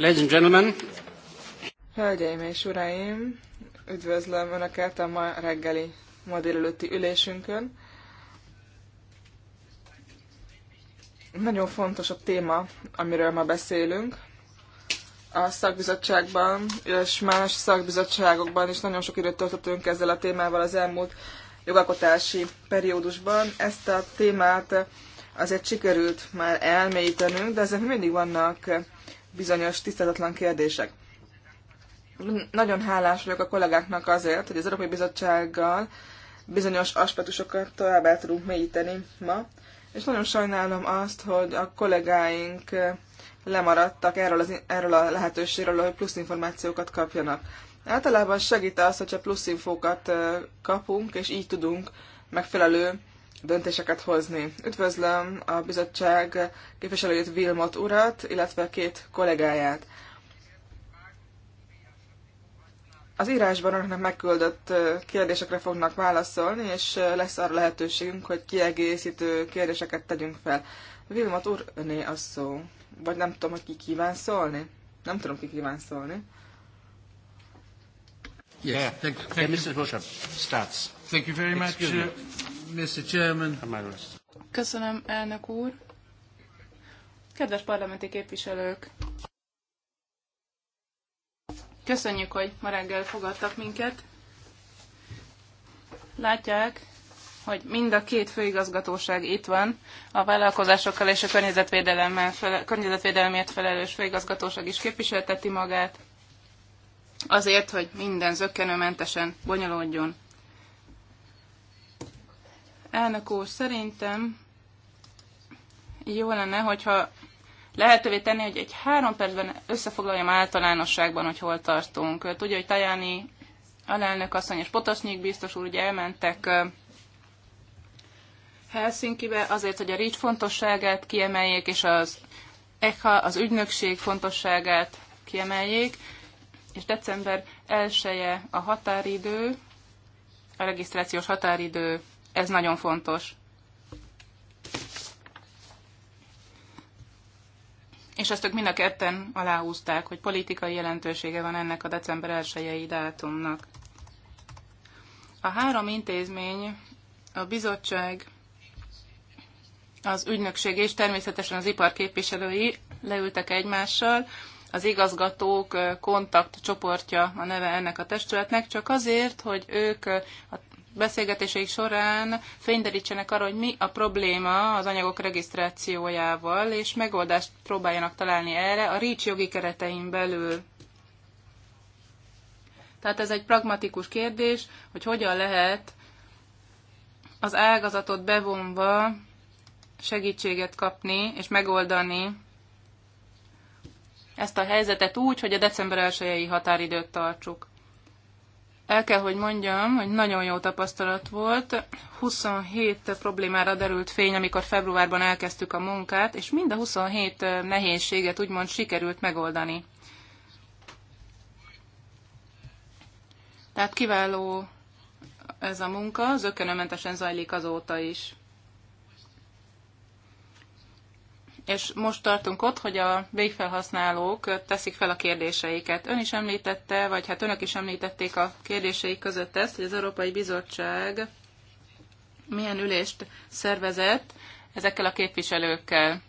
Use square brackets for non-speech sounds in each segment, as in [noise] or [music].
Ladies and gentlemen. Hölgyeim és uraim, üdvözlöm Önöket a ma reggeli, ma délelőtti ülésünkön. Nagyon fontos a téma, amiről ma beszélünk. A szakbizottságban és más szakbizottságokban is nagyon sok időt töltöttünk ezzel a témával az elmúlt jogalkotási periódusban. Ezt a témát azért sikerült már elmélyítenünk, de ezek mindig vannak bizonyos tisztázatlan kérdések. Nagyon hálás vagyok a kollégáknak azért, hogy az Európai Bizottsággal bizonyos aspektusokat tovább el tudunk mélyíteni ma, és nagyon sajnálom azt, hogy a kollégáink lemaradtak erről, az, erről a lehetőségről, hogy plusz információkat kapjanak. Általában segít az, hogyha plusz infókat kapunk, és így tudunk megfelelő döntéseket hozni. Üdvözlöm a bizottság képviselőjét Vilmot urat, illetve két kollégáját. Az írásban önöknek megküldött kérdésekre fognak válaszolni, és lesz arra lehetőségünk, hogy kiegészítő kérdéseket tegyünk fel. Vilmot úr, öné a szó. Vagy nem tudom, hogy ki kíván szólni. Nem tudom, ki kíván szólni. Yes. Yeah, thank, thank yeah, Mr. Thank you very much. Mr. Chairman. Köszönöm, elnök úr. Kedves parlamenti képviselők! Köszönjük, hogy ma reggel fogadtak minket. Látják, hogy mind a két főigazgatóság itt van, a vállalkozásokkal és a környezetvédelemmel környezetvédelemért felelős főigazgatóság is képviselteti magát, azért, hogy minden zöggenőmentesen bonyolódjon. Elnök úr, szerintem jó lenne, hogyha lehetővé tenni, hogy egy három percben összefoglaljam általánosságban, hogy hol tartunk. Tudja, hogy Tajáni alelnök asszony és Potasnyik biztos úr ugye elmentek Helsinkibe azért, hogy a RICS fontosságát kiemeljék, és az ECHA, az ügynökség fontosságát kiemeljék, és december 1 -e a határidő, a regisztrációs határidő ez nagyon fontos. És azt ők mind a ketten aláhúzták, hogy politikai jelentősége van ennek a december 1 dátumnak. A három intézmény, a bizottság, az ügynökség és természetesen az ipar képviselői leültek egymással, az igazgatók kontaktcsoportja a neve ennek a testületnek, csak azért, hogy ők a beszélgetéseik során fényderítsenek arra, hogy mi a probléma az anyagok regisztrációjával, és megoldást próbáljanak találni erre a REACH jogi keretein belül. Tehát ez egy pragmatikus kérdés, hogy hogyan lehet az ágazatot bevonva segítséget kapni és megoldani ezt a helyzetet úgy, hogy a december 1 határidőt tartsuk. El kell, hogy mondjam, hogy nagyon jó tapasztalat volt. 27 problémára derült fény, amikor februárban elkezdtük a munkát, és mind a 27 nehézséget úgymond sikerült megoldani. Tehát kiváló ez a munka, zökkenőmentesen zajlik azóta is. és most tartunk ott, hogy a végfelhasználók teszik fel a kérdéseiket. Ön is említette, vagy hát önök is említették a kérdéseik között ezt, hogy az Európai Bizottság milyen ülést szervezett ezekkel a képviselőkkel.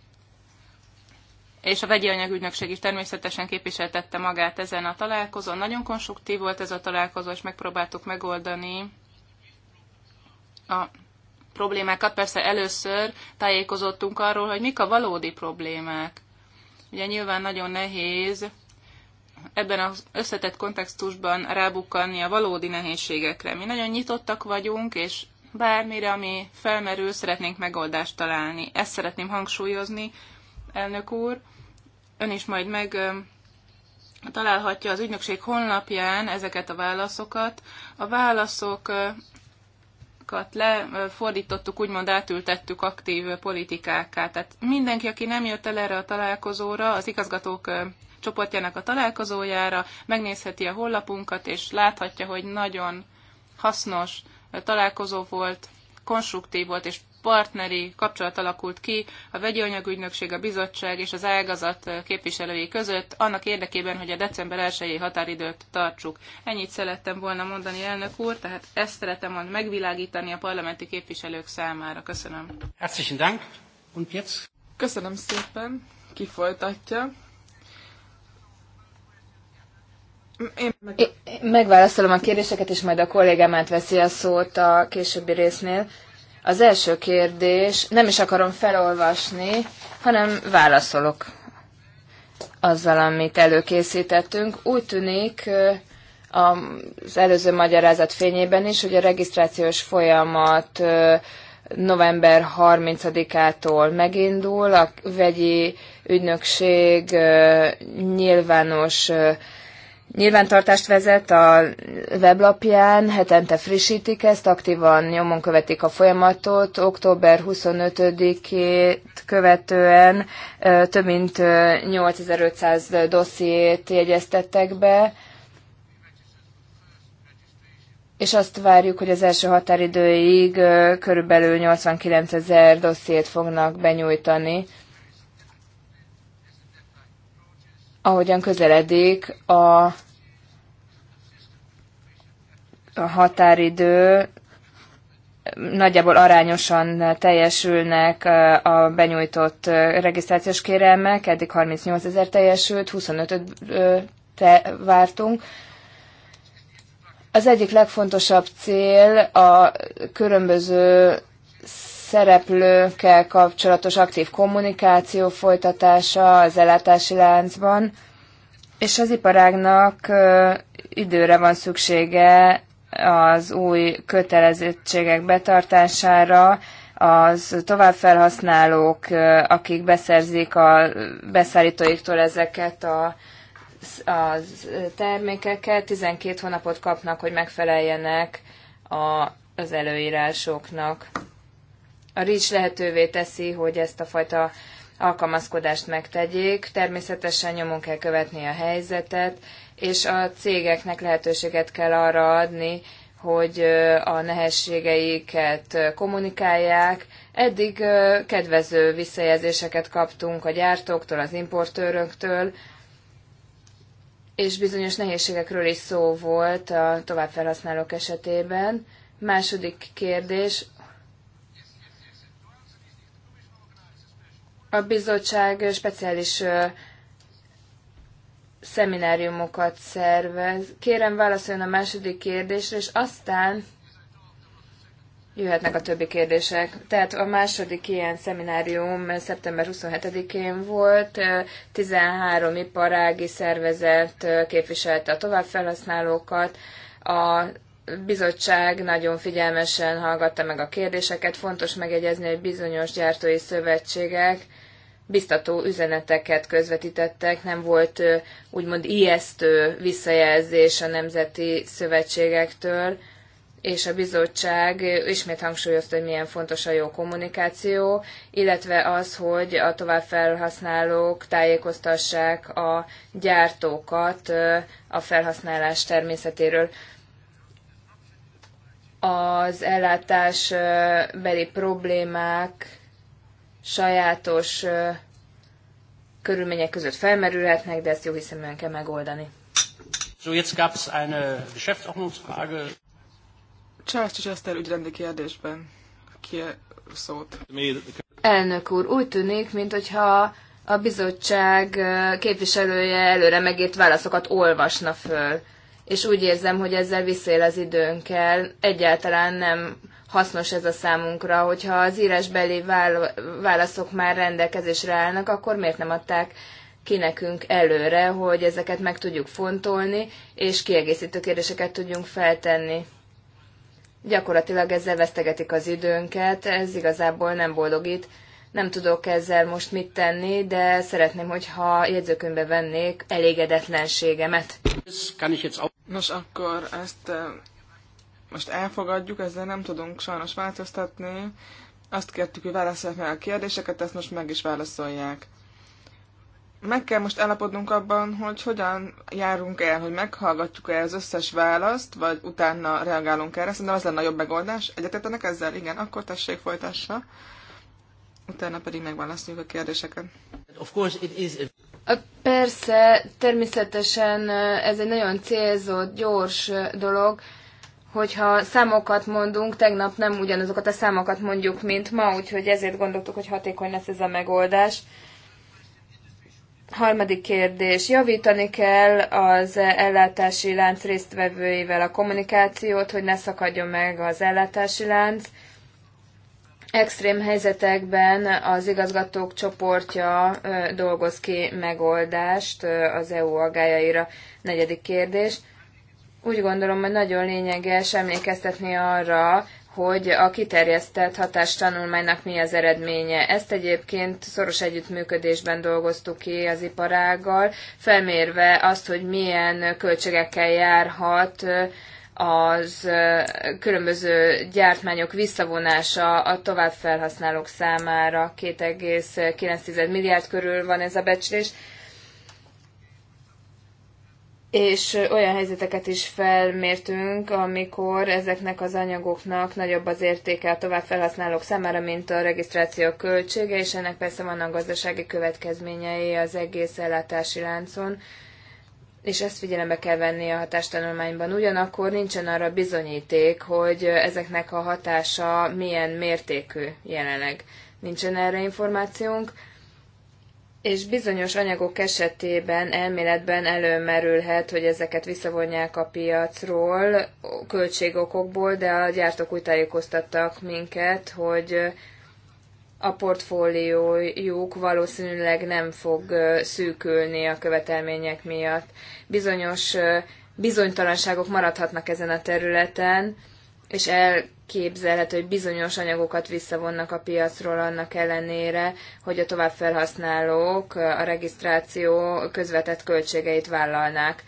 És a vegyi anyagügynökség is természetesen képviseltette magát ezen a találkozón. Nagyon konstruktív volt ez a találkozó, és megpróbáltuk megoldani a problémákat persze először tájékozottunk arról, hogy mik a valódi problémák. Ugye nyilván nagyon nehéz ebben az összetett kontextusban rábukkanni a valódi nehézségekre. Mi nagyon nyitottak vagyunk, és bármire, ami felmerül, szeretnénk megoldást találni. Ezt szeretném hangsúlyozni, elnök úr. Ön is majd meg találhatja az ügynökség honlapján ezeket a válaszokat. A válaszok lefordítottuk, úgymond átültettük aktív politikákká. Tehát mindenki, aki nem jött el erre a találkozóra, az igazgatók csoportjának a találkozójára, megnézheti a hollapunkat és láthatja, hogy nagyon hasznos találkozó volt, konstruktív volt, és partneri kapcsolat alakult ki a vegyi anyagügynökség, a bizottság és az ágazat képviselői között, annak érdekében, hogy a december 1 határidőt tartsuk. Ennyit szerettem volna mondani, elnök úr, tehát ezt szeretem volna megvilágítani a parlamenti képviselők számára. Köszönöm. Herzlichen Dank. Und jetzt? Köszönöm szépen. Ki folytatja? Én meg... Megválaszolom a kérdéseket, és majd a kollégám átveszi a szót a későbbi résznél. Az első kérdés, nem is akarom felolvasni, hanem válaszolok azzal, amit előkészítettünk. Úgy tűnik az előző magyarázat fényében is, hogy a regisztrációs folyamat november 30-ától megindul, a vegyi ügynökség nyilvános nyilvántartást vezet a weblapján, hetente frissítik ezt, aktívan nyomon követik a folyamatot. Október 25-ét követően több mint 8500 dossziét jegyeztettek be, és azt várjuk, hogy az első határidőig körülbelül 89 ezer dossziét fognak benyújtani. ahogyan közeledik a, a határidő, nagyjából arányosan teljesülnek eh, a benyújtott eh, regisztrációs kérelmek, eddig 38 ezer teljesült, 25 eh, te vártunk. Az egyik legfontosabb cél a különböző szereplőkkel kapcsolatos aktív kommunikáció folytatása az ellátási láncban, és az iparágnak időre van szüksége az új kötelezettségek betartására, az továbbfelhasználók, akik beszerzik a beszállítóiktól ezeket a az termékeket 12 hónapot kapnak, hogy megfeleljenek a, az előírásoknak a RICS lehetővé teszi, hogy ezt a fajta alkalmazkodást megtegyék. Természetesen nyomon kell követni a helyzetet, és a cégeknek lehetőséget kell arra adni, hogy a nehézségeiket kommunikálják. Eddig kedvező visszajelzéseket kaptunk a gyártóktól, az importőröktől, és bizonyos nehézségekről is szó volt a továbbfelhasználók esetében. Második kérdés, A bizottság speciális szemináriumokat szervez. Kérem, válaszoljon a második kérdésre, és aztán jöhetnek a többi kérdések. Tehát a második ilyen szeminárium szeptember 27-én volt, 13 iparági szervezet képviselte a továbbfelhasználókat, a bizottság nagyon figyelmesen hallgatta meg a kérdéseket. Fontos megjegyezni, hogy bizonyos gyártói szövetségek biztató üzeneteket közvetítettek, nem volt úgymond ijesztő visszajelzés a nemzeti szövetségektől, és a bizottság ismét hangsúlyozta, hogy milyen fontos a jó kommunikáció, illetve az, hogy a továbbfelhasználók tájékoztassák a gyártókat a felhasználás természetéről. Az ellátásbeli problémák sajátos körülmények között felmerülhetnek, de ezt jó hiszeműen kell megoldani. So, jetzt gab's eine Geschäftsordnungsfrage. Charles Chester ügyrendi kérdésben ki szót. Elnök úr, úgy tűnik, mint, hogyha a bizottság képviselője előre megírt válaszokat olvasna föl, és úgy érzem, hogy ezzel visszél az időnkkel. Egyáltalán nem hasznos ez a számunkra, hogyha az írásbeli válaszok már rendelkezésre állnak, akkor miért nem adták ki nekünk előre, hogy ezeket meg tudjuk fontolni, és kiegészítő kérdéseket tudjunk feltenni. Gyakorlatilag ezzel vesztegetik az időnket, ez igazából nem boldogít. Nem tudok ezzel most mit tenni, de szeretném, hogyha jegyzőkönyvbe vennék elégedetlenségemet. Nos, akkor ezt most elfogadjuk, ezzel nem tudunk sajnos változtatni. Azt kértük, hogy válaszolják meg a kérdéseket, ezt most meg is válaszolják. Meg kell most állapodnunk abban, hogy hogyan járunk el, hogy meghallgatjuk-e az összes választ, vagy utána reagálunk erre. Szerintem az lenne a jobb megoldás. Egyetetenek ezzel? Igen, akkor tessék folytassa. Utána pedig megválaszoljuk a kérdéseket. Of course it is a... Persze, természetesen ez egy nagyon célzott, gyors dolog hogyha számokat mondunk, tegnap nem ugyanazokat a számokat mondjuk, mint ma, úgyhogy ezért gondoltuk, hogy hatékony lesz ez a megoldás. Harmadik kérdés. Javítani kell az ellátási lánc résztvevőivel a kommunikációt, hogy ne szakadjon meg az ellátási lánc. Extrém helyzetekben az igazgatók csoportja dolgoz ki megoldást az EU agájaira. Negyedik kérdés úgy gondolom, hogy nagyon lényeges emlékeztetni arra, hogy a kiterjesztett hatástanulmánynak mi az eredménye. Ezt egyébként szoros együttműködésben dolgoztuk ki az iparággal, felmérve azt, hogy milyen költségekkel járhat az különböző gyártmányok visszavonása a továbbfelhasználók számára 2,9 milliárd körül van ez a becslés és olyan helyzeteket is felmértünk, amikor ezeknek az anyagoknak nagyobb az értéke a tovább felhasználók számára, mint a regisztráció költsége, és ennek persze vannak gazdasági következményei az egész ellátási láncon, és ezt figyelembe kell venni a hatástanulmányban. Ugyanakkor nincsen arra bizonyíték, hogy ezeknek a hatása milyen mértékű jelenleg. Nincsen erre információnk, és bizonyos anyagok esetében elméletben előmerülhet, hogy ezeket visszavonják a piacról költségokokból, de a gyártók úgy tájékoztattak minket, hogy a portfóliójuk valószínűleg nem fog szűkülni a követelmények miatt. Bizonyos bizonytalanságok maradhatnak ezen a területen, és el elképzelhető, hogy bizonyos anyagokat visszavonnak a piacról annak ellenére, hogy a továbbfelhasználók a regisztráció közvetett költségeit vállalnák.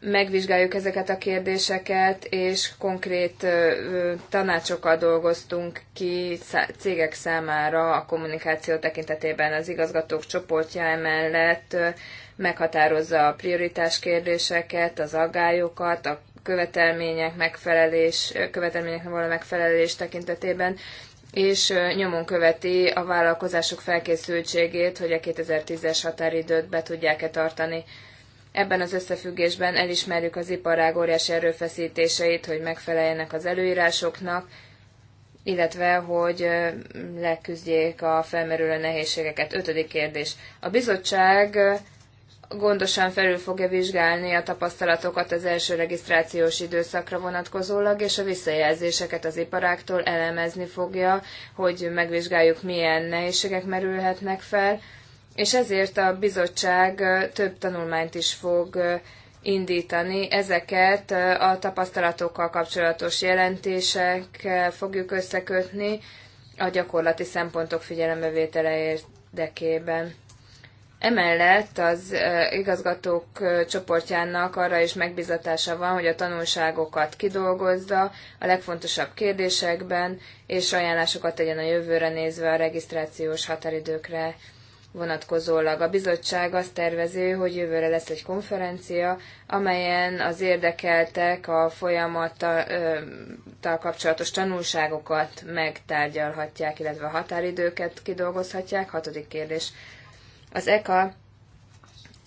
Megvizsgáljuk ezeket a kérdéseket, és konkrét tanácsokat dolgoztunk ki cégek számára a kommunikáció tekintetében. Az igazgatók csoportja emellett meghatározza a prioritás kérdéseket, az aggályokat, a követelmények megfelelés, követelményeknek való megfelelés tekintetében, és nyomon követi a vállalkozások felkészültségét, hogy a 2010-es határidőt be tudják-e tartani. Ebben az összefüggésben elismerjük az iparág óriási erőfeszítéseit, hogy megfeleljenek az előírásoknak, illetve hogy leküzdjék a felmerülő nehézségeket. Ötödik kérdés. A bizottság gondosan felül fogja vizsgálni a tapasztalatokat az első regisztrációs időszakra vonatkozólag, és a visszajelzéseket az iparáktól elemezni fogja, hogy megvizsgáljuk, milyen nehézségek merülhetnek fel, és ezért a bizottság több tanulmányt is fog indítani. Ezeket a tapasztalatokkal kapcsolatos jelentések fogjuk összekötni a gyakorlati szempontok figyelembevétele érdekében. Emellett az igazgatók csoportjának arra is megbizatása van, hogy a tanulságokat kidolgozza a legfontosabb kérdésekben, és ajánlásokat tegyen a jövőre nézve a regisztrációs határidőkre vonatkozólag. A bizottság azt tervezi, hogy jövőre lesz egy konferencia, amelyen az érdekeltek a folyamattal kapcsolatos tanulságokat megtárgyalhatják, illetve a határidőket kidolgozhatják. Hatodik kérdés az ECA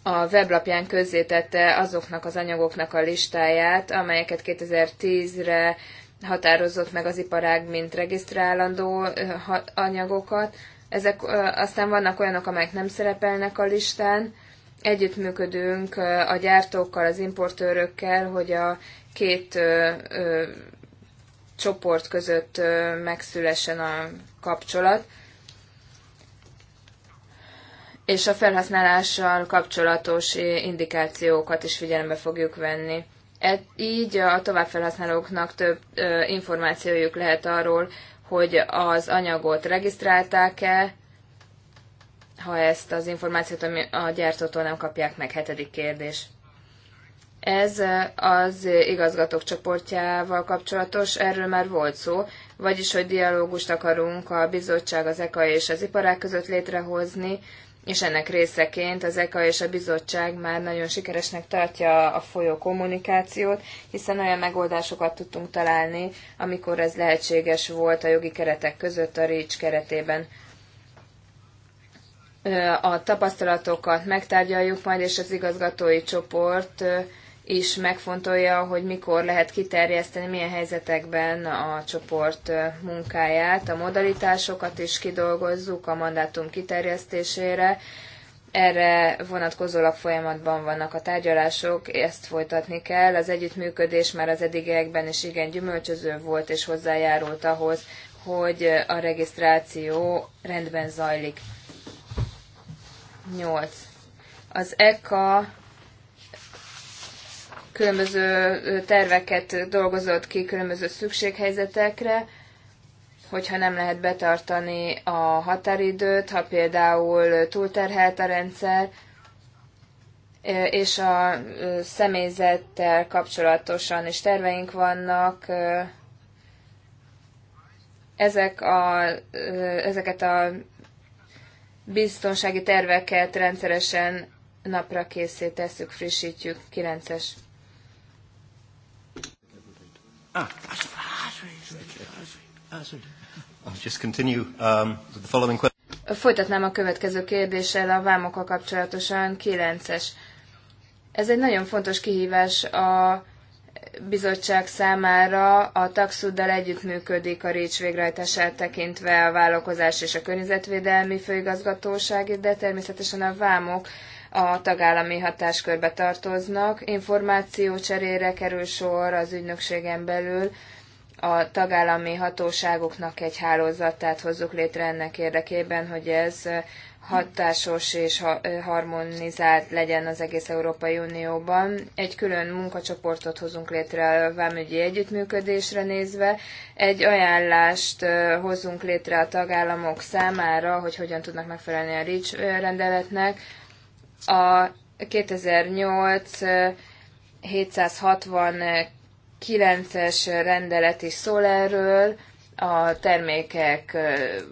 a weblapján közzétette azoknak az anyagoknak a listáját, amelyeket 2010-re határozott meg az iparág, mint regisztrálandó anyagokat. Ezek aztán vannak olyanok, amelyek nem szerepelnek a listán. Együttműködünk a gyártókkal, az importőrökkel, hogy a két ö, ö, csoport között megszülessen a kapcsolat és a felhasználással kapcsolatos indikációkat is figyelembe fogjuk venni. E, így a továbbfelhasználóknak több ö, információjuk lehet arról, hogy az anyagot regisztrálták-e, ha ezt az információt a gyártótól nem kapják meg, hetedik kérdés. Ez az igazgatók csoportjával kapcsolatos, erről már volt szó, vagyis hogy dialógust akarunk a bizottság, az EKA és az iparák között létrehozni, és ennek részeként az EKA és a bizottság már nagyon sikeresnek tartja a folyó kommunikációt, hiszen olyan megoldásokat tudtunk találni, amikor ez lehetséges volt a jogi keretek között a RICS keretében. A tapasztalatokat megtárgyaljuk majd, és az igazgatói csoport is megfontolja, hogy mikor lehet kiterjeszteni, milyen helyzetekben a csoport munkáját. A modalitásokat is kidolgozzuk a mandátum kiterjesztésére. Erre vonatkozólag folyamatban vannak a tárgyalások, ezt folytatni kell. Az együttműködés már az eddigiekben is igen gyümölcsöző volt, és hozzájárult ahhoz, hogy a regisztráció rendben zajlik. 8. Az EKA különböző terveket dolgozott ki különböző szükséghelyzetekre, hogyha nem lehet betartani a határidőt, ha például túlterhelt a rendszer, és a személyzettel kapcsolatosan is terveink vannak. Ezek a, ezeket a biztonsági terveket rendszeresen napra készítesszük, frissítjük, 9-es Ah, just continue um, with the following question. Folytatnám a következő kérdéssel a vámokkal kapcsolatosan, 9-es. Ez egy nagyon fontos kihívás a bizottság számára a taxuddal együttműködik a récs végrehajtását tekintve a vállalkozás és a környezetvédelmi főigazgatóság, de természetesen a vámok a tagállami hatáskörbe tartoznak. Információ cserére kerül sor az ügynökségen belül, a tagállami hatóságoknak egy hálózatát hozzuk létre ennek érdekében, hogy ez hatásos és harmonizált legyen az egész Európai Unióban. Egy külön munkacsoportot hozunk létre a vámügyi együttműködésre nézve. Egy ajánlást hozunk létre a tagállamok számára, hogy hogyan tudnak megfelelni a RICS rendeletnek a 2008 769-es rendelet is szól erről, a termékek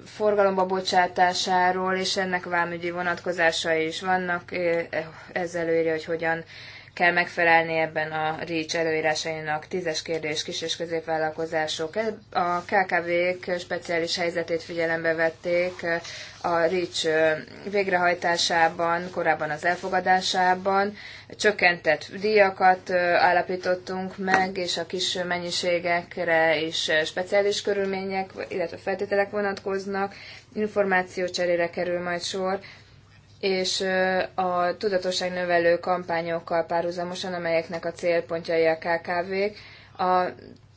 forgalomba bocsátásáról, és ennek vámügyi vonatkozásai is vannak, ez előírja, hogy hogyan kell megfelelni ebben a REACH előírásainak. Tízes kérdés, kis és középvállalkozások. E, a KKV-k speciális helyzetét figyelembe vették e, a REACH e, végrehajtásában, korábban az elfogadásában. Csökkentett díjakat állapítottunk meg, és a kis mennyiségekre is speciális körülmények, illetve feltételek vonatkoznak. Információcserére kerül majd sor és a tudatosságnövelő kampányokkal párhuzamosan, amelyeknek a célpontjai a KKV-k, a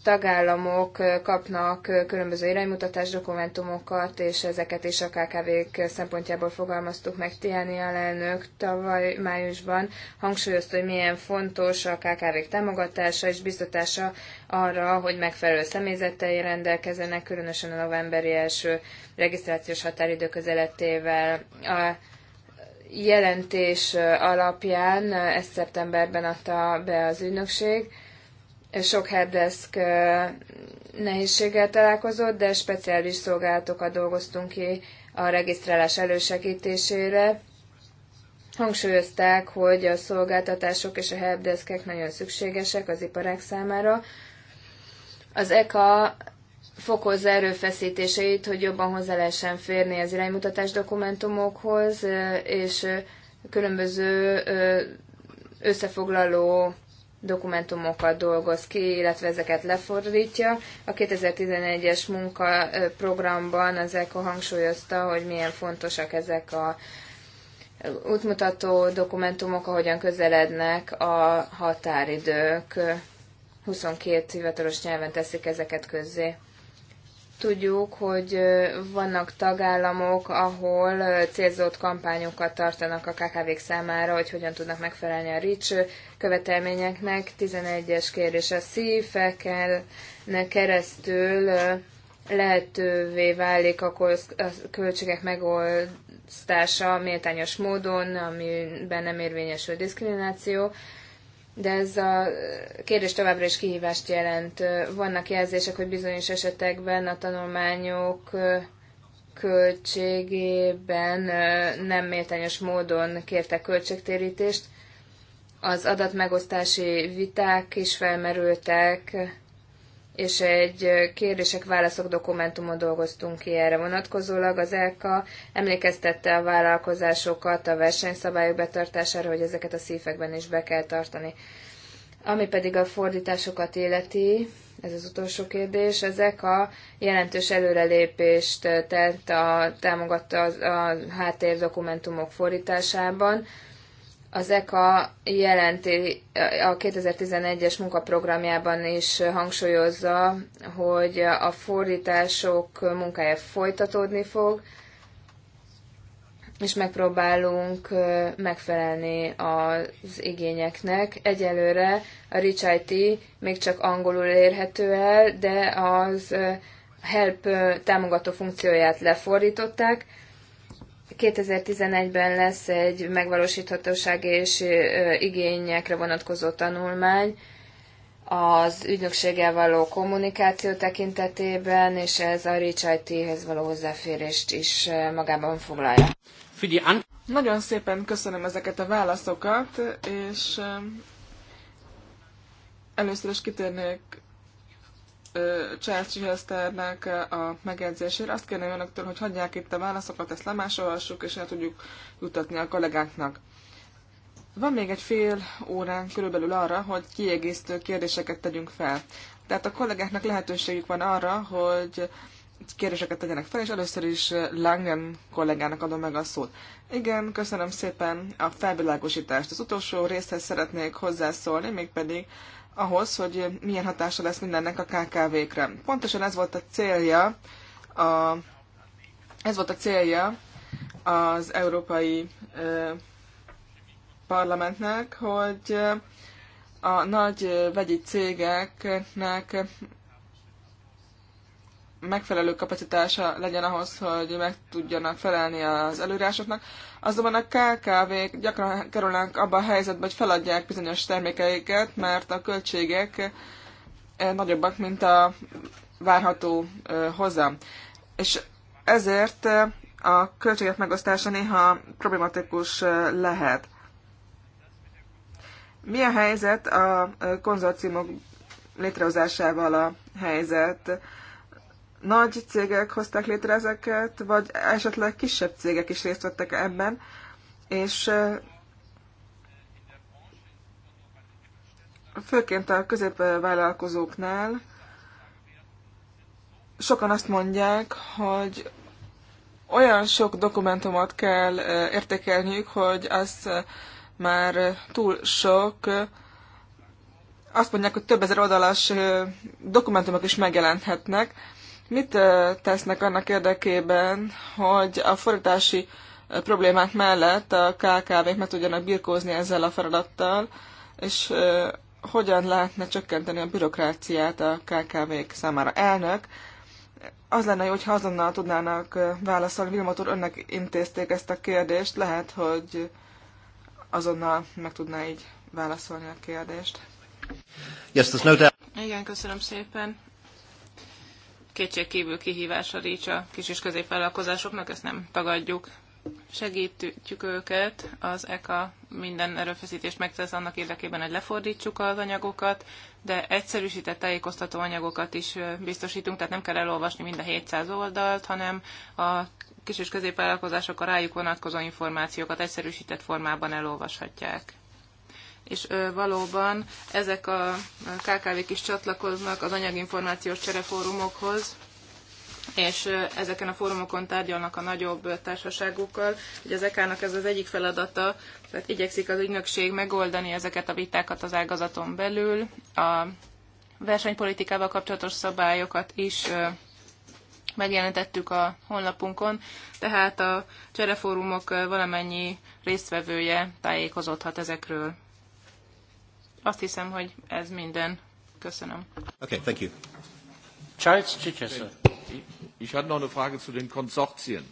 tagállamok kapnak különböző iránymutatás dokumentumokat, és ezeket is a KKV-k szempontjából fogalmaztuk meg. Tiáni alelnök tavaly májusban hangsúlyozta, hogy milyen fontos a KKV-k támogatása és biztatása arra, hogy megfelelő személyzetei rendelkezzenek, különösen a novemberi első regisztrációs határidő közelettével. A jelentés alapján ezt szeptemberben adta be az ügynökség. Sok herdeszk nehézséggel találkozott, de speciális szolgálatokat dolgoztunk ki a regisztrálás elősegítésére. Hangsúlyozták, hogy a szolgáltatások és a helpdeskek nagyon szükségesek az iparák számára. Az ECA fokozza erőfeszítéseit, hogy jobban hozzá lehessen férni az iránymutatás dokumentumokhoz, és különböző összefoglaló dokumentumokat dolgoz ki, illetve ezeket lefordítja. A 2011-es munkaprogramban az ECO hangsúlyozta, hogy milyen fontosak ezek a útmutató dokumentumok, ahogyan közelednek a határidők. 22 hivatalos nyelven teszik ezeket közzé. Tudjuk, hogy vannak tagállamok, ahol célzott kampányokat tartanak a KKV-k számára, hogy hogyan tudnak megfelelni a RICS követelményeknek. 11-es kérdés a szívekkel keresztül lehetővé válik a költségek megoldása méltányos módon, amiben nem érvényesül diszkrimináció de ez a kérdés továbbra is kihívást jelent. Vannak jelzések, hogy bizonyos esetekben a tanulmányok költségében nem méltányos módon kértek költségtérítést. Az adatmegosztási viták is felmerültek, és egy kérdések-válaszok dokumentumon dolgoztunk ki erre vonatkozólag. Az ELKA emlékeztette a vállalkozásokat a versenyszabályok betartására, hogy ezeket a szívekben is be kell tartani. Ami pedig a fordításokat életi, ez az utolsó kérdés, ezek a jelentős előrelépést tett a, támogatta a, a háttérdokumentumok fordításában az ECA jelenti a 2011-es munkaprogramjában is hangsúlyozza, hogy a fordítások munkája folytatódni fog, és megpróbálunk megfelelni az igényeknek. Egyelőre a Rich IT még csak angolul érhető el, de az help támogató funkcióját lefordították, 2011-ben lesz egy megvalósíthatóság és igényekre vonatkozó tanulmány az ügynökséggel való kommunikáció tekintetében, és ez a Reach IT-hez való hozzáférést is magában foglalja. Nagyon szépen köszönöm ezeket a válaszokat, és először is kitérnék Churchill Hesternek a megjegyzésére. Azt kérném önöktől, hogy hagyják itt a válaszokat, ezt lemásolhassuk, és el tudjuk jutatni a kollégáknak. Van még egy fél órán körülbelül arra, hogy kiegészítő kérdéseket tegyünk fel. Tehát a kollégáknak lehetőségük van arra, hogy kérdéseket tegyenek fel, és először is Langen kollégának adom meg a szót. Igen, köszönöm szépen a felvilágosítást. Az utolsó részhez szeretnék hozzászólni, mégpedig pedig ahhoz, hogy milyen hatása lesz mindennek a KKV-kre. Pontosan ez volt a célja, a, ez volt a célja az Európai ö, Parlamentnek, hogy a nagy vegyi cégeknek megfelelő kapacitása legyen ahhoz, hogy meg tudjanak felelni az előírásoknak. Azonban a KKV-k gyakran kerülnek abba a helyzetbe, hogy feladják bizonyos termékeiket, mert a költségek eh, nagyobbak, mint a várható eh, hozam. És ezért eh, a költségek megosztása néha problematikus lehet. Mi a helyzet a konzorciumok létrehozásával a helyzet? nagy cégek hozták létre ezeket, vagy esetleg kisebb cégek is részt vettek ebben, és főként a középvállalkozóknál sokan azt mondják, hogy olyan sok dokumentumot kell értékelniük, hogy az már túl sok. Azt mondják, hogy több ezer oldalas dokumentumok is megjelenthetnek, Mit tesznek annak érdekében, hogy a forrási problémák mellett a KKV-k meg tudjanak birkózni ezzel a feladattal, és hogyan lehetne csökkenteni a bürokráciát a KKV-k számára? Elnök, az lenne jó, hogyha azonnal tudnának válaszolni. Vilmot úr, önnek intézték ezt a kérdést, lehet, hogy azonnal meg tudná így válaszolni a kérdést. Yes, no doubt. Igen, köszönöm szépen kétségkívül kihívás a REACH a kis és középvállalkozásoknak, ezt nem tagadjuk. Segítjük őket, az ECA minden erőfeszítést megtesz annak érdekében, hogy lefordítsuk az anyagokat, de egyszerűsített tájékoztató anyagokat is biztosítunk, tehát nem kell elolvasni mind a 700 oldalt, hanem a kis és középvállalkozások a rájuk vonatkozó információkat egyszerűsített formában elolvashatják és valóban ezek a KKV-k is csatlakoznak az anyaginformációs cserefórumokhoz, és ezeken a fórumokon tárgyalnak a nagyobb társaságukkal. Ugye az EK-nak ez az egyik feladata, tehát igyekszik az ügynökség megoldani ezeket a vitákat az ágazaton belül, a versenypolitikával kapcsolatos szabályokat is megjelentettük a honlapunkon, tehát a cserefórumok valamennyi résztvevője tájékozódhat ezekről. Azt hiszem, hogy ez minden. Köszönöm. Okay, thank you. Charles Chichester. Ich hatte noch eine Frage zu den Konsortien.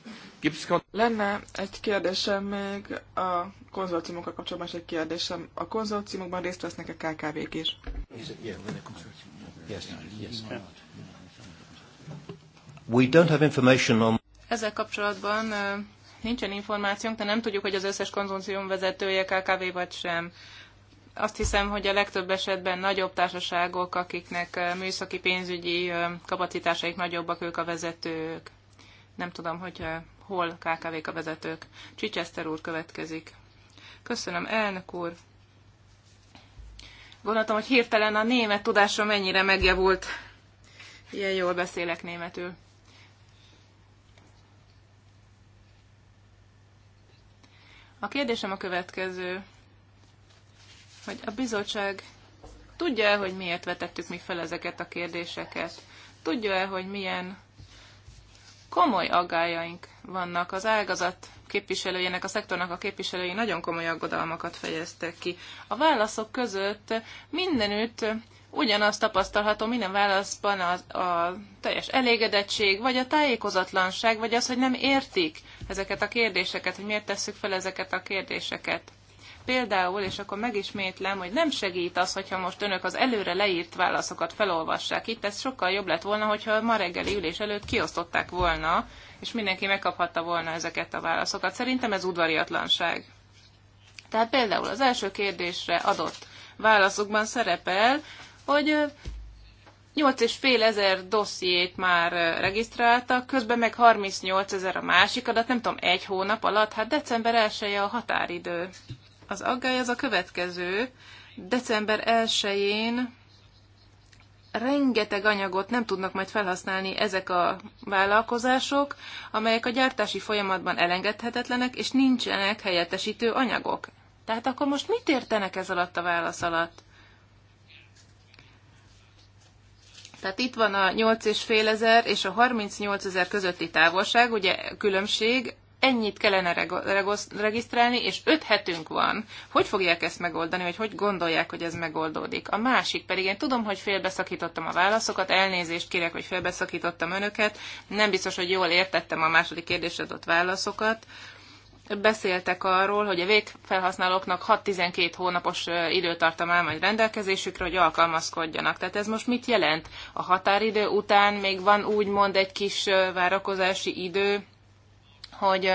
Gibt's kon Lenne egy kérdésem még a konzorciumokkal kapcsolatban, és egy kérdésem. A konzorciumokban részt vesznek a KKV-k is? We don't have information on... Ezzel kapcsolatban nincsen információnk, de nem tudjuk, hogy az összes konzorcium vezetője KKV vagy sem azt hiszem, hogy a legtöbb esetben nagyobb társaságok, akiknek műszaki pénzügyi kapacitásaik nagyobbak, ők a vezetők. Nem tudom, hogy hol KKV-k a vezetők. Csicseszter úr következik. Köszönöm, elnök úr. Gondoltam, hogy hirtelen a német tudásom mennyire megjavult. Ilyen jól beszélek németül. A kérdésem a következő hogy a bizottság tudja-e, hogy miért vetettük mi fel ezeket a kérdéseket? Tudja-e, hogy milyen komoly aggájaink vannak. Az ágazat képviselőjének, a szektornak a képviselői nagyon komoly aggodalmakat fejeztek ki. A válaszok között mindenütt ugyanazt tapasztalható minden válaszban a, a teljes elégedettség, vagy a tájékozatlanság, vagy az, hogy nem értik ezeket a kérdéseket, hogy miért tesszük fel ezeket a kérdéseket például, és akkor megismétlem, hogy nem segít az, hogyha most önök az előre leírt válaszokat felolvassák itt, ez sokkal jobb lett volna, hogyha ma reggeli ülés előtt kiosztották volna, és mindenki megkaphatta volna ezeket a válaszokat. Szerintem ez udvariatlanság. Tehát például az első kérdésre adott válaszokban szerepel, hogy 8 és fél ezer dossziét már regisztráltak, közben meg 38 ezer a másik adat, nem tudom, egy hónap alatt, hát december 1 a határidő. Az aggály az a következő. December 1-én rengeteg anyagot nem tudnak majd felhasználni ezek a vállalkozások, amelyek a gyártási folyamatban elengedhetetlenek, és nincsenek helyettesítő anyagok. Tehát akkor most mit értenek ez alatt a válasz alatt? Tehát itt van a 8,5 ezer és a 38 ezer közötti távolság, ugye különbség, ennyit kellene regisztrálni, és öt hetünk van. Hogy fogják ezt megoldani, vagy hogy gondolják, hogy ez megoldódik? A másik pedig, én tudom, hogy félbeszakítottam a válaszokat, elnézést kérek, hogy félbeszakítottam önöket, nem biztos, hogy jól értettem a második kérdésre adott válaszokat, beszéltek arról, hogy a végfelhasználóknak 6-12 hónapos időtartam áll majd rendelkezésükre, hogy alkalmazkodjanak. Tehát ez most mit jelent? A határidő után még van úgymond egy kis várakozási idő, hogy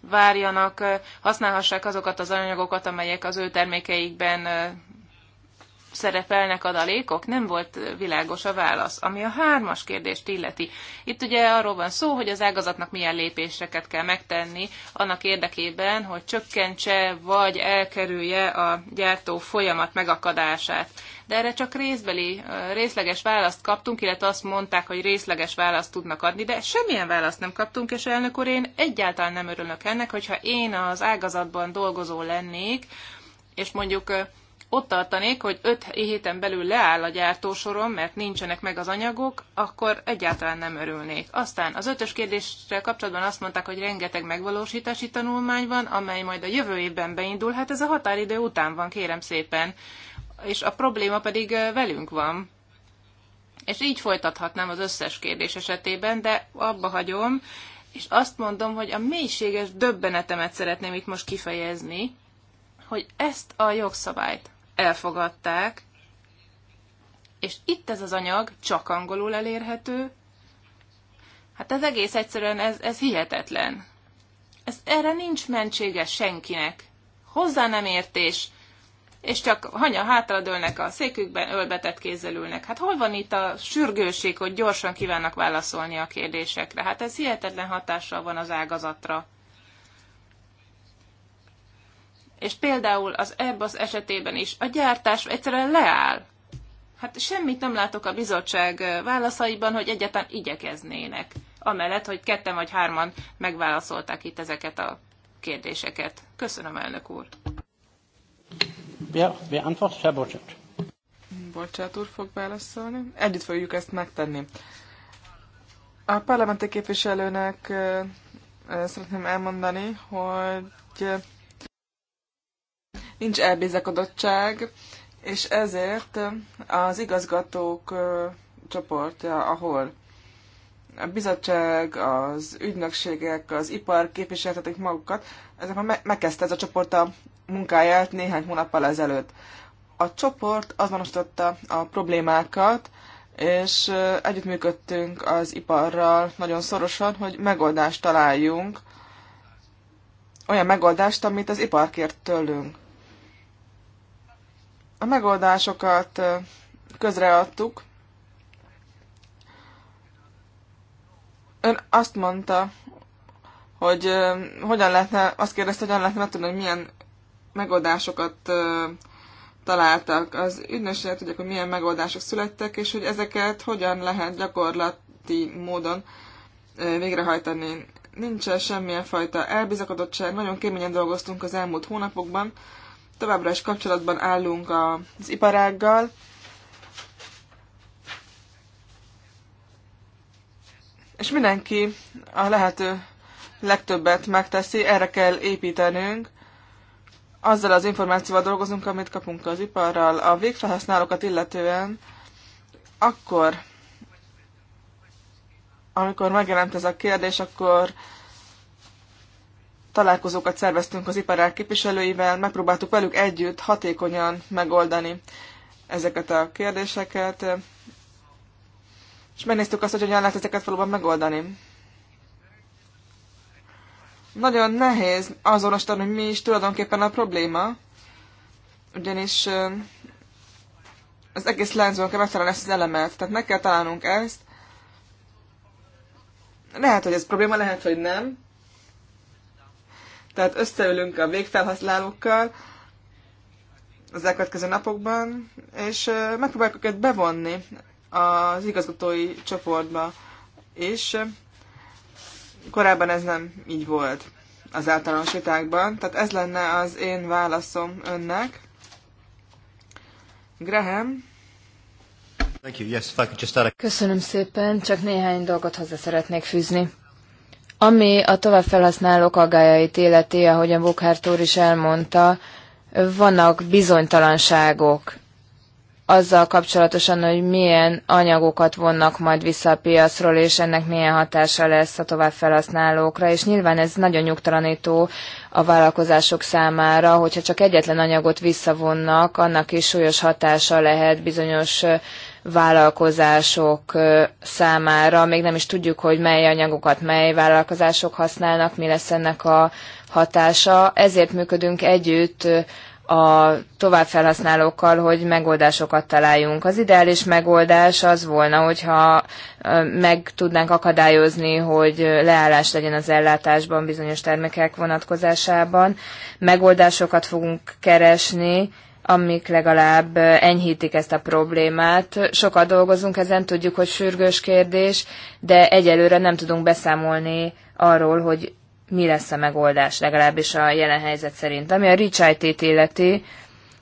várjanak, használhassák azokat az anyagokat, amelyek az ő termékeikben szerepelnek adalékok? Nem volt világos a válasz. Ami a hármas kérdést illeti. Itt ugye arról van szó, hogy az ágazatnak milyen lépéseket kell megtenni annak érdekében, hogy csökkentse vagy elkerülje a gyártó folyamat megakadását de erre csak részbeli, részleges választ kaptunk, illetve azt mondták, hogy részleges választ tudnak adni, de semmilyen választ nem kaptunk, és elnök úr, én egyáltalán nem örülök ennek, hogyha én az ágazatban dolgozó lennék, és mondjuk ott tartanék, hogy 5 héten belül leáll a gyártósorom, mert nincsenek meg az anyagok, akkor egyáltalán nem örülnék. Aztán az ötös kérdéssel kapcsolatban azt mondták, hogy rengeteg megvalósítási tanulmány van, amely majd a jövő évben beindul, hát ez a határidő után van, kérem szépen és a probléma pedig velünk van. És így folytathatnám az összes kérdés esetében, de abba hagyom, és azt mondom, hogy a mélységes döbbenetemet szeretném itt most kifejezni, hogy ezt a jogszabályt elfogadták, és itt ez az anyag csak angolul elérhető. Hát ez egész egyszerűen, ez, ez hihetetlen. Ez erre nincs mentsége senkinek. Hozzá nem értés, és csak hanya dőlnek a székükben, ölbetett kézzel ülnek. Hát hol van itt a sürgőség, hogy gyorsan kívánnak válaszolni a kérdésekre? Hát ez hihetetlen hatással van az ágazatra. És például az Airbus esetében is a gyártás egyszerűen leáll. Hát semmit nem látok a bizottság válaszaiban, hogy egyáltalán igyekeznének. Amellett, hogy ketten vagy hárman megválaszolták itt ezeket a kérdéseket. Köszönöm, elnök úr! wer, wer Herr Bocsát. Bocsát úr fog válaszolni. Együtt fogjuk ezt megtenni. A parlamenti képviselőnek szeretném elmondani, hogy nincs elbizakodottság, és ezért az igazgatók csoportja, ahol a bizottság, az ügynökségek, az ipar képviseltetik magukat, ezek már megkezdte ez a csoport a munkáját néhány hónappal ezelőtt. A csoport azonosította a problémákat, és együttműködtünk az iparral nagyon szorosan, hogy megoldást találjunk, olyan megoldást, amit az ipar kért tőlünk. A megoldásokat közreadtuk. Ön azt mondta, hogy hogyan lehetne, azt kérdezte, hogyan lehetne megtudni, hogy milyen megoldásokat találtak. Az ügynökségek tudják, hogy milyen megoldások születtek, és hogy ezeket hogyan lehet gyakorlati módon végrehajtani. Nincsen semmilyen fajta elbizakodottság, nagyon keményen dolgoztunk az elmúlt hónapokban, továbbra is kapcsolatban állunk az iparággal, és mindenki a lehető legtöbbet megteszi, erre kell építenünk, azzal az információval dolgozunk, amit kapunk az iparral, a végfelhasználókat illetően, akkor, amikor megjelent ez a kérdés, akkor találkozókat szerveztünk az iparák képviselőivel, megpróbáltuk velük együtt hatékonyan megoldani ezeket a kérdéseket, és megnéztük azt, hogy hogyan lehet ezeket valóban megoldani. Nagyon nehéz azonosítani, hogy mi is tulajdonképpen a probléma, ugyanis az egész láncban kell megtalálni ezt az elemet, tehát meg kell találnunk ezt. Lehet, hogy ez probléma, lehet, hogy nem. Tehát összeülünk a végfelhasználókkal az elkövetkező napokban, és megpróbáljuk őket bevonni az igazgatói csoportba. És Korábban ez nem így volt az általános vitákban, tehát ez lenne az én válaszom önnek. Graham. Köszönöm szépen, csak néhány dolgot hozzá szeretnék fűzni. Ami a továbbfelhasználók aggájait illeti, a Bukhártól is elmondta, vannak bizonytalanságok azzal kapcsolatosan, hogy milyen anyagokat vonnak majd vissza a piacról, és ennek milyen hatása lesz a továbbfelhasználókra, és nyilván ez nagyon nyugtalanító a vállalkozások számára, hogyha csak egyetlen anyagot visszavonnak, annak is súlyos hatása lehet bizonyos vállalkozások számára. Még nem is tudjuk, hogy mely anyagokat mely vállalkozások használnak, mi lesz ennek a hatása. Ezért működünk együtt a továbbfelhasználókkal, hogy megoldásokat találjunk. Az ideális megoldás az volna, hogyha meg tudnánk akadályozni, hogy leállás legyen az ellátásban bizonyos termékek vonatkozásában. Megoldásokat fogunk keresni, amik legalább enyhítik ezt a problémát. Sokat dolgozunk ezen, tudjuk, hogy sürgős kérdés, de egyelőre nem tudunk beszámolni arról, hogy mi lesz a megoldás, legalábbis a jelen helyzet szerint. Ami a Rich IT-t illeti,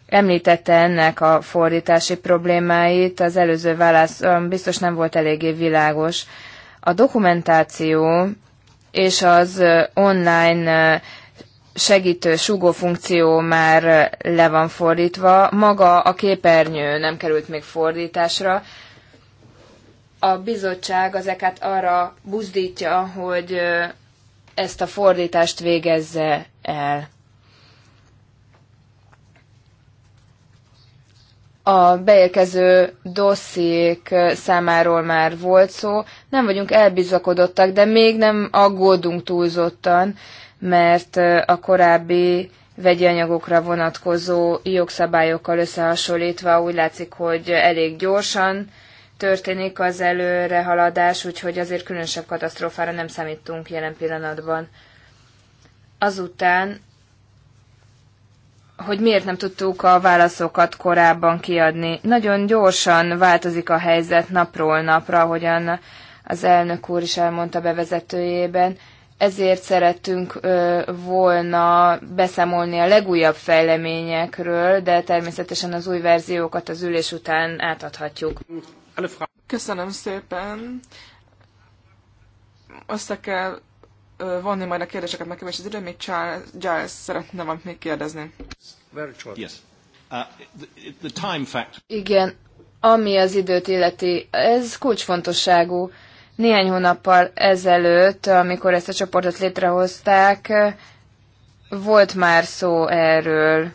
említette ennek a fordítási problémáit, az előző válasz biztos nem volt eléggé világos. A dokumentáció és az online segítő sugó funkció már le van fordítva, maga a képernyő nem került még fordításra. A bizottság ezeket arra buzdítja, hogy ezt a fordítást végezze el. a beérkező dossziék számáról már volt szó. Nem vagyunk elbizakodottak, de még nem aggódunk túlzottan, mert a korábbi vegyi anyagokra vonatkozó jogszabályokkal összehasonlítva úgy látszik, hogy elég gyorsan történik az előrehaladás, úgyhogy azért különösebb katasztrófára nem számítunk jelen pillanatban. Azután, hogy miért nem tudtuk a válaszokat korábban kiadni. Nagyon gyorsan változik a helyzet napról napra, ahogyan az elnök úr is elmondta bevezetőjében. Ezért szerettünk volna beszámolni a legújabb fejleményekről, de természetesen az új verziókat az ülés után átadhatjuk. Köszönöm szépen. Össze kell vonni majd a kérdéseket, meg kevés az idő, még Charles, Giles szeretne valamit még kérdezni. Yes. Uh, the, the time fact. Igen, ami az időt illeti, ez kulcsfontosságú. Néhány hónappal ezelőtt, amikor ezt a csoportot létrehozták, volt már szó erről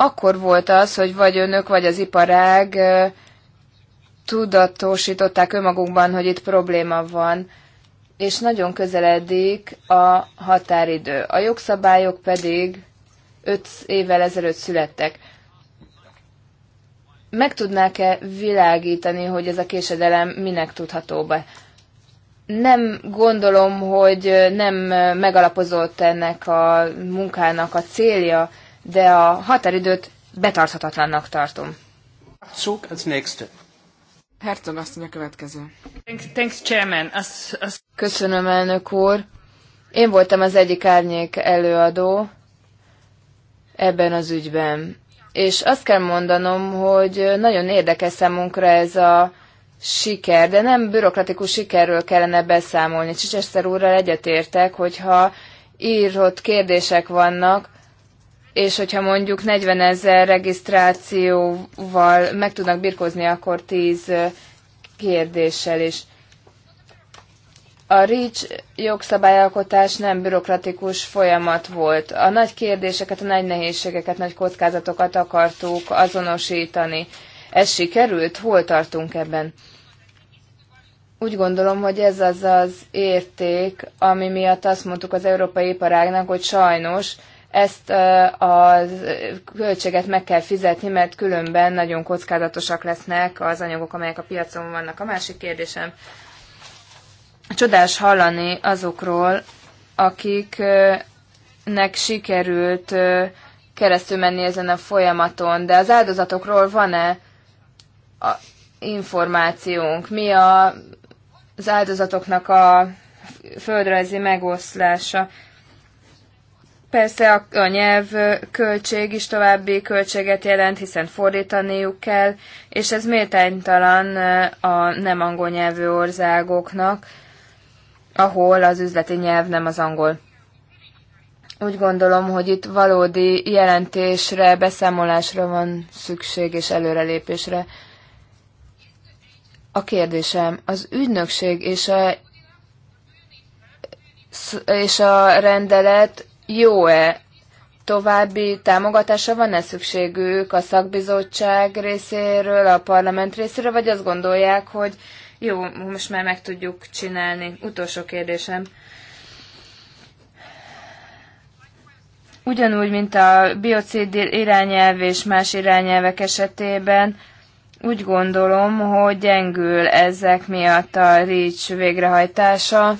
akkor volt az, hogy vagy önök, vagy az iparág tudatosították önmagukban, hogy itt probléma van, és nagyon közeledik a határidő. A jogszabályok pedig 5 évvel ezelőtt születtek. Meg tudnák-e világítani, hogy ez a késedelem minek tudható be? Nem gondolom, hogy nem megalapozott ennek a munkának a célja, de a határidőt betarthatatlannak tartom. Herzog az nächste. Herzog azt mondja következő. Thanks, Chairman. As, as... Köszönöm, elnök úr. Én voltam az egyik árnyék előadó ebben az ügyben. És azt kell mondanom, hogy nagyon érdekes számunkra ez a siker, de nem bürokratikus sikerről kellene beszámolni. Csicseszter úrral egyetértek, hogyha írott kérdések vannak, és hogyha mondjuk 40 ezer regisztrációval meg tudnak birkozni, akkor 10 kérdéssel is. A REACH jogszabályalkotás nem bürokratikus folyamat volt. A nagy kérdéseket, a nagy nehézségeket, nagy kockázatokat akartuk azonosítani. Ez sikerült? Hol tartunk ebben? Úgy gondolom, hogy ez az az érték, ami miatt azt mondtuk az európai iparágnak, hogy sajnos ezt a költséget meg kell fizetni, mert különben nagyon kockázatosak lesznek az anyagok, amelyek a piacon vannak. A másik kérdésem, csodás hallani azokról, akiknek sikerült keresztül menni ezen a folyamaton, de az áldozatokról van-e információnk? Mi a, az áldozatoknak a földrajzi megoszlása? Persze a, a nyelv költség is további költséget jelent, hiszen fordítaniuk kell, és ez méltánytalan a nem angol nyelvű országoknak, ahol az üzleti nyelv nem az angol. Úgy gondolom, hogy itt valódi jelentésre, beszámolásra van szükség és előrelépésre. A kérdésem, az ügynökség és a, és a rendelet jó-e további támogatása van-e szükségük a szakbizottság részéről, a parlament részéről, vagy azt gondolják, hogy jó, most már meg tudjuk csinálni. Utolsó kérdésem. Ugyanúgy, mint a biocid irányelv és más irányelvek esetében, úgy gondolom, hogy gyengül ezek miatt a REACH végrehajtása.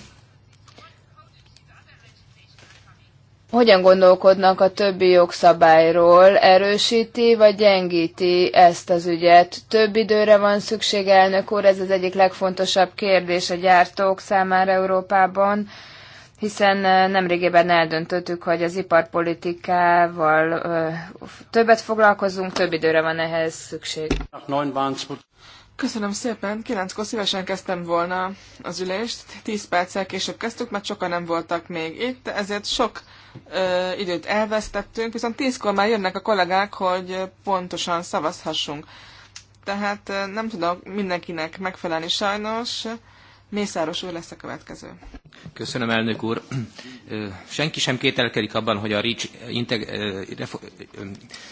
hogyan gondolkodnak a többi jogszabályról, erősíti vagy gyengíti ezt az ügyet? Több időre van szükség, elnök úr, ez az egyik legfontosabb kérdés a gyártók számára Európában, hiszen nemrégében eldöntöttük, hogy az iparpolitikával többet foglalkozunk, több időre van ehhez szükség. Köszönöm szépen, kilenckor szívesen kezdtem volna az ülést, tíz perccel később kezdtük, mert sokan nem voltak még itt, ezért sok ö, időt elvesztettünk, viszont tízkor már jönnek a kollégák, hogy pontosan szavazhassunk. Tehát nem tudok mindenkinek megfelelni sajnos. Mészáros úr lesz a következő. Köszönöm, elnök úr. Senki sem kételkedik abban, hogy a REACH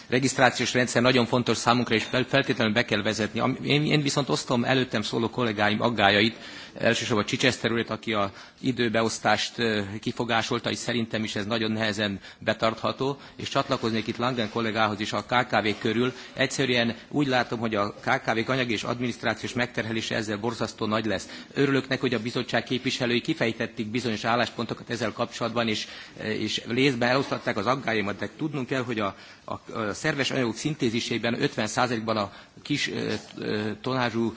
regisztrációs rendszer nagyon fontos számunkra, és feltétlenül be kell vezetni. Én viszont osztom előttem szóló kollégáim aggájait, elsősorban Csicsesz terület, aki a időbeosztást kifogásolta, és szerintem is ez nagyon nehezen betartható, és csatlakoznék itt Langen kollégához is a KKV körül. Egyszerűen úgy látom, hogy a KKV anyagi és adminisztrációs megterhelése ezzel borzasztó nagy lesz. Örülök neki, hogy a bizottság képviselői kifejtették bizonyos álláspontokat ezzel kapcsolatban, és, és lézbe eloszlatták az aggályomat, de tudnunk kell, hogy a a szerves anyagok szintézisében 50%-ban a kis tonázsú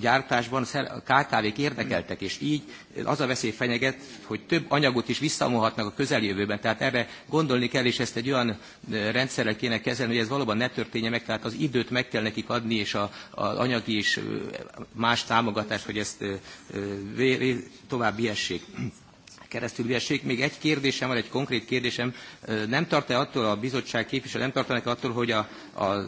gyártásban a KKV-k érdekeltek, és így az a veszély fenyeget, hogy több anyagot is visszamolhatnak a közeljövőben. Tehát erre gondolni kell, és ezt egy olyan rendszerrel kéne kezelni, hogy ez valóban ne történje meg, tehát az időt meg kell nekik adni, és az anyagi és más támogatást, hogy ezt tovább iessék keresztül ühessék. Még egy kérdésem van, egy konkrét kérdésem. Nem tart-e attól a bizottság képviselő, nem tartanak attól, hogy a, a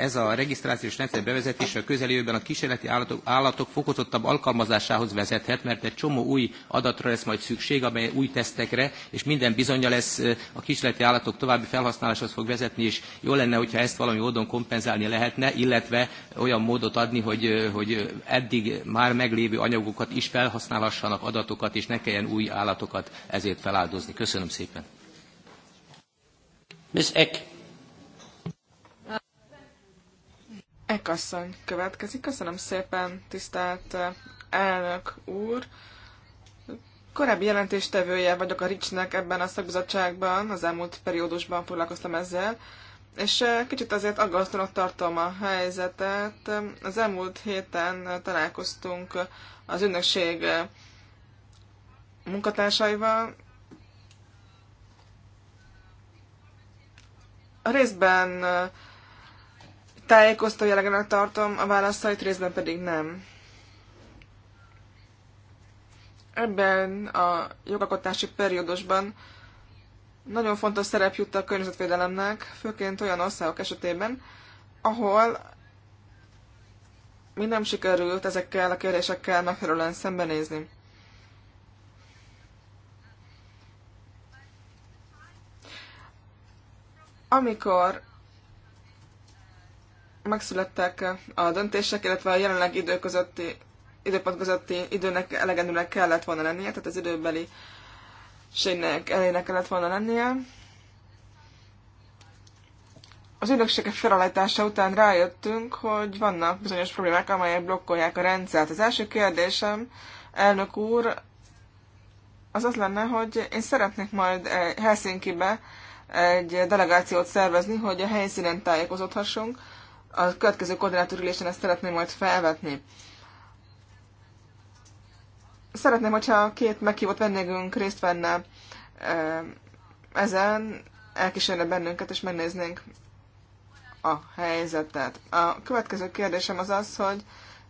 ez a regisztrációs rendszer bevezetése a közeljövőben a kísérleti állatok, állatok fokozottabb alkalmazásához vezethet, mert egy csomó új adatra lesz majd szükség, amely új tesztekre, és minden bizonyja lesz a kísérleti állatok további felhasználáshoz fog vezetni, és jó lenne, hogyha ezt valami módon kompenzálni lehetne, illetve olyan módot adni, hogy, hogy eddig már meglévő anyagokat is felhasználhassanak adatokat, és ne kelljen új állatokat ezért feláldozni. Köszönöm szépen. Ms. Eck. Ekasszony következik. Köszönöm szépen, tisztelt eh, elnök úr. Korábbi jelentéstevője vagyok a Ricsnek ebben a szakbizottságban, az elmúlt periódusban foglalkoztam ezzel, és eh, kicsit azért aggasztónak tartom a helyzetet. Az elmúlt héten eh, találkoztunk az ünnökség munkatársaival, a részben tájékoztató jelenleg tartom a válaszait, részben pedig nem. Ebben a jogalkotási periódusban nagyon fontos szerep jut a környezetvédelemnek, főként olyan országok esetében, ahol mi nem sikerült ezekkel a kérdésekkel megfelelően szembenézni. Amikor megszülettek eh, a döntések, illetve a jelenleg idő közötti, időpont közötti időnek elegendőnek kellett volna lennie, tehát az időbeli ségnek elének kellett volna lennie. Az ügynökségek felállítása után rájöttünk, hogy vannak bizonyos problémák, amelyek blokkolják a rendszert. Az első kérdésem, elnök úr, az az lenne, hogy én szeretnék majd eh, Helsinki-be egy delegációt szervezni, hogy a helyszínen tájékozódhassunk, a következő koordinátorülésen ezt szeretném majd felvetni. Szeretném, hogyha két meghívott vendégünk részt venne ezen, elkísérne bennünket, és megnéznénk a helyzetet. A következő kérdésem az az, hogy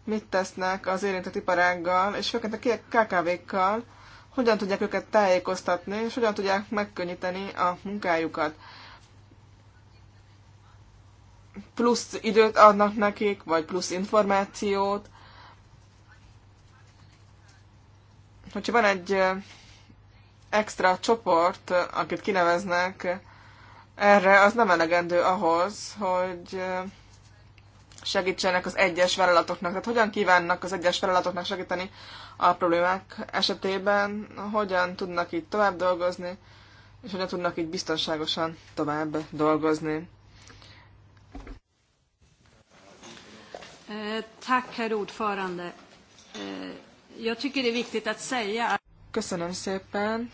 mit tesznek az érintett iparággal, és főként a KKV-kkal, hogyan tudják őket tájékoztatni, és hogyan tudják megkönnyíteni a munkájukat plusz időt adnak nekik, vagy plusz információt. Hogyha van egy extra csoport, akit kineveznek erre, az nem elegendő ahhoz, hogy segítsenek az egyes vállalatoknak. Tehát hogyan kívánnak az egyes vállalatoknak segíteni a problémák esetében, hogyan tudnak itt tovább dolgozni, és hogyan tudnak itt biztonságosan tovább dolgozni. Eh, tack, herr ordförande. Eh, jag tycker det är viktigt att säga Köszönöm szépen.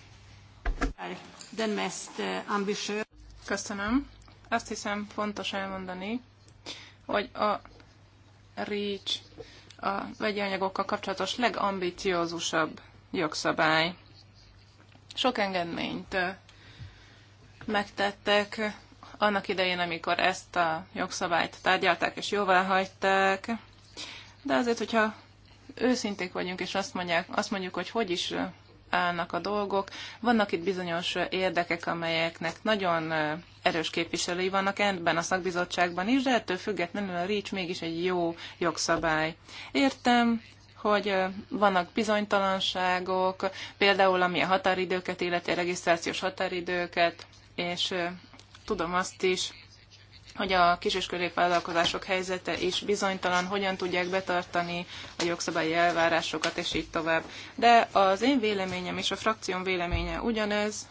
Den mest eh, ambitiös. Köszönöm. Azt hiszem fontos elmondani, hogy a REACH a vegyi anyagokkal kapcsolatos legambiciózusabb jogszabály. Sok engedményt megtettek annak idején, amikor ezt a jogszabályt tárgyalták és jóvá hagyták, de azért, hogyha őszinték vagyunk, és azt, mondják, azt mondjuk, hogy hogy is állnak a dolgok. Vannak itt bizonyos érdekek, amelyeknek nagyon erős képviselői vannak ebben a szakbizottságban is, de ettől függetlenül a REACH mégis egy jó jogszabály. Értem, hogy vannak bizonytalanságok, például ami a határidőket illetve a regisztrációs határidőket, és tudom azt is, hogy a kis és középvállalkozások helyzete is bizonytalan, hogyan tudják betartani a jogszabályi elvárásokat, és így tovább. De az én véleményem és a frakcióm véleménye ugyanez,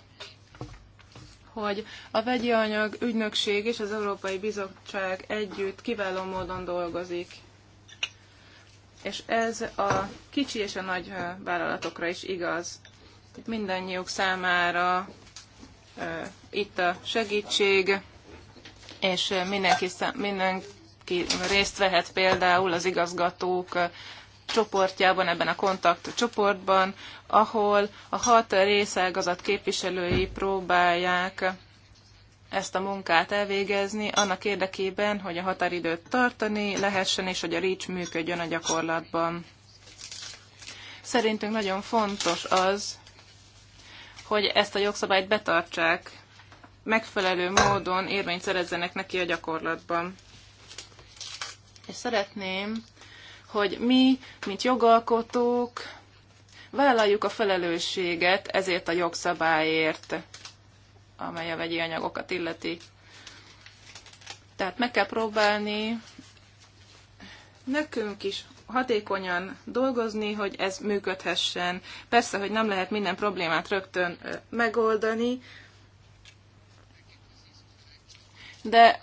hogy a vegyi anyag ügynökség és az Európai Bizottság együtt kiváló módon dolgozik. És ez a kicsi és a nagy vállalatokra is igaz. Mindannyiuk számára itt a segítség, és mindenki, mindenki részt vehet például az igazgatók csoportjában, ebben a kontakt csoportban, ahol a hat részágazat képviselői próbálják ezt a munkát elvégezni, annak érdekében, hogy a határidőt tartani lehessen, és hogy a REACH működjön a gyakorlatban. Szerintünk nagyon fontos az, hogy ezt a jogszabályt betartsák, megfelelő módon érvényt szerezzenek neki a gyakorlatban. És szeretném, hogy mi, mint jogalkotók, vállaljuk a felelősséget ezért a jogszabályért, amely a vegyi anyagokat illeti. Tehát meg kell próbálni nekünk is hatékonyan dolgozni, hogy ez működhessen. Persze, hogy nem lehet minden problémát rögtön megoldani, de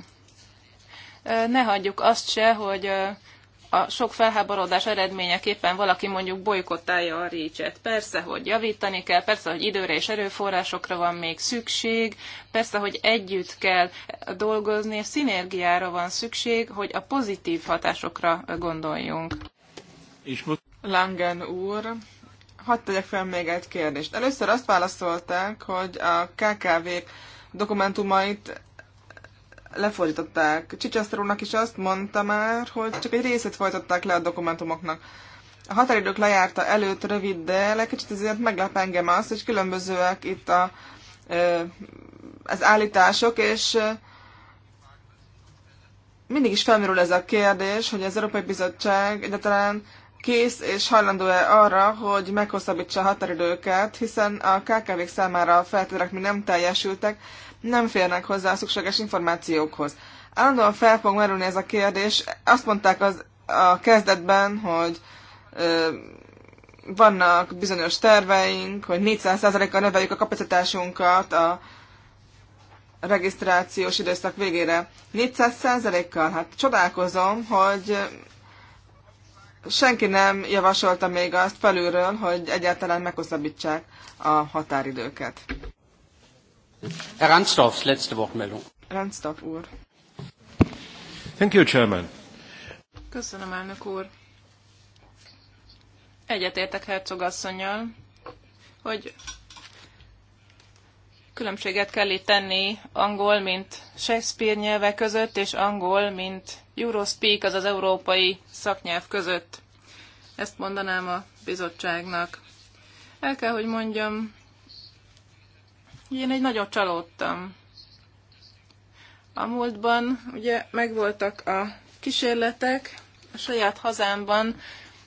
ne hagyjuk azt se, hogy a sok felháborodás eredményeképpen valaki mondjuk bolykottálja a récset. Persze, hogy javítani kell, persze, hogy időre és erőforrásokra van még szükség, persze, hogy együtt kell dolgozni, és szinergiára van szükség, hogy a pozitív hatásokra gondoljunk. Langen úr, hadd tegyek fel még egy kérdést. Először azt válaszolták, hogy a KKV-k dokumentumait lefordították. Csicsasztrónak is azt mondta már, hogy csak egy részét folytatták le a dokumentumoknak. A határidők lejárta előtt de egy kicsit ezért meglep engem az, hogy különbözőek itt a, az állítások, és mindig is felmerül ez a kérdés, hogy az Európai Bizottság egyáltalán kész és hajlandó-e arra, hogy meghosszabbítsa a határidőket, hiszen a KKV-k számára a feltételek mi nem teljesültek, nem férnek hozzá a szükséges információkhoz. Állandóan fel fog merülni ez a kérdés. Azt mondták az, a kezdetben, hogy ö, vannak bizonyos terveink, hogy 400%-kal növeljük a kapacitásunkat a regisztrációs időszak végére. 400%-kal? Hát csodálkozom, hogy senki nem javasolta még azt felülről, hogy egyáltalán meghosszabbítsák a határidőket. Herr Ransdorf, letzte Wortmeldung. Ransdorf úr. Thank you, Chairman. Köszönöm, elnök úr. Egyetértek hercogasszonyjal, hogy különbséget kell itt tenni angol, mint Shakespeare nyelve között, és angol, mint Eurospeak, az az európai szaknyelv között. Ezt mondanám a bizottságnak. El kell, hogy mondjam, én egy nagyon csalódtam. A múltban ugye megvoltak a kísérletek, a saját hazámban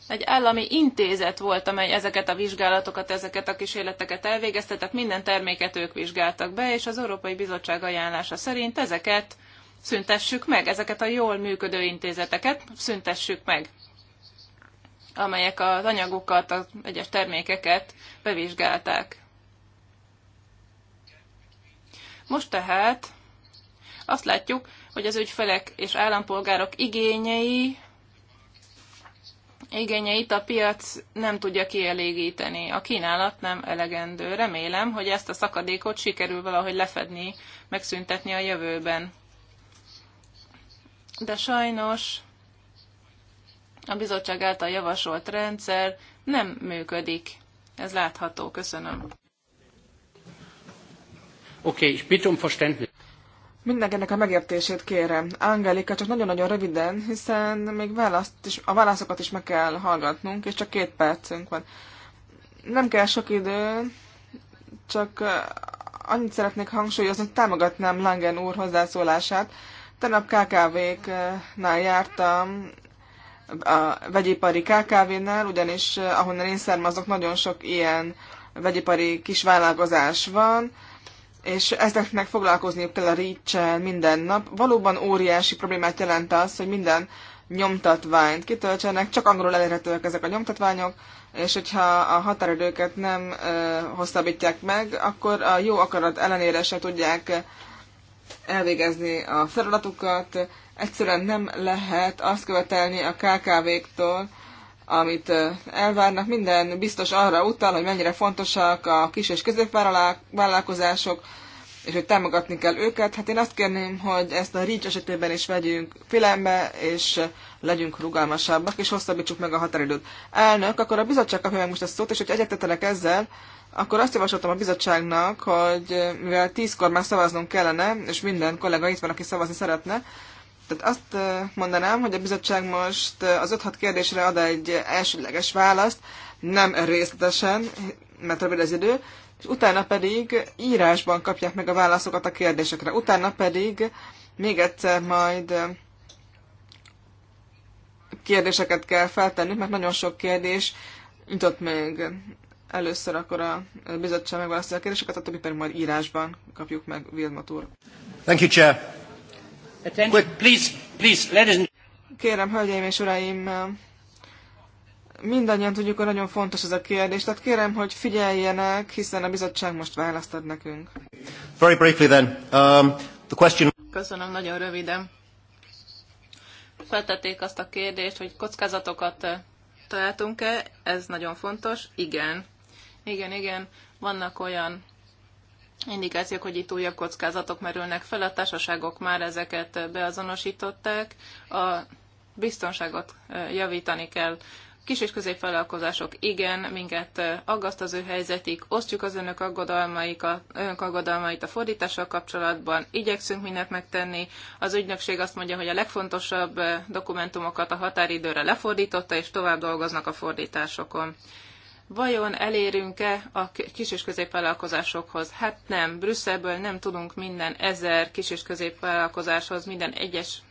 egy állami intézet volt, amely ezeket a vizsgálatokat, ezeket a kísérleteket elvégezte, tehát minden terméket ők vizsgáltak be, és az Európai Bizottság ajánlása szerint ezeket szüntessük meg, ezeket a jól működő intézeteket szüntessük meg, amelyek az anyagokat, az egyes termékeket bevizsgálták. Most tehát azt látjuk, hogy az ügyfelek és állampolgárok igényei igényeit a piac nem tudja kielégíteni. A kínálat nem elegendő. Remélem, hogy ezt a szakadékot sikerül valahogy lefedni, megszüntetni a jövőben. De sajnos a bizottság által javasolt rendszer nem működik. Ez látható. Köszönöm. Oké, okay, ich bitte um Verständnis. Mindenkinek a megértését kérem. Angelika, csak nagyon-nagyon röviden, hiszen még választ is, a válaszokat is meg kell hallgatnunk, és csak két percünk van. Nem kell sok idő, csak annyit szeretnék hangsúlyozni, hogy támogatnám Langen úr hozzászólását. Tegnap KKV-knál jártam, a vegyipari KKV-nál, ugyanis ahonnan én származok, nagyon sok ilyen vegyipari kisvállalkozás van, és ezeknek foglalkozniuk kell a reach minden nap. Valóban óriási problémát jelent az, hogy minden nyomtatványt kitöltsenek, csak angolul elérhetőek ezek a nyomtatványok, és hogyha a határidőket nem ö, hosszabbítják meg, akkor a jó akarat ellenére se tudják elvégezni a feladatukat. Egyszerűen nem lehet azt követelni a KKV-któl, amit elvárnak, minden biztos arra utal, hogy mennyire fontosak a kis és középvállalkozások, és hogy támogatni kell őket. Hát én azt kérném, hogy ezt a REACH esetében is vegyünk filembe, és legyünk rugalmasabbak, és hosszabbítsuk meg a határidőt. Elnök, akkor a bizottság kapja meg most a szót, és hogy egyetetelek ezzel, akkor azt javasoltam a bizottságnak, hogy mivel tízkor már szavaznunk kellene, és minden kollega itt van, aki szavazni szeretne, tehát azt mondanám, hogy a bizottság most az 5-6 kérdésre ad egy elsődleges választ, nem részletesen, mert rövid az idő, és utána pedig írásban kapják meg a válaszokat a kérdésekre. Utána pedig még egyszer majd kérdéseket kell feltenni, mert nagyon sok kérdés jutott még. Először akkor a bizottság megválasztja a kérdéseket, a többi pedig majd írásban kapjuk meg Vilmot úr. Thank you, Chair. Quick, please, please, Kérem, hölgyeim és uraim, mindannyian tudjuk, hogy nagyon fontos ez a kérdés, tehát kérem, hogy figyeljenek, hiszen a bizottság most választ ad nekünk. Very briefly then, um, the question... Köszönöm, nagyon röviden. Feltették azt a kérdést, hogy kockázatokat találtunk-e, ez nagyon fontos. Igen. Igen, igen, vannak olyan indikációk, hogy itt újabb kockázatok merülnek fel, a társaságok már ezeket beazonosították, a biztonságot javítani kell. Kis és középvállalkozások, igen, minket aggaszt az ő helyzetik, osztjuk az önök aggodalmaikat, önök aggodalmait a fordítással kapcsolatban, igyekszünk mindent megtenni. Az ügynökség azt mondja, hogy a legfontosabb dokumentumokat a határidőre lefordította, és tovább dolgoznak a fordításokon. Vajon elérünk-e a kis- és középvállalkozásokhoz? Hát nem. Brüsszelből nem tudunk minden ezer kis- és középvállalkozáshoz, minden egyes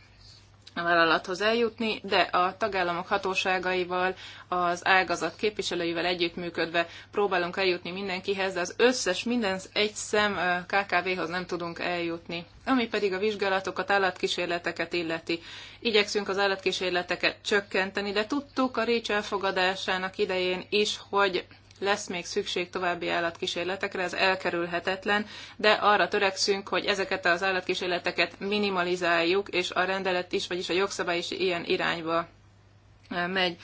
a vállalathoz eljutni, de a tagállamok hatóságaival, az ágazat képviselőivel együttműködve próbálunk eljutni mindenkihez, de az összes, minden egy szem KKV-hoz nem tudunk eljutni. Ami pedig a vizsgálatokat, állatkísérleteket illeti. Igyekszünk az állatkísérleteket csökkenteni, de tudtuk a récs elfogadásának idején is, hogy lesz még szükség további állatkísérletekre, ez elkerülhetetlen, de arra törekszünk, hogy ezeket az állatkísérleteket minimalizáljuk, és a rendelet is, vagyis a jogszabály is ilyen irányba e, megy.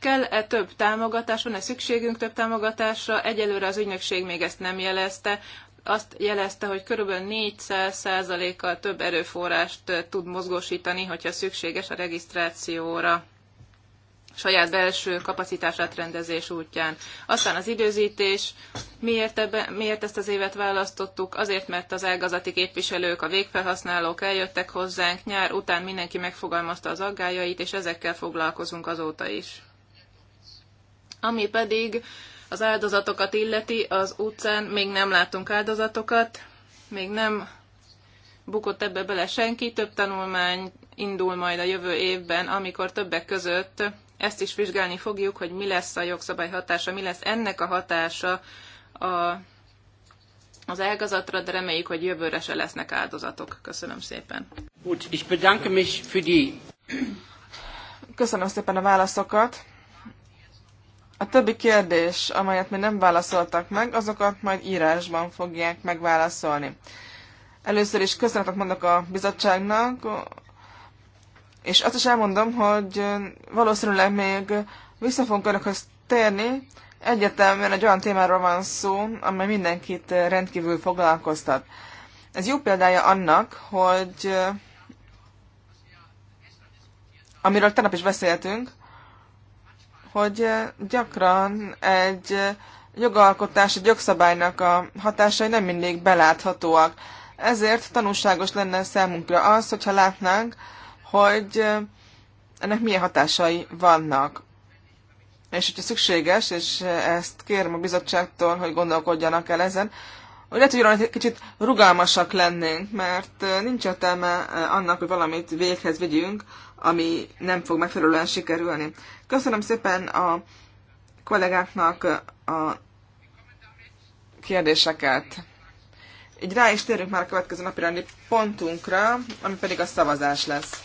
Kell-e több támogatás, van-e szükségünk több támogatásra? Egyelőre az ügynökség még ezt nem jelezte. Azt jelezte, hogy körülbelül 400%-kal több erőforrást e, tud mozgósítani, hogyha szükséges a regisztrációra saját belső kapacitásátrendezés útján. Aztán az időzítés, miért, ebbe, miért ezt az évet választottuk? Azért, mert az elgazati képviselők, a végfelhasználók eljöttek hozzánk, nyár után mindenki megfogalmazta az aggájait, és ezekkel foglalkozunk azóta is. Ami pedig az áldozatokat illeti, az utcán még nem látunk áldozatokat, még nem bukott ebbe bele senki, több tanulmány indul majd a jövő évben, amikor többek között ezt is vizsgálni fogjuk, hogy mi lesz a jogszabály hatása, mi lesz ennek a hatása a, az ágazatra, de reméljük, hogy jövőre se lesznek áldozatok. Köszönöm szépen. Köszönöm szépen a válaszokat. A többi kérdés, amelyet mi nem válaszoltak meg, azokat majd írásban fogják megválaszolni. Először is köszönetet mondok a bizottságnak, és azt is elmondom, hogy valószínűleg még vissza fogunk önökhöz térni. Egyetemben egy olyan témáról van szó, amely mindenkit rendkívül foglalkoztat. Ez jó példája annak, hogy amiről tegnap is beszéltünk, hogy gyakran egy jogalkotás, egy jogszabálynak a hatásai nem mindig beláthatóak. Ezért tanulságos lenne számunkra az, hogyha látnánk, hogy ennek milyen hatásai vannak. És hogyha szükséges, és ezt kérem a bizottságtól, hogy gondolkodjanak el ezen, hogy lehet, hogy egy kicsit rugalmasak lennénk, mert nincs értelme annak, hogy valamit véghez vigyünk, ami nem fog megfelelően sikerülni. Köszönöm szépen a kollégáknak a kérdéseket. Így rá is térünk már a következő napi rendi pontunkra, ami pedig a szavazás lesz.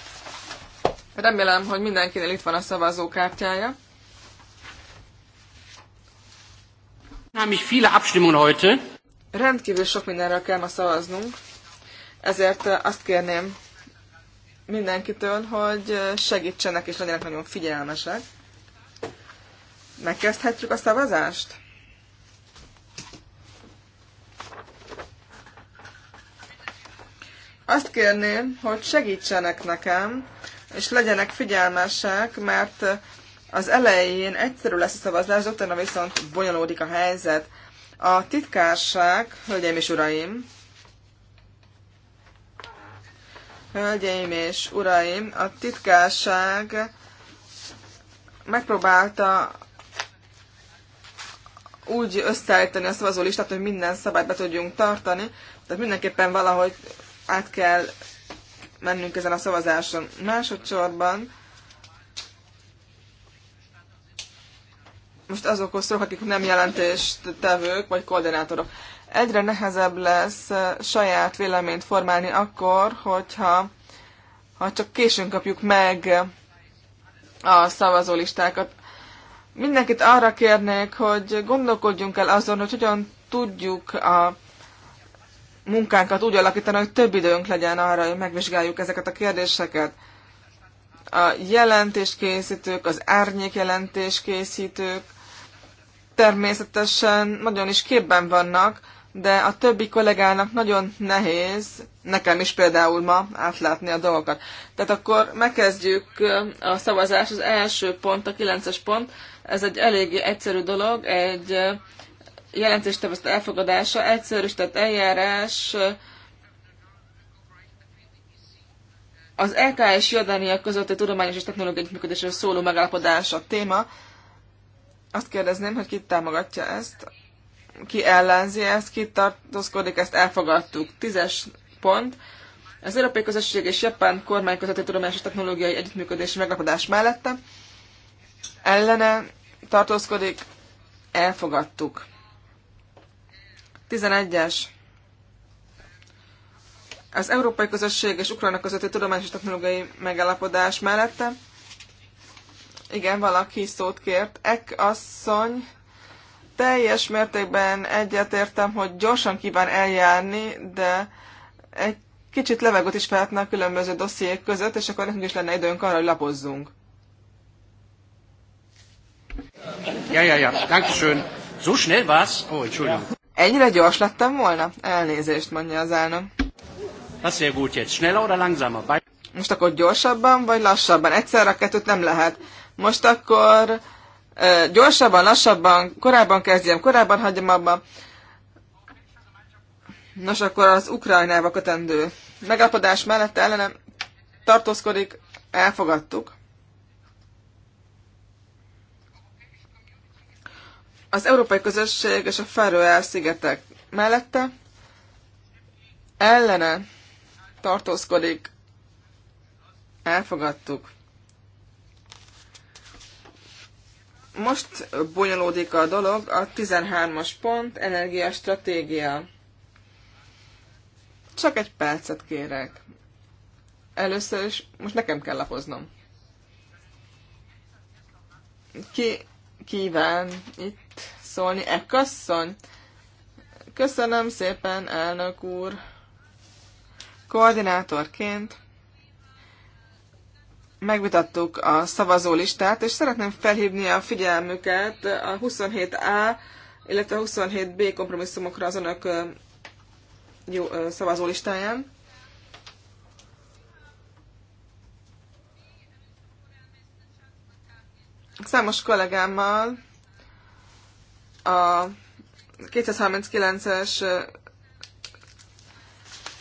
Remélem, hogy mindenkinél itt van a szavazókártyája. viele Abstimmungen heute. Rendkívül sok mindenről kell ma szavaznunk, ezért azt kérném mindenkitől, hogy segítsenek és legyenek nagyon figyelmesek. Megkezdhetjük a szavazást? Azt kérném, hogy segítsenek nekem, és legyenek figyelmesek, mert az elején egyszerű lesz a szavazás, utána viszont bonyolódik a helyzet. A titkárság, hölgyeim és uraim, hölgyeim és uraim, a titkárság megpróbálta úgy összeállítani a szavazólistát, hogy minden szabályt be tudjunk tartani, tehát mindenképpen valahogy át kell mennünk ezen a szavazáson. Másodszorban most azokhoz szólok, akik nem jelentést tevők, vagy koordinátorok. Egyre nehezebb lesz saját véleményt formálni akkor, hogyha ha csak későn kapjuk meg a szavazólistákat. Mindenkit arra kérnék, hogy gondolkodjunk el azon, hogy hogyan tudjuk a munkánkat úgy alakítani, hogy több időnk legyen arra, hogy megvizsgáljuk ezeket a kérdéseket. A jelentéskészítők, az árnyék jelentéskészítők természetesen nagyon is képben vannak, de a többi kollégának nagyon nehéz, nekem is például ma átlátni a dolgokat. Tehát akkor megkezdjük a szavazás, az első pont, a kilences pont, ez egy eléggé egyszerű dolog, egy jelentéstevőzt elfogadása, egyszerűsített eljárás az EK és Jordánia közötti tudományos és technológiai működésről szóló megállapodás a téma. Azt kérdezném, hogy ki támogatja ezt, ki ellenzi ezt, ki tartózkodik, ezt elfogadtuk. Tízes pont. Az Európai Közösség és Japán kormány közötti tudományos és technológiai együttműködési megállapodás mellette ellene tartózkodik, elfogadtuk. 11-es. Az Európai Közösség és Ukrajna közötti tudományos és technológiai megállapodás mellette. Igen, valaki szót kért. Ek asszony, teljes mértékben egyetértem, hogy gyorsan kíván eljárni, de egy kicsit levegőt is felhetne a különböző dossziék között, és akkor nekünk is lenne időnk arra, hogy lapozzunk. Ja, ja, ja, danke schön. So schnell war's? Oh, Entschuldigung. Ennyire gyors lettem volna? Elnézést, mondja az elnök. Most akkor gyorsabban, vagy lassabban? Egyszerre a kettőt nem lehet. Most akkor gyorsabban, lassabban, korábban kezdjem, korábban hagyjam abba. Nos, akkor az Ukrajnába kötendő megállapodás mellett ellenem tartózkodik, elfogadtuk. Az Európai Közösség és a Feröel szigetek mellette ellene tartózkodik. Elfogadtuk. Most bonyolódik a dolog, a 13-as pont, energiastratégia. Csak egy percet kérek. Először is, most nekem kell lapoznom. Ki kíván itt szólni. köszön. Köszönöm szépen, elnök úr. Koordinátorként megvitattuk a szavazólistát, és szeretném felhívni a figyelmüket a 27A, illetve a 27B kompromisszumokra az önök jó szavazólistáján. Számos kollégámmal a 239-es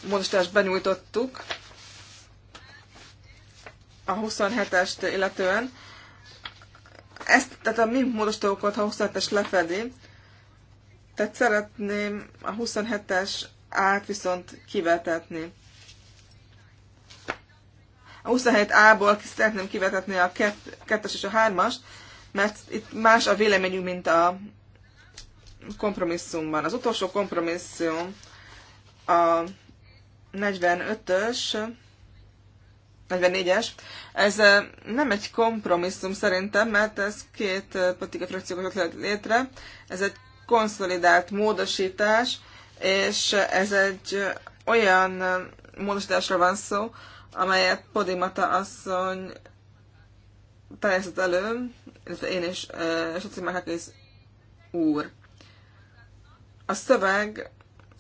módosítást benyújtottuk a 27-est illetően. Ezt, tehát a mi módosítókat, ha 27-es lefedi, tehát szeretném a 27-es át viszont kivetetni. A 27A-ból szeretném kivetetni a 2-es és a 3 mert itt más a véleményünk, mint a kompromisszumban. Az utolsó kompromisszum a 45-ös, 44-es, ez eh, nem egy kompromisszum szerintem, mert ez két eh, politikai frakciókat lehet létre, ez egy konszolidált módosítás, és eh, ez egy olyan módosításra van szó, amelyet Podimata asszony teljesített elő, illetve én is, és Saci Makakis úr. A szöveg,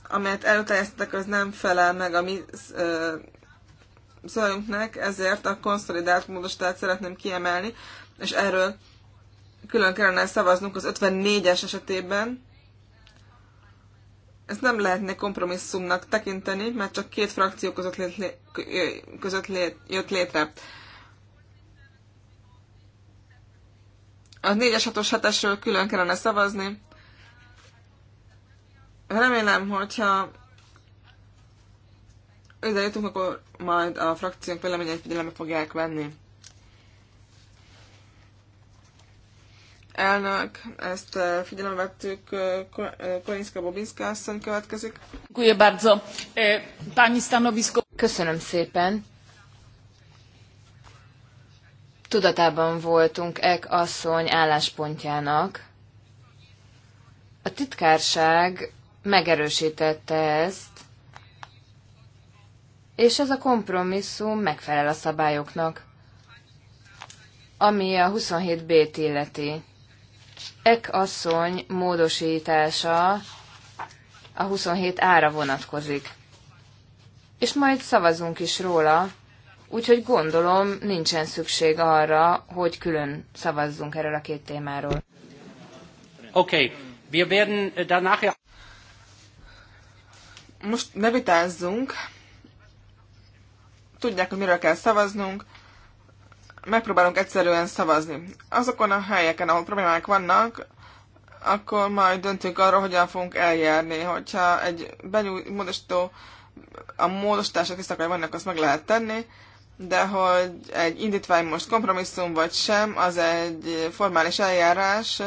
amelyet előterjesztettek, az nem felel meg a mi szövegünknek, ezért a konszolidált módosítást szeretném kiemelni, és erről külön kellene szavaznunk az 54-es esetében, ezt nem lehetne kompromisszumnak tekinteni, mert csak két frakció között, lét, között lét, jött létre. A 4-es, 6-os, 7 külön kellene szavazni. Remélem, hogyha ide jutunk, akkor majd a frakciónk véleményeit figyelembe fogják venni. elnök, ezt eh, figyelembe vettük, eh, eh, Kolinska Bobinska asszony következik. E, Köszönöm szépen. Tudatában voltunk Ek asszony álláspontjának. A titkárság megerősítette ezt, és ez a kompromisszum megfelel a szabályoknak, ami a 27B-t illeti. Ek asszony módosítása a 27 ára vonatkozik. És majd szavazunk is róla, úgyhogy gondolom nincsen szükség arra, hogy külön szavazzunk erről a két témáról. Oké, okay. wir werden äh, danach... Most ne vitázzunk. Tudják, hogy miről kell szavaznunk megpróbálunk egyszerűen szavazni. Azokon a helyeken, ahol problémák vannak, akkor majd döntünk arról, hogyan fogunk eljárni. Hogyha egy benyújtó a módosítások vissza akarja vannak, azt meg lehet tenni, de hogy egy indítvány most kompromisszum vagy sem, az egy formális eljárás,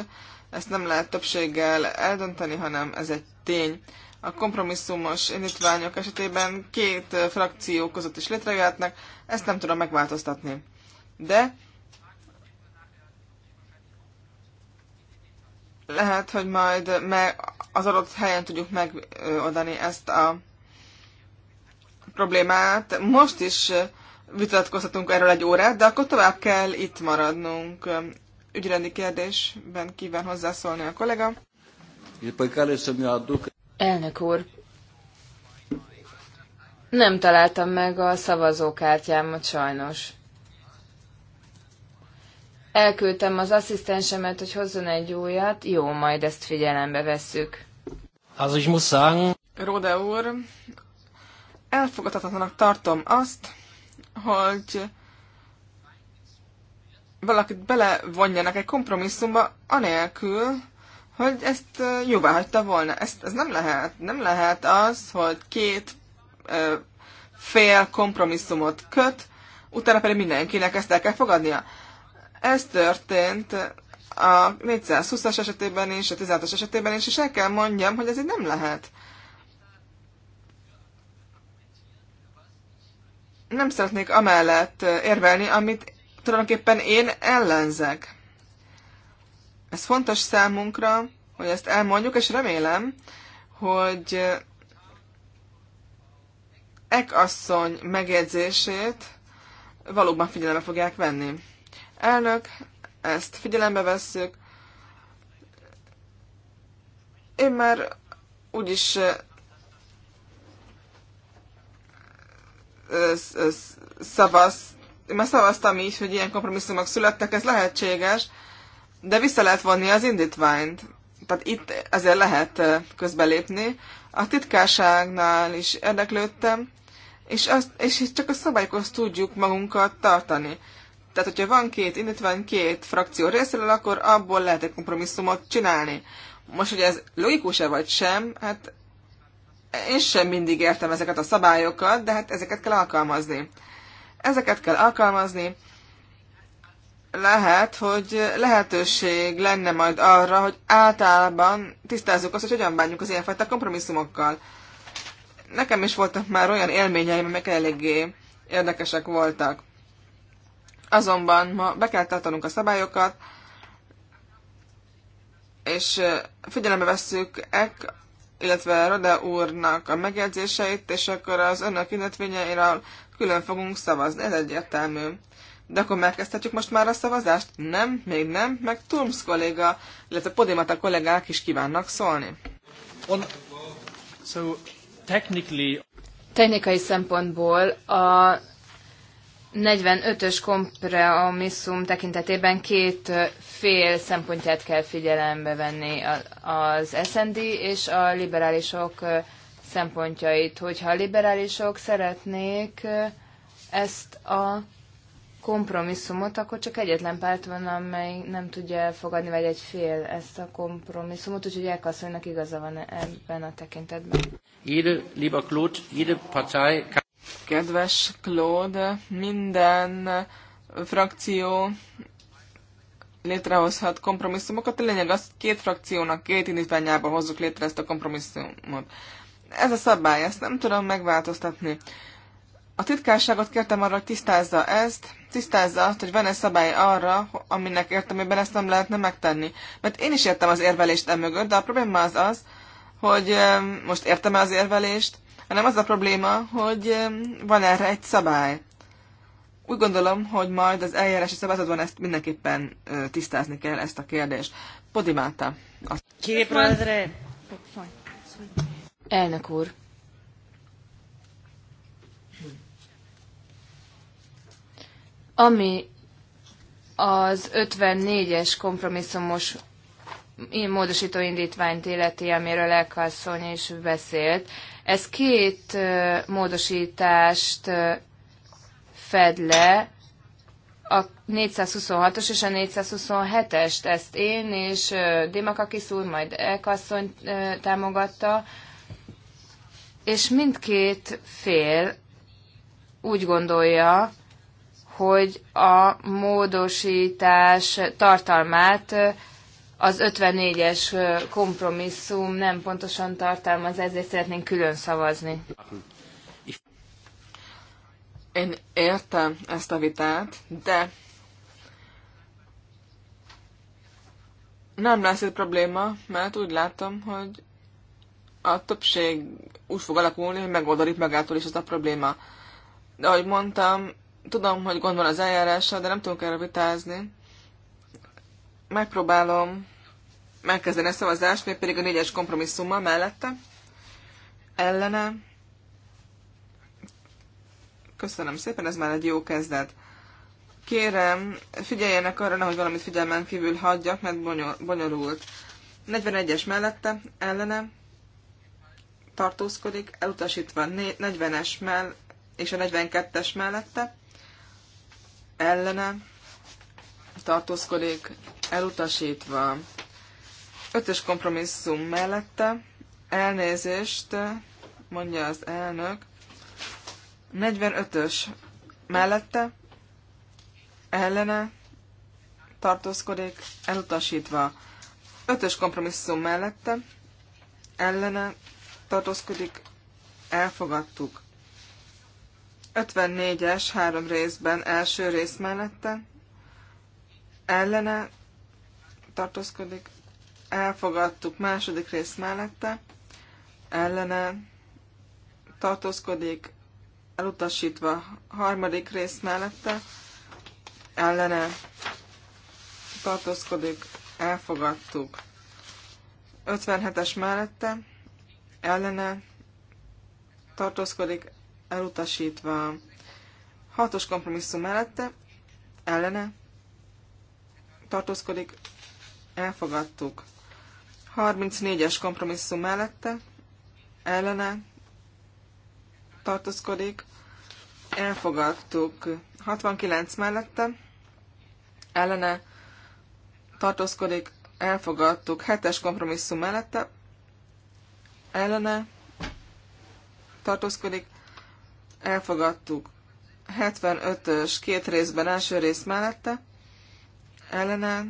ezt nem lehet többséggel eldönteni, hanem ez egy tény. A kompromisszumos indítványok esetében két frakció között is létrejöhetnek, ezt nem tudom megváltoztatni de lehet, hogy majd meg az adott helyen tudjuk megoldani ezt a problémát. Most is vitatkozhatunk erről egy órát, de akkor tovább kell itt maradnunk. Ügyrendi kérdésben kíván hozzászólni a kollega. Elnök úr, nem találtam meg a szavazókártyámat sajnos. Elküldtem az asszisztensemet, hogy hozzon egy újat. Jó, majd ezt figyelembe vesszük. Az is muszáj. Rode úr, elfogadhatatlanak tartom azt, hogy valakit belevonjanak egy kompromisszumba, anélkül, hogy ezt jóvá hagyta volna. Ezt, ez nem lehet. Nem lehet az, hogy két ö, fél kompromisszumot köt, utána pedig mindenkinek ezt el kell fogadnia. Ez történt a 420-as esetében is, a 16-as esetében is, és el kell mondjam, hogy ez így nem lehet. Nem szeretnék amellett érvelni, amit tulajdonképpen én ellenzek. Ez fontos számunkra, hogy ezt elmondjuk, és remélem, hogy Ek asszony megjegyzését valóban figyelembe fogják venni elnök, ezt figyelembe vesszük. Én már úgyis szavaz, már szavaztam így, hogy ilyen kompromisszumok születtek, ez lehetséges, de vissza lehet vonni az indítványt. Tehát itt ezért lehet közbelépni. A titkárságnál is érdeklődtem, és, azt, és csak a szabályokhoz tudjuk magunkat tartani. Tehát, hogyha van két van két frakció részéről, akkor abból lehet egy kompromisszumot csinálni. Most, hogy ez logikus-e vagy sem, hát én sem mindig értem ezeket a szabályokat, de hát ezeket kell alkalmazni. Ezeket kell alkalmazni. Lehet, hogy lehetőség lenne majd arra, hogy általában tisztázzuk azt, hogy hogyan bánjuk az ilyenfajta kompromisszumokkal. Nekem is voltak már olyan élményeim, amelyek eléggé érdekesek voltak. Azonban ma be kell tartanunk a szabályokat, és figyelembe vesszük Ek, illetve Rode úrnak a megjegyzéseit, és akkor az önök illetményeiről külön fogunk szavazni, ez egyértelmű. De akkor megkezdhetjük most már a szavazást? Nem, még nem, meg Turms kolléga, illetve Podimata kollégák is kívánnak szólni. On... So, technically... Technikai szempontból a 45-ös kompromisszum tekintetében két fél szempontját kell figyelembe venni, az SND és a liberálisok szempontjait. Hogyha a liberálisok szeretnék ezt a kompromisszumot, akkor csak egyetlen párt van, amely nem tudja elfogadni, vagy egy fél ezt a kompromisszumot, úgyhogy elkasszonynak igaza van ebben a tekintetben. Jede, lieber Claude, jede Partei... Kedves Claude, minden frakció létrehozhat kompromisszumokat. A lényeg az, két frakciónak két indítványában hozzuk létre ezt a kompromisszumot. Ez a szabály, ezt nem tudom megváltoztatni. A titkárságot kértem arra, hogy tisztázza ezt, tisztázza azt, hogy van-e szabály arra, aminek értelmében ezt nem lehetne megtenni. Mert én is értem az érvelést emögött, de a probléma az az, hogy most értem-e az érvelést, hanem az a probléma, hogy van erre egy szabály. Úgy gondolom, hogy majd az eljárási szabályzatban ezt mindenképpen tisztázni kell, ezt a kérdést. Podimáta. Képredre! Elnök úr. Ami az 54-es kompromisszumos módosító indítványt illeti, amiről Elkasszony is beszélt. Ez két módosítást fed le, a 426-os és a 427-est, ezt én és Dimakakis úr, majd Elkasszony támogatta, és mindkét fél úgy gondolja, hogy a módosítás tartalmát az 54-es kompromisszum nem pontosan tartalmaz, ezért szeretnénk külön szavazni. Én értem ezt a vitát, de nem lesz egy probléma, mert úgy látom, hogy a többség úgy fog alakulni, hogy megoldalik magától is ez a probléma. De ahogy mondtam, tudom, hogy gond van az eljárással, de nem tudok erre vitázni. Megpróbálom megkezdeni a szavazást, még pedig a négyes kompromisszummal mellette. Ellene. Köszönöm szépen, ez már egy jó kezdet. Kérem, figyeljenek arra, nehogy valamit figyelmen kívül hagyjak, mert bonyolult. 41-es mellette, ellene tartózkodik, elutasítva 40-es mell és a 42-es mellette, ellene tartózkodik, elutasítva Ötös kompromisszum mellette elnézést, mondja az elnök. 45-ös mellette ellene tartózkodik, elutasítva. Ötös kompromisszum mellette ellene tartózkodik, elfogadtuk. 54-es három részben első rész mellette ellene tartózkodik, elfogadtuk második rész mellette, ellene tartózkodik, elutasítva harmadik rész mellette, ellene tartózkodik, elfogadtuk. 57-es mellette, ellene tartózkodik, elutasítva. Hatos kompromisszum mellette, ellene tartózkodik, elfogadtuk. 34-es kompromisszum mellette ellene tartózkodik. Elfogadtuk 69 mellette ellene tartózkodik. Elfogadtuk 7-es kompromisszum mellette ellene tartózkodik. Elfogadtuk 75-ös két részben első rész mellette ellene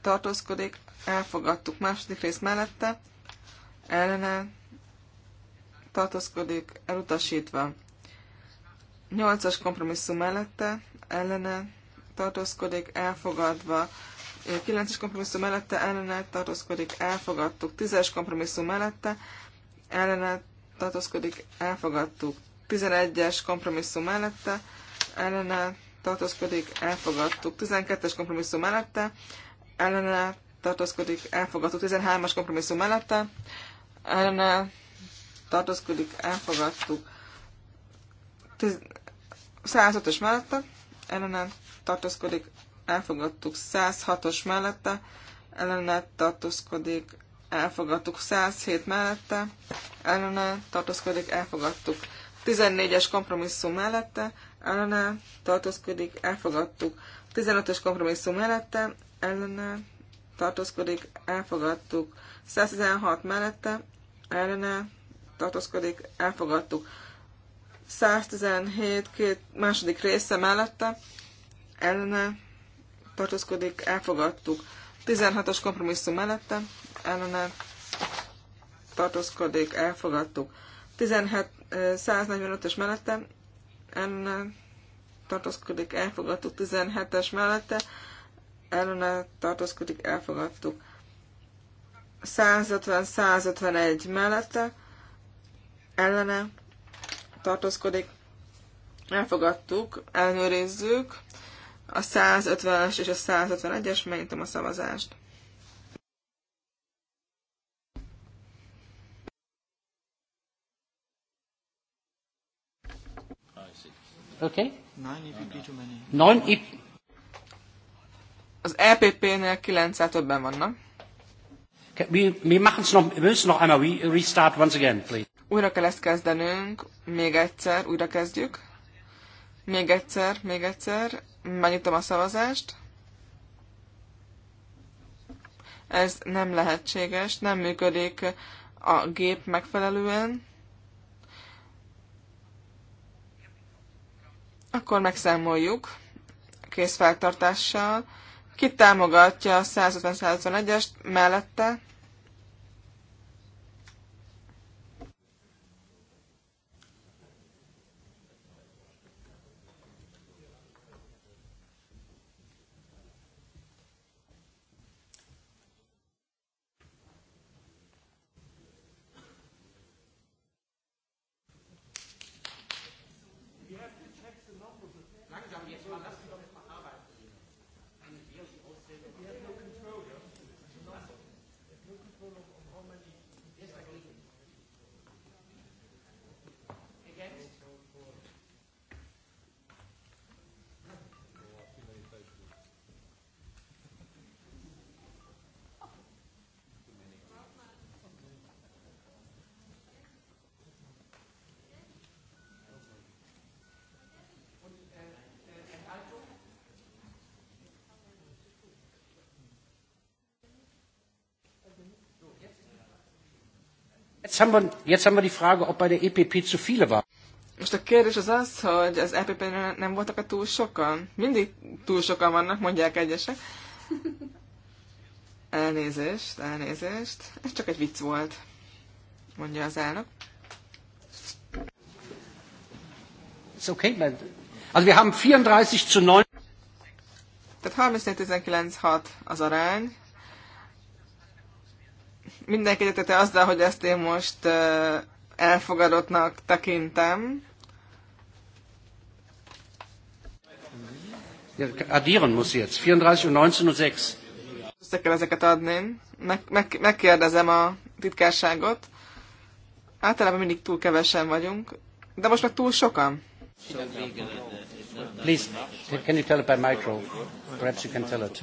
tartózkodik elfogadtuk második rész mellette, ellene tartózkodik, elutasítva. Nyolcas kompromisszum mellette, ellene tartózkodik, elfogadva. kilences kompromisszum mellette ellene tartózkodik, elfogadtuk. Tízes kompromisszum mellette ellene tartózkodik, elfogadtuk. tizenegyes kompromisszum mellette ellene tartózkodik, elfogadtuk. tizenkettes kompromisszum mellette ellene tartózkodik, elfogadott 13-as kompromisszum mellette ellene tartózkodik, elfogadtuk. 105-ös mellette ellene tartózkodik, elfogadtuk. 106-os mellette ellene tartózkodik, elfogadtuk. 107 mellette ellene tartózkodik, elfogadtuk. 14-es kompromisszum mellette ellene tartózkodik, elfogadtuk. 15-ös kompromisszum mellette ellene tartózkodik, elfogadtuk. 116 mellette, ellene tartózkodik, elfogadtuk. 117 két második része mellette, ellene tartózkodik, elfogadtuk. 16-os kompromisszum mellette, ellene tartózkodik, elfogadtuk. 17, 145-ös mellette, ellene tartózkodik, elfogadtuk. 17-es mellette, ellene tartózkodik, elfogadtuk. 150-151 mellette ellene tartózkodik, elfogadtuk, ellenőrizzük a 150-es és a 151-es, megnyitom a szavazást. Okay. Nine EPP oh, too many. Nine az EPP-nél 900 többen vannak. We, restart once again, please. Újra kell ezt kezdenünk, még egyszer, újra kezdjük. Még egyszer, még egyszer, megnyitom a szavazást. Ez nem lehetséges, nem működik a gép megfelelően. Akkor megszámoljuk készfeltartással. Ki támogatja a 150-151-est mellette? Jetzt haben, wir, jetzt haben wir die Frage, ob bei der EPP zu viele waren. Most a kérdés az az, hogy az epp nem voltak a túl sokan? Mindig túl sokan vannak, mondják egyesek. Elnézést, elnézést. Ez csak egy vicc volt, mondja az elnök. It's okay, man. Also wir haben 34 zu 9. Tehát 34-19-6 az arány, Mindenki egyetete azzal, hogy ezt én most elfogadottnak tekintem. Addieren muss jetzt. 34 und 19 und 6. ezeket adni. Meg, meg, megkérdezem a titkárságot. Általában mindig túl kevesen vagyunk, de most már túl sokan. Please, can you tell it by micro? Perhaps you can tell it.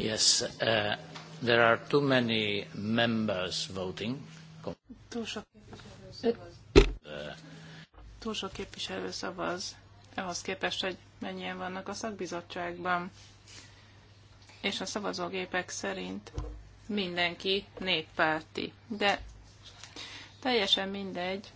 Yes, uh, there are too many members voting. Túl sok képviselő szavaz. Uh, képviselő szavaz. Ahhoz képest, hogy mennyien vannak a szakbizottságban. És a szavazógépek szerint mindenki néppárti. De teljesen mindegy,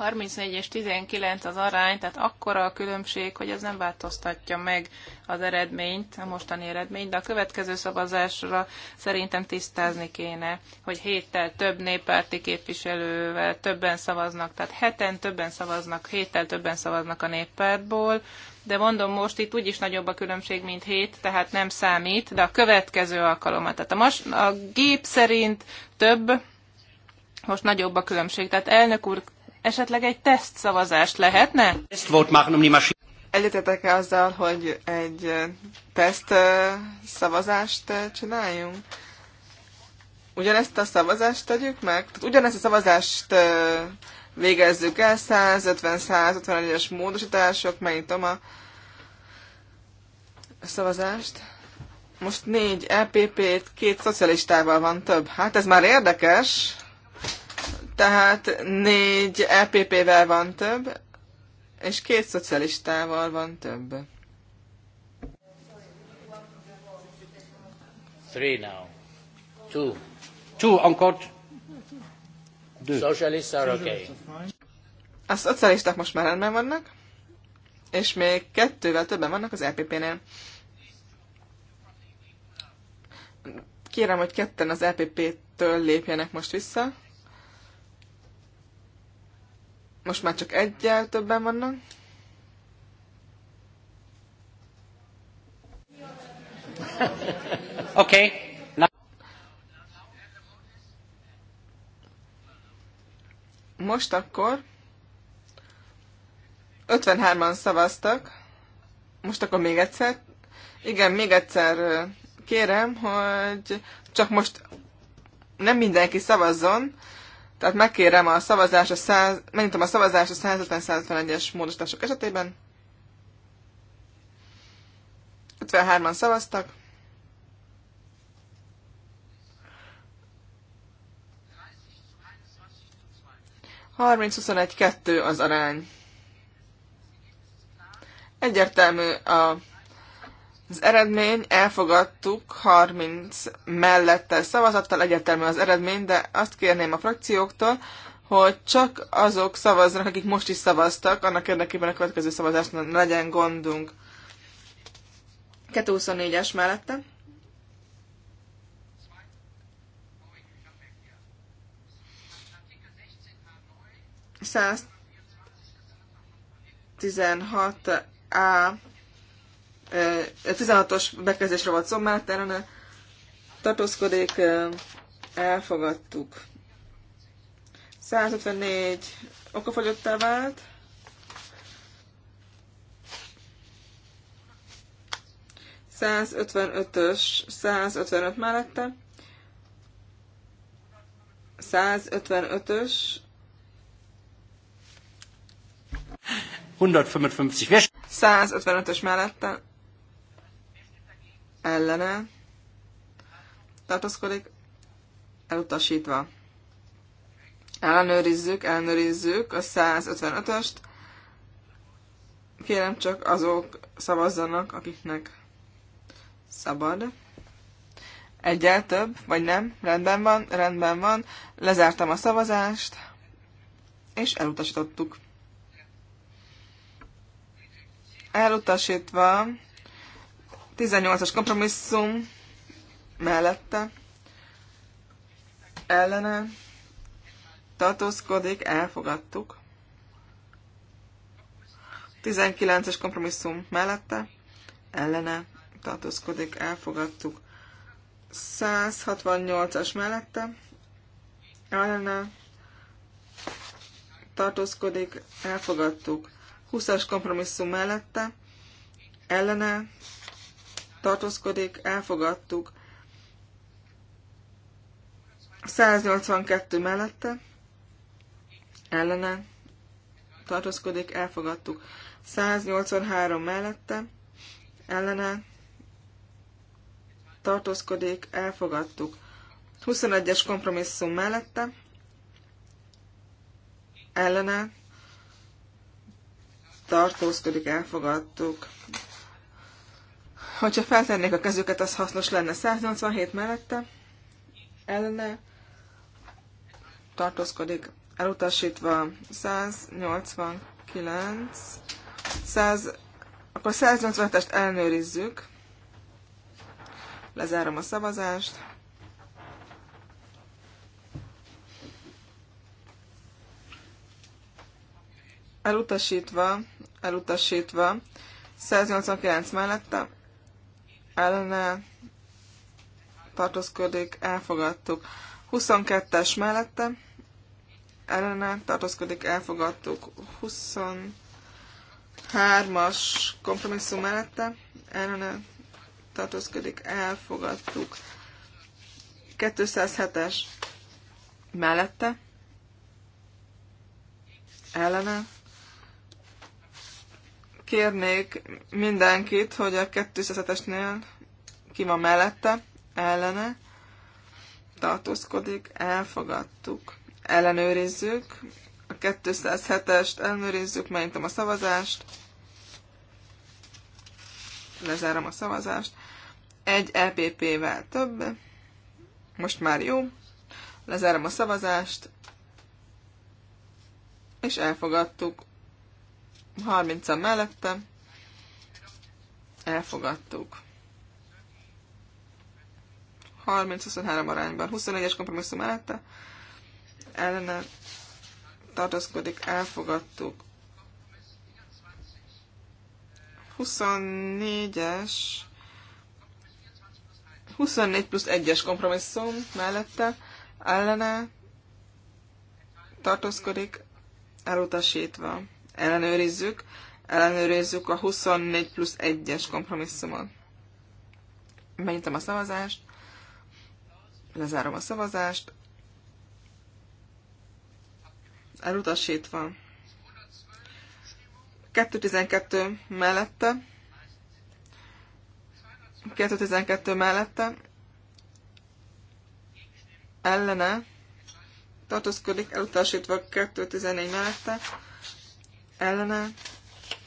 34 és 19 az arány, tehát akkora a különbség, hogy ez nem változtatja meg az eredményt, a mostani eredményt, de a következő szavazásra szerintem tisztázni kéne, hogy héttel több néppárti képviselővel többen szavaznak, tehát heten többen szavaznak, héttel többen szavaznak a néppártból, de mondom most itt úgyis nagyobb a különbség, mint hét, tehát nem számít, de a következő alkalommal. Tehát a, mas, a gép szerint több, most nagyobb a különbség. Tehát elnök úr, esetleg egy teszt szavazást lehetne? Ezt volt már nem Egyetetek-e azzal, hogy egy teszt szavazást csináljunk? Ugyanezt a szavazást tegyük meg? Tehát ugyanezt a szavazást végezzük el, 150-151-es módosítások, megnyitom a szavazást. Most négy EPP-t, két szocialistával van több. Hát ez már érdekes. Tehát négy EPP-vel van több, és két szocialistával van több. Three now. Two. Two, encore. Socialists are okay. A szocialisták most már rendben vannak, és még kettővel többen vannak az EPP-nél. Kérem, hogy ketten az EPP-től lépjenek most vissza. Most már csak egyel többen vannak. [laughs] Oké. Okay. Most akkor 53-an szavaztak. Most akkor még egyszer. Igen, még egyszer kérem, hogy csak most nem mindenki szavazzon, tehát megkérem a szavazás a 100, megnyitom a szavazás a 150-151-es módosítások esetében. 53-an szavaztak. Harminc, huszonegy, kettő az arány. Egyértelmű a az eredmény elfogadtuk 30 mellettel szavazattal, egyértelmű az eredmény, de azt kérném a frakcióktól, hogy csak azok szavaznak, akik most is szavaztak, annak érdekében a következő szavazásnak legyen gondunk. 224-es mellette. Száz 16 a 16-os bekezdésre volt szó, tartózkodik, elfogadtuk. 154 okafogyottá vált. ös 155 mellette. 155-ös. 155-ös mellette ellene tartózkodik, elutasítva. Ellenőrizzük, ellenőrizzük a 155-öst. Kérem csak azok szavazzanak, akiknek szabad. Egyel több, vagy nem? Rendben van, rendben van. Lezártam a szavazást, és elutasítottuk. Elutasítva 18-as kompromisszum mellette ellene tartózkodik, elfogadtuk. 19-es kompromisszum mellette ellene tartózkodik, elfogadtuk. 168-as mellette ellene tartózkodik, elfogadtuk. 20-as kompromisszum mellette ellene tartózkodik, elfogadtuk. 182 mellette, ellene, tartózkodik, elfogadtuk. 183 mellette, ellene, tartózkodik, elfogadtuk. 21-es kompromisszum mellette, ellene, tartózkodik, elfogadtuk. Hogyha feltennék a kezüket, az hasznos lenne. 187 mellette ellene tartózkodik, elutasítva 189, 100, akkor 185-est ellenőrizzük. Lezárom a szavazást. Elutasítva, elutasítva, 189 mellette, ellene tartózkodik, elfogadtuk. 22-es mellette ellene tartózkodik, elfogadtuk. 23-as kompromisszum mellette ellene tartózkodik, elfogadtuk. 207-es mellette ellene kérnék mindenkit, hogy a 207-esnél ki van mellette, ellene, tartózkodik, elfogadtuk, ellenőrizzük, a 207-est ellenőrizzük, megintem a szavazást, lezárom a szavazást, egy EPP-vel több, most már jó, lezárom a szavazást, és elfogadtuk 30 a mellette elfogadtuk. 30-23 arányban. 21-es kompromisszum mellette ellene tartózkodik, elfogadtuk. 24-es 24 plusz 1-es kompromisszum mellette ellene tartózkodik, elutasítva ellenőrizzük, ellenőrizzük a 24 plusz 1-es kompromisszumot. Megnyitom a szavazást, lezárom a szavazást, elutasítva. 212 mellette, 212 mellette, ellene, tartózkodik, elutasítva 214 mellette, ellene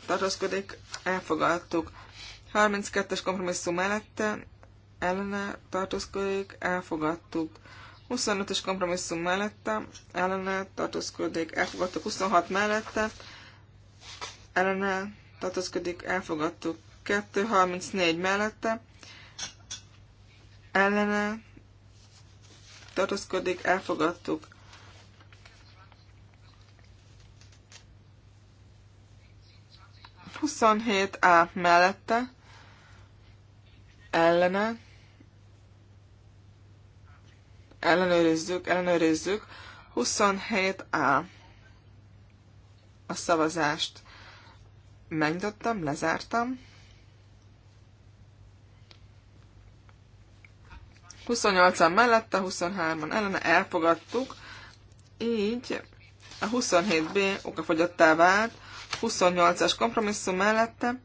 tartózkodik, elfogadtuk. 32-es kompromisszum mellette ellene tartózkodik, elfogadtuk. 25 es kompromisszum mellette ellene tartózkodik, elfogadtuk. 26 mellette ellene tartózkodik, elfogadtuk. 234 mellette ellene tartózkodik, elfogadtuk. 27A mellette ellene ellenőrizzük, ellenőrizzük 27A a szavazást megnyitottam, lezártam 28-an mellette, 23-an ellene elfogadtuk, így a 27B okafogyottá vált, 28-as kompromisszum mellette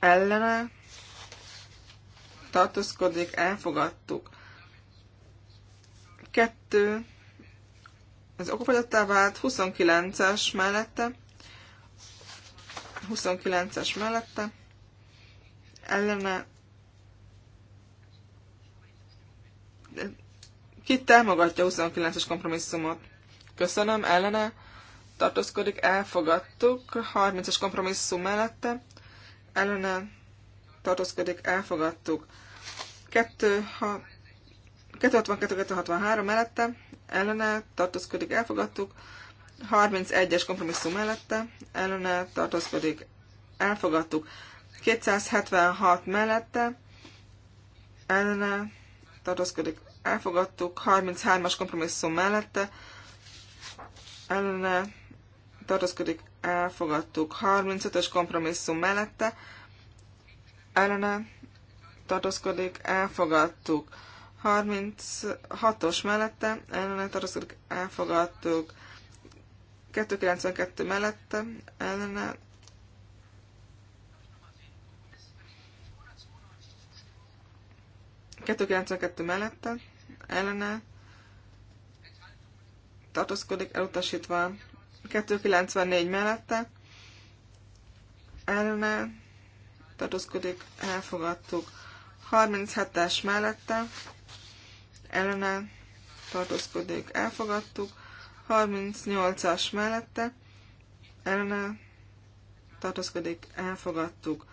ellene tartózkodik, elfogadtuk. Kettő, az okofagyottá vált 29-es mellette, 29-es mellette, ellene ki támogatja 29-es kompromisszumot? Köszönöm, ellene tartózkodik, elfogadtuk. 30-as kompromisszum mellette ellene tartózkodik, elfogadtuk. 262-263 mellette ellene tartózkodik, elfogadtuk. 31-es kompromisszum mellette ellene tartózkodik, elfogadtuk. 276 mellette ellene tartózkodik, elfogadtuk. 33-as kompromisszum mellette ellene tartózkodik, elfogadtuk. 35-ös kompromisszum mellette, ellene tartózkodik, elfogadtuk. 36-os mellette, ellene tartózkodik, elfogadtuk. 292 mellette, ellene kettő mellette, ellene tartózkodik, elutasítva 294 mellette elne, tartózkodik, elfogadtuk. 37-es mellette elne, tartózkodik, elfogadtuk. 38-as mellette ellene tartózkodik, elfogadtuk.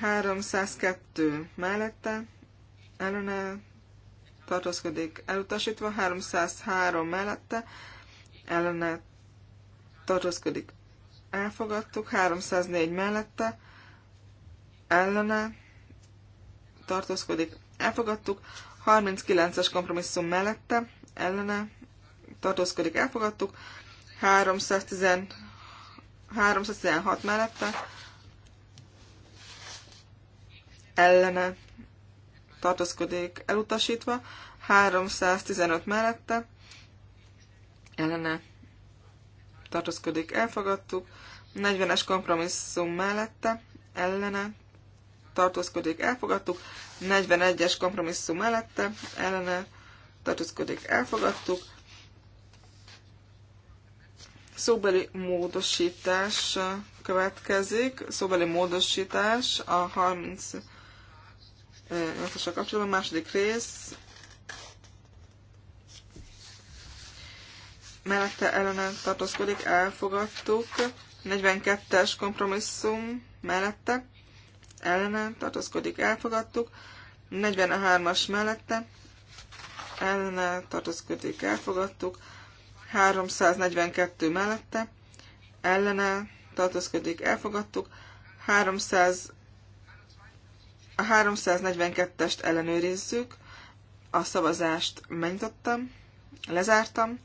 302 mellette elne, tartózkodik, elutasítva. 303 mellette elne tartózkodik. Elfogadtuk. 304 mellette ellene tartózkodik. Elfogadtuk. 39-es kompromisszum mellette ellene tartózkodik. Elfogadtuk. 310, 316 mellette ellene tartózkodik elutasítva, 315 mellette ellene tartózkodik, elfogadtuk. 40-es kompromisszum mellette, ellene tartózkodik, elfogadtuk. 41-es kompromisszum mellette, ellene tartózkodik, elfogadtuk. Szóbeli módosítás következik. Szóbeli módosítás a 30 kapcsolatban, második rész mellette ellenem tartózkodik, elfogadtuk. 42-es kompromisszum mellette ellenem tartózkodik, elfogadtuk. 43-as mellette ellene tartózkodik, elfogadtuk. 342 mellette ellene tartózkodik, elfogadtuk. 300, a 342-est ellenőrizzük. A szavazást megnyitottam, lezártam.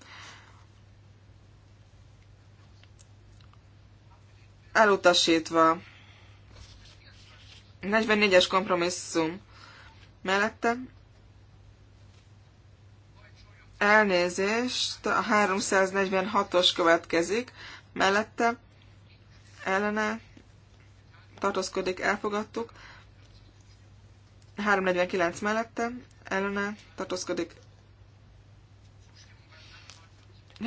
elutasítva. 44-es kompromisszum mellette. Elnézést, a 346-os következik, mellette ellene tartózkodik, elfogadtuk. 349 mellette ellene tartózkodik.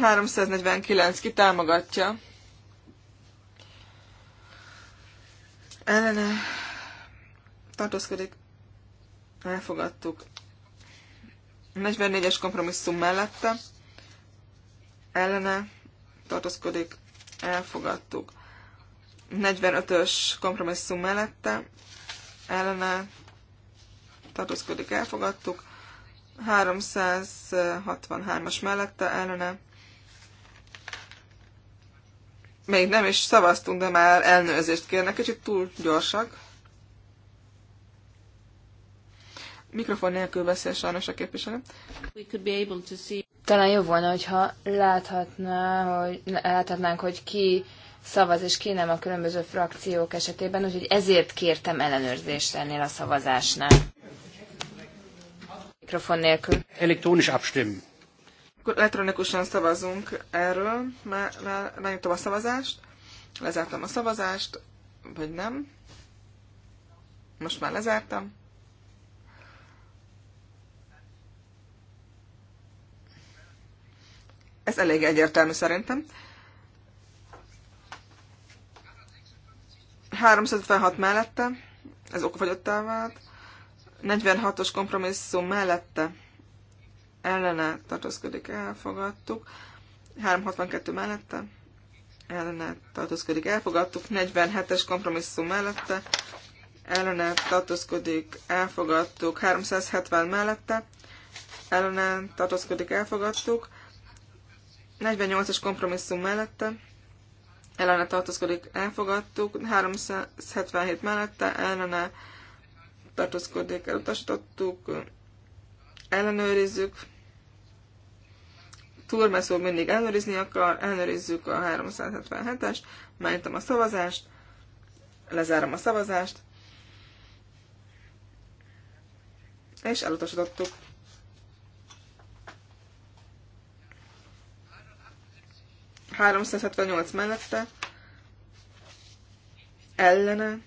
349 ki támogatja. ellene tartózkodik, elfogadtuk. 44-es kompromisszum mellette ellene tartózkodik, elfogadtuk. 45-ös kompromisszum mellette ellene tartózkodik, elfogadtuk. 363-as mellette ellene még nem is szavaztunk, de már elnőzést kérnek, kicsit túl gyorsak. Mikrofon nélkül beszél sajnos a képviselő. Talán jobb volna, hogyha láthatná, hogy, láthatnánk, hogy ki szavaz és ki nem a különböző frakciók esetében, úgyhogy ezért kértem ellenőrzést ennél a szavazásnál. Mikrofon nélkül. Elektronis abstimmen. Akkor elektronikusan szavazunk erről, mert megnyitom a szavazást, lezártam a szavazást, vagy nem. Most már lezártam. Ez elég egyértelmű szerintem. 356 mellette, ez okfagyottá vált. 46-os kompromisszum mellette ellene tartózkodik, elfogadtuk. 362 mellette ellene tartózkodik, elfogadtuk. 47-es kompromisszum mellette ellene tartózkodik, elfogadtuk. 370 mellette ellene tartózkodik, elfogadtuk. 48-as kompromisszum mellette ellene tartózkodik, elfogadtuk. 377 mellette ellene tartózkodik, elutasítottuk. Ellenőrizzük. Turmes mindig ellenőrizni akar, ellenőrizzük a 377-est, megnyitom a szavazást, lezárom a szavazást, és elutasítottuk. ...378 mellette, ellene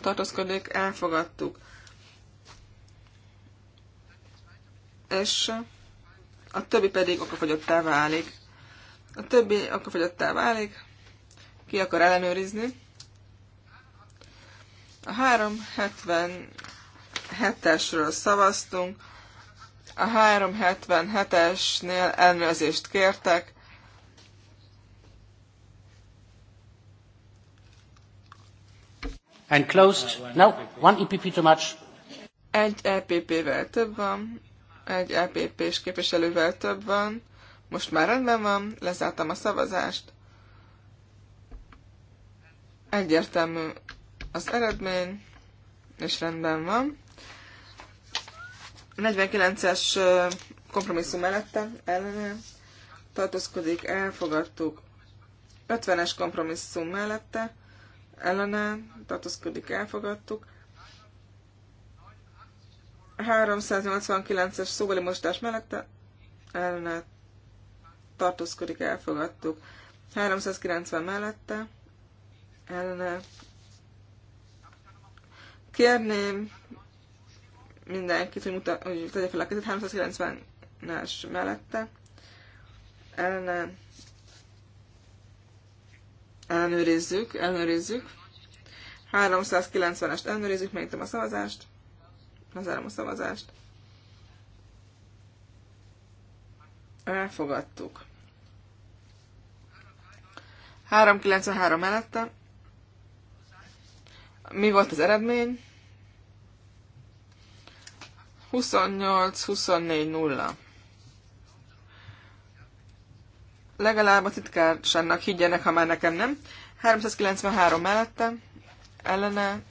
tartózkodik, elfogadtuk. És a többi pedig okafogyottá válik. A többi okafogyottá válik, ki akar ellenőrizni. A 377-esről szavaztunk, a 377-esnél ellenőrzést kértek, And closed. No, one EPP too much. Egy EPP-vel több van egy LPP-s e képviselővel több van. Most már rendben van, lezártam a szavazást. Egyértelmű az eredmény, és rendben van. 49-es kompromisszum mellette ellene tartózkodik, elfogadtuk. 50-es kompromisszum mellette ellene tartózkodik, elfogadtuk. 389-es szóbeli mostás mellette ellene tartózkodik, elfogadtuk. 390 mellette ellene kérném mindenkit, hogy, muta, hogy tegye fel a kezét 390-es mellette ellene ellenőrizzük, ellenőrizzük. 390-est ellenőrizzük, megintem a szavazást. Lezárom a szavazást. Elfogadtuk. 393 mellette. Mi volt az eredmény? 28-24-0. Legalább a titkársának higgyenek, ha már nekem nem. 393 mellette, ellene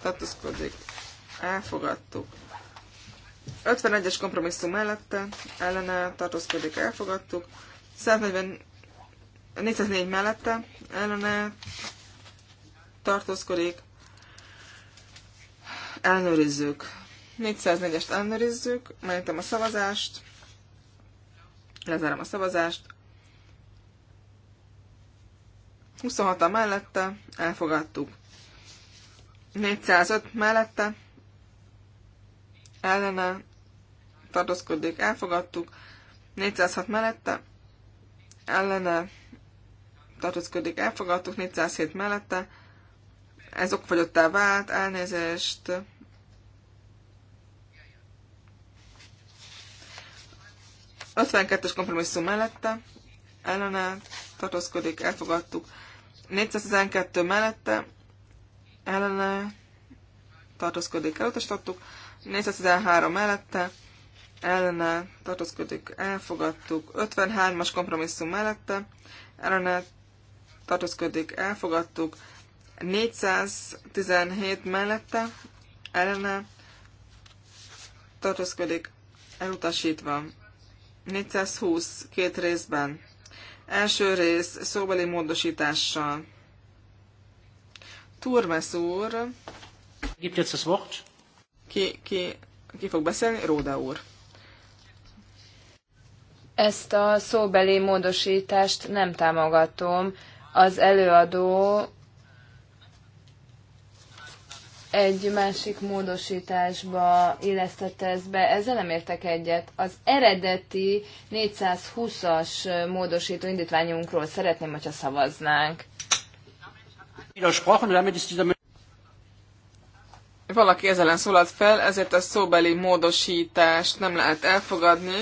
tartózkodik elfogadtuk. 51-es kompromisszum mellette, ellene tartózkodik, elfogadtuk. 140, 404 mellette, ellene tartózkodik, ellenőrizzük. 404-est ellenőrizzük, megnyitom a szavazást, lezárom a szavazást, 26 a mellette, elfogadtuk. 405 mellette, ellene tartózkodik, elfogadtuk. 406 mellette ellene tartózkodik, elfogadtuk. 407 mellette ez okfagyottá vált, elnézést. es kompromisszum mellette ellene tartózkodik, elfogadtuk. 412 mellette ellene tartózkodik, elutasítottuk. 413 mellette, ellene tartózkodik, elfogadtuk. 53-as kompromisszum mellette, ellene tartózkodik, elfogadtuk. 417 mellette, ellene tartózkodik, elutasítva. 420 két részben. Első rész szóbeli módosítással. Turmes úr. Gibt jetzt das Wort? Ki, ki, ki fog beszélni? Róda úr. Ezt a szóbeli módosítást nem támogatom. Az előadó egy másik módosításba illesztette ezt be, ezzel nem értek egyet. Az eredeti 420-as módosító indítványunkról szeretném, hogyha szavaznánk valaki ezzel ellen szólalt fel, ezért a szóbeli módosítást nem lehet elfogadni.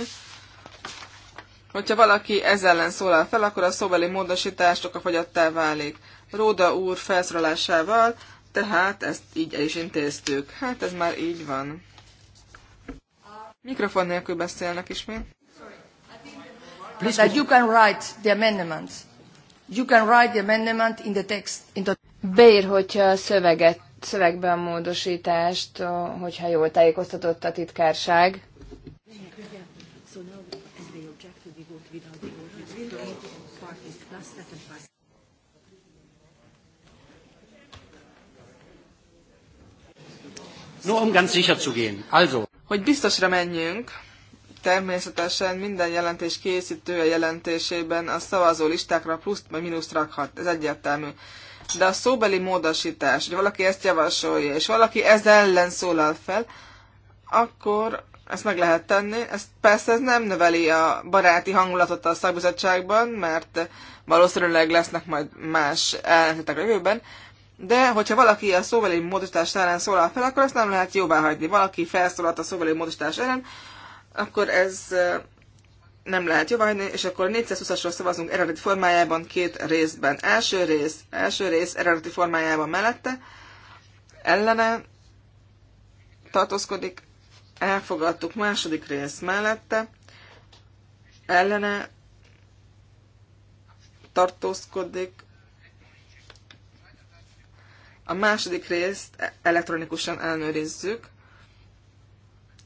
Hogyha valaki ezzel ellen szólal fel, akkor a szóbeli módosítást okafogyattá válik. Róda úr felszólalásával, tehát ezt így el is intéztük. Hát ez már így van. Mikrofon nélkül beszélnek ismét. Please, that you can write the amendment. You can write the amendment in the text. In the... Beír, hogyha a szöveget szövegben módosítást, hogyha jól tájékoztatott a titkárság. Nur um ganz sicher zu gehen. Also. Hogy biztosra menjünk, természetesen minden jelentés készítője jelentésében a szavazó listákra pluszt vagy mínuszt rakhat. Ez egyértelmű de a szóbeli módosítás, hogy valaki ezt javasolja, és valaki ez ellen szólal fel, akkor ezt meg lehet tenni. Ezt persze ez nem növeli a baráti hangulatot a szakbizottságban, mert valószínűleg lesznek majd más ellentétek a jövőben, de hogyha valaki a szóbeli módosítás ellen szólal fel, akkor ezt nem lehet jóvá hagyni. Valaki felszólalt a szóbeli módosítás ellen, akkor ez nem lehet jóváhagyni, és akkor 420-asról szavazunk eredeti formájában két részben. Első rész, első rész eredeti formájában mellette, ellene tartózkodik, elfogadtuk második rész mellette, ellene tartózkodik, a második részt e- elektronikusan ellenőrizzük,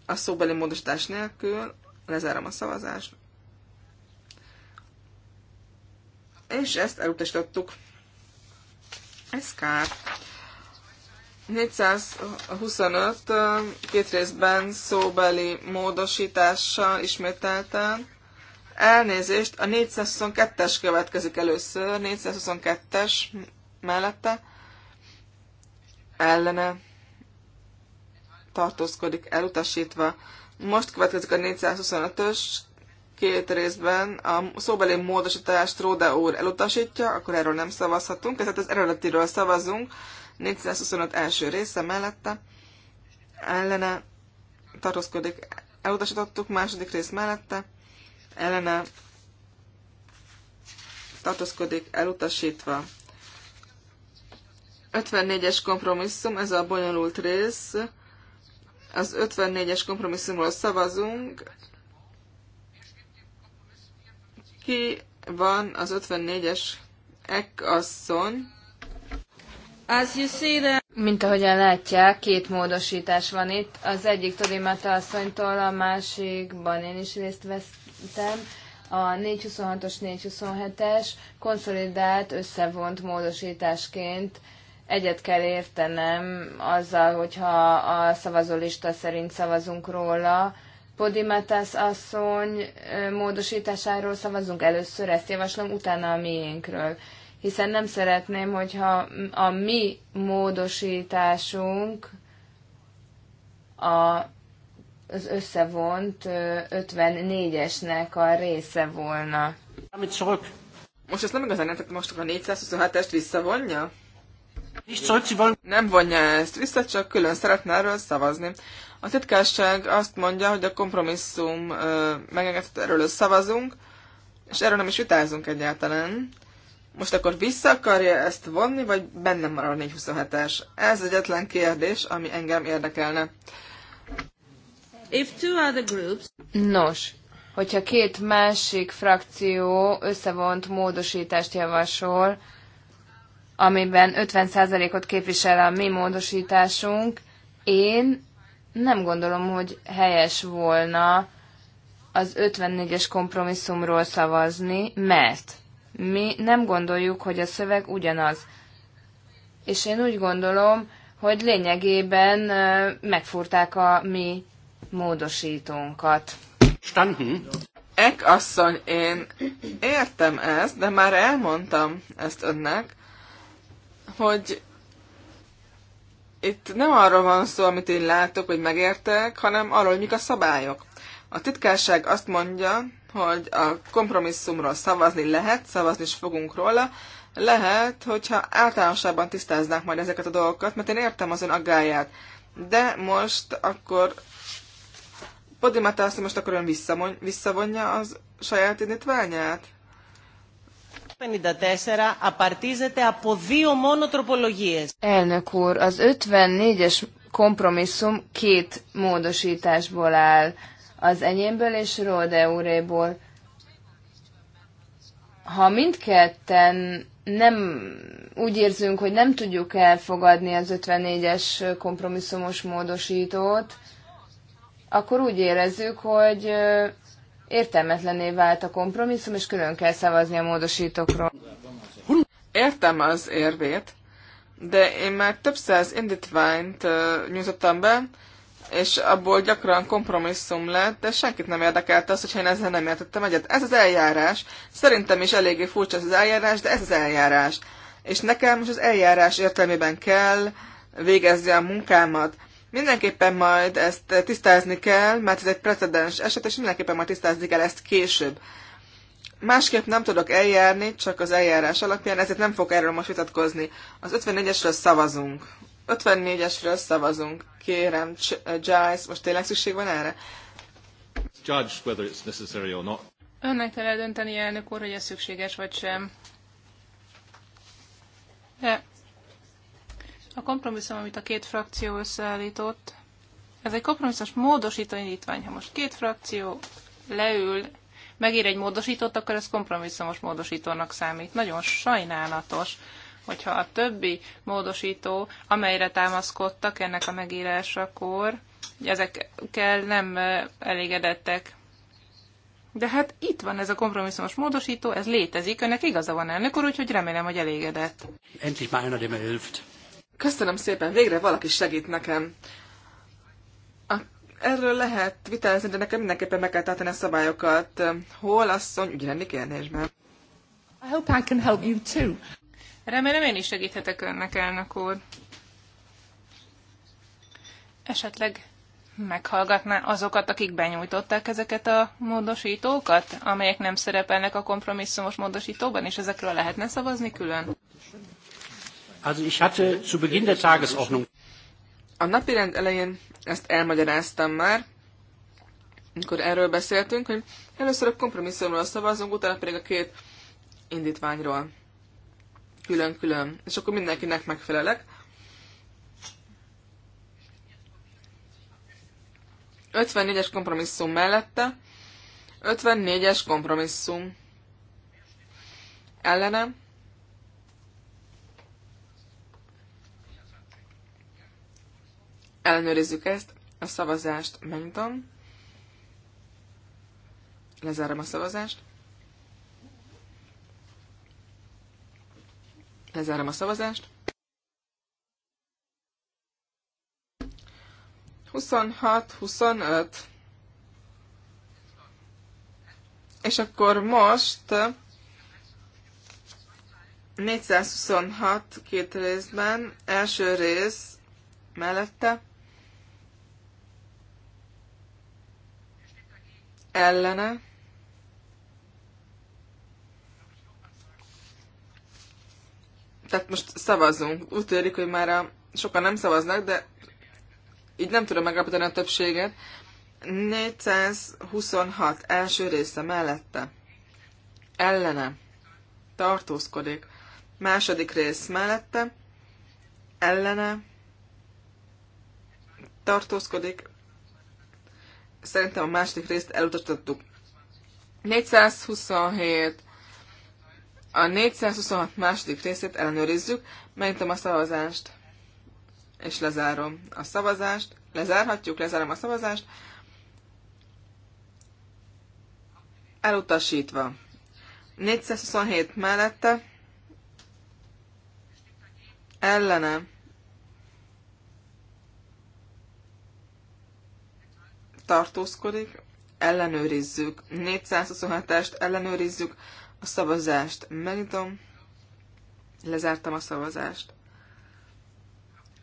a szóbeli módosítás nélkül, lezárom a szavazást. és ezt elutasítottuk. Ez kár. 425 két részben szóbeli módosítással ismételten. Elnézést, a 422-es következik először, 422-es mellette ellene tartózkodik elutasítva. Most következik a 425-ös két részben a szóbeli módosítást Róda úr elutasítja, akkor erről nem szavazhatunk, tehát az eredetiről szavazunk, 425 első része mellette ellene tartózkodik, elutasítottuk, második rész mellette ellene tartózkodik, elutasítva. 54-es kompromisszum, ez a bonyolult rész. Az 54-es kompromisszumról szavazunk, ki van az 54-es Ek asszony. As you see the... Mint ahogyan látják, két módosítás van itt. Az egyik Todimata asszonytól, a másikban én is részt vettem. A 426-os, 427-es konszolidált, összevont módosításként egyet kell értenem azzal, hogyha a szavazólista szerint szavazunk róla, Podimatas asszony módosításáról szavazunk először, ezt javaslom, utána a miénkről. Hiszen nem szeretném, hogyha a mi módosításunk a, az összevont 54-esnek a része volna. Amit sok. Most ezt nem igazán értettem, most a 427-est visszavonja? Nem vonja ezt vissza, csak külön szeretne erről szavazni. A titkárság azt mondja, hogy a kompromisszum megengedett erről szavazunk, és erről nem is vitázunk egyáltalán. Most akkor vissza akarja ezt vonni, vagy bennem marad a 427-es? Ez egyetlen kérdés, ami engem érdekelne. If two other groups... Nos, hogyha két másik frakció összevont módosítást javasol, amiben 50%-ot képvisel a mi módosításunk, én nem gondolom, hogy helyes volna az 54-es kompromisszumról szavazni, mert mi nem gondoljuk, hogy a szöveg ugyanaz. És én úgy gondolom, hogy lényegében megfúrták a mi módosítónkat. Standen. Ek asszony, én értem ezt, de már elmondtam ezt önnek, hogy itt nem arról van szó, amit én látok, hogy megértek, hanem arról, hogy mik a szabályok. A titkárság azt mondja, hogy a kompromisszumról szavazni lehet, szavazni is fogunk róla, lehet, hogyha általánosabban tisztáznák majd ezeket a dolgokat, mert én értem az ön aggáját. De most akkor Podimata azt most akkor ön visszavonja az saját indítványát? 54 Elnök úr, az 54-es kompromisszum két módosításból áll. Az enyémből és Rode úréból. Ha mindketten nem úgy érzünk, hogy nem tudjuk elfogadni az 54-es kompromisszumos módosítót, akkor úgy érezzük, hogy értelmetlené vált a kompromisszum, és külön kell szavazni a módosítókról. Értem az érvét, de én már több száz indítványt uh, nyújtottam be, és abból gyakran kompromisszum lett, de senkit nem érdekelt az, hogyha én ezzel nem értettem egyet. Ez az eljárás. Szerintem is eléggé furcsa ez az eljárás, de ez az eljárás. És nekem most az eljárás értelmében kell végezni a munkámat. Mindenképpen majd ezt tisztázni kell, mert ez egy precedens eset, és mindenképpen majd tisztázni kell ezt később. Másképp nem tudok eljárni, csak az eljárás alapján, ezért nem fog erről most vitatkozni. Az 54-esről szavazunk. 54-esről szavazunk. Kérem, Giles, most tényleg szükség van erre? Judge whether it's necessary or not. Önnek kell eldönteni, elnök úr, hogy ez szükséges vagy sem. De a kompromisszum, amit a két frakció összeállított, ez egy kompromisszos módosító indítvány. Ha most két frakció leül, megír egy módosítót, akkor ez kompromisszumos módosítónak számít. Nagyon sajnálatos, hogyha a többi módosító, amelyre támaszkodtak ennek a megírásakor, ezekkel nem elégedettek. De hát itt van ez a kompromisszumos módosító, ez létezik, önnek igaza van elnök úr, úgyhogy remélem, hogy elégedett. Endlich már einer, der mir hilft. Köszönöm szépen, végre valaki segít nekem. A, erről lehet vitázni, de nekem mindenképpen meg kell tartani a szabályokat. Hol asszony ügyrendi kérdésben? I hope I can help you too. Remélem én is segíthetek önnek, elnök úr. Esetleg meghallgatná azokat, akik benyújtották ezeket a módosítókat, amelyek nem szerepelnek a kompromisszumos módosítóban, és ezekről lehetne szavazni külön? Also ich hatte zu Beginn der Tagesordnung. A napirend elején ezt elmagyaráztam már, amikor erről beszéltünk, hogy először a kompromisszumról szavazunk, utána pedig a két indítványról. Külön-külön. És akkor mindenkinek megfelelek. 54-es kompromisszum mellette, 54-es kompromisszum ellenem. Ellenőrizzük ezt. A szavazást megnyitom. Lezárom a szavazást. Lezárom a szavazást. 26-25. És akkor most 426 két részben, első rész mellette, ellene, tehát most szavazunk. Úgy tűnik, hogy már a, sokan nem szavaznak, de így nem tudom megállapítani a többséget. 426 első része mellette. Ellene. Tartózkodik. Második rész mellette. Ellene. Tartózkodik szerintem a második részt elutasítottuk. 427, a 426 második részét ellenőrizzük, megnyitom a szavazást, és lezárom a szavazást, lezárhatjuk, lezárom a szavazást, elutasítva. 427 mellette, ellene, tartózkodik, ellenőrizzük. 427-est ellenőrizzük, a szavazást megnyitom, lezártam a szavazást.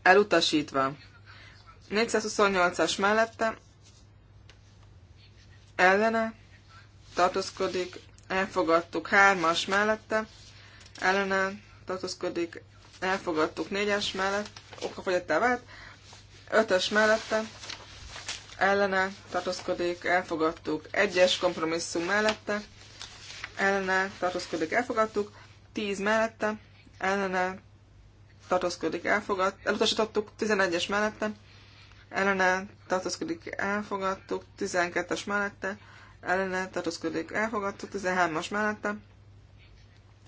Elutasítva. 428-as mellette ellene tartózkodik, elfogadtuk 3-as mellette, ellene tartózkodik, elfogadtuk 4-es mellett, okafogyottá vált, 5-ös mellette, ellene tartózkodik, elfogadtuk. Egyes kompromisszum mellette, ellene tartózkodik, elfogadtuk. Tíz mellette, ellene tartózkodik, elfogad, elutasítottuk. Tizenegyes mellette, ellene tartózkodik, elfogadtuk. Tizenkettes mellette, ellene tartózkodik, elfogadtuk. Tizenhármas mellette,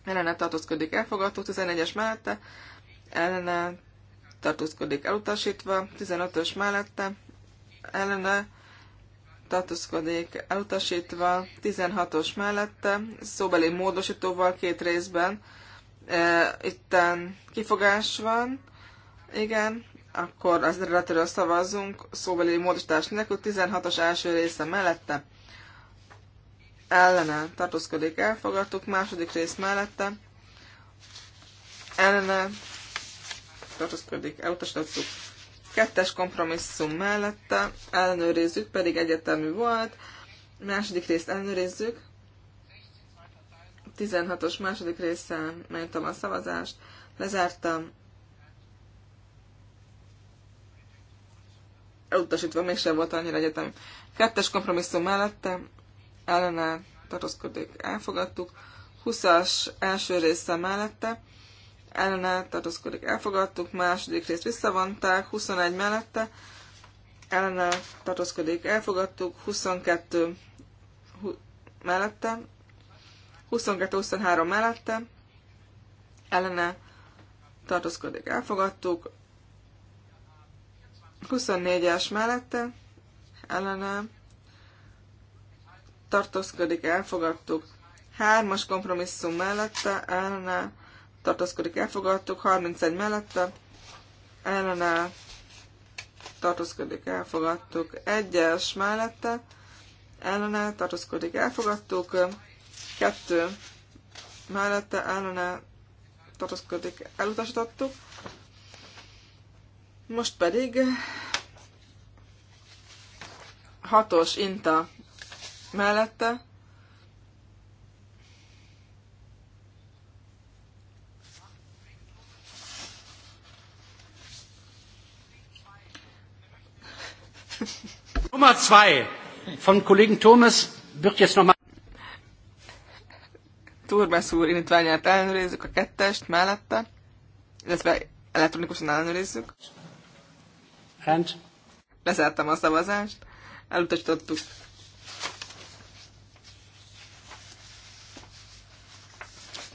ellene tartózkodik, elfogadtuk. Tizenegyes mellette, ellene tartózkodik, elutasítva. Tizenötös mellette, ellene tartózkodik elutasítva, 16-os mellette, szóbeli módosítóval két részben. E, itten kifogás van, igen, akkor az eredetről szavazzunk, szóbeli módosítás nélkül, 16-os első része mellette, ellene tartózkodik, elfogadtuk, második rész mellette, ellene tartózkodik, elutasítottuk, Kettes kompromisszum mellette ellenőrizzük, pedig egyetemű volt. Második részt ellenőrizzük. 16-os második része, megnyitom a szavazást, lezártam. Elutasítva mégsem volt annyira egyetem. Kettes kompromisszum mellette ellene tartózkodik, elfogadtuk. 20-as első része mellette ellene tartózkodik, elfogadtuk, második részt visszavonták, 21 mellette, ellene tartózkodik, elfogadtuk, 22 mellette, 22-23 mellette, ellene tartózkodik, elfogadtuk, 24-es mellette, ellene tartózkodik, elfogadtuk, 3-as kompromisszum mellette, ellene tartózkodik, elfogadtuk, 31 mellette, ellenáll, tartózkodik, elfogadtuk, 1-es mellette, ellenáll, tartózkodik, elfogadtuk, 2 mellette, ellenáll, tartózkodik, elutasítottuk. Most pedig 6-os inta mellette, Nummer zwei von Kollegen Thomas wird jetzt nochmal... Turbász úr indítványát ellenőrizzük, a kettest mellette, illetve elektronikusan ellenőrizzük. And? Lezártam a szavazást, elutasítottuk.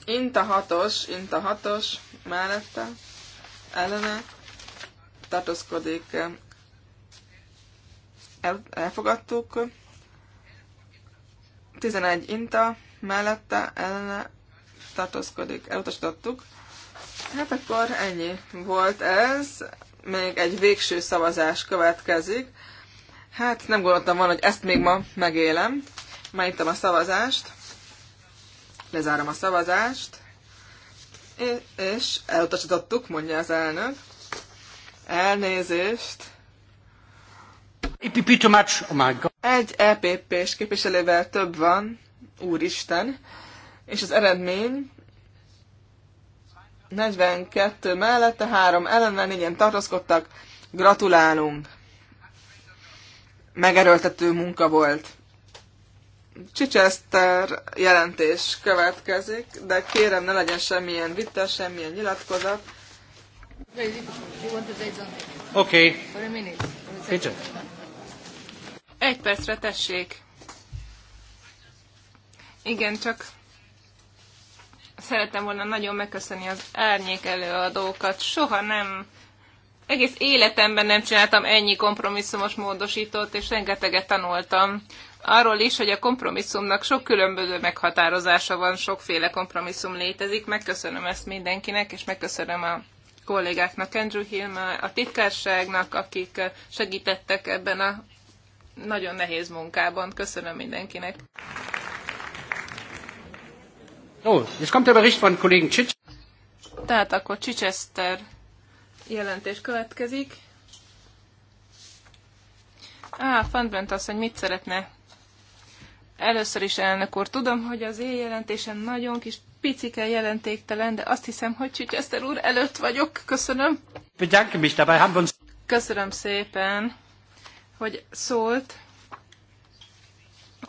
Inta hatos, inta hatos mellette, ellene tartozkodik elfogadtuk. 11 inta mellette ellene tartózkodik, elutasítottuk. Hát akkor ennyi volt ez. Még egy végső szavazás következik. Hát nem gondoltam volna, hogy ezt még ma megélem. Megnyitom a szavazást. Lezárom a szavazást. És elutasítottuk, mondja az elnök. Elnézést oh my god. Egy EPP-s képviselővel több van, úristen, és az eredmény 42 mellette, 3 ellenen, négyen tartozkodtak. Gratulálunk! Megerőltető munka volt. Csicsester jelentés következik, de kérem ne legyen semmilyen vita, semmilyen nyilatkozat. Oké. Okay. Egy percre tessék. Igen, csak szerettem volna nagyon megköszönni az árnyék előadókat. Soha nem, egész életemben nem csináltam ennyi kompromisszumos módosítót, és rengeteget tanultam. Arról is, hogy a kompromisszumnak sok különböző meghatározása van, sokféle kompromisszum létezik. Megköszönöm ezt mindenkinek, és megköszönöm a kollégáknak, Andrew Hill, a titkárságnak, akik segítettek ebben a nagyon nehéz munkában. Köszönöm mindenkinek. Oh, jetzt kommt der Bericht von Kollegen Csicz. Tehát akkor Chichester jelentés következik. Á, ah, Fandbent hogy mit szeretne? Először is elnök úr, tudom, hogy az én jelentésem nagyon kis picike jelentéktelen, de azt hiszem, hogy Chichester úr előtt vagyok. Köszönöm. mich, dabei haben uns... Köszönöm szépen hogy szólt.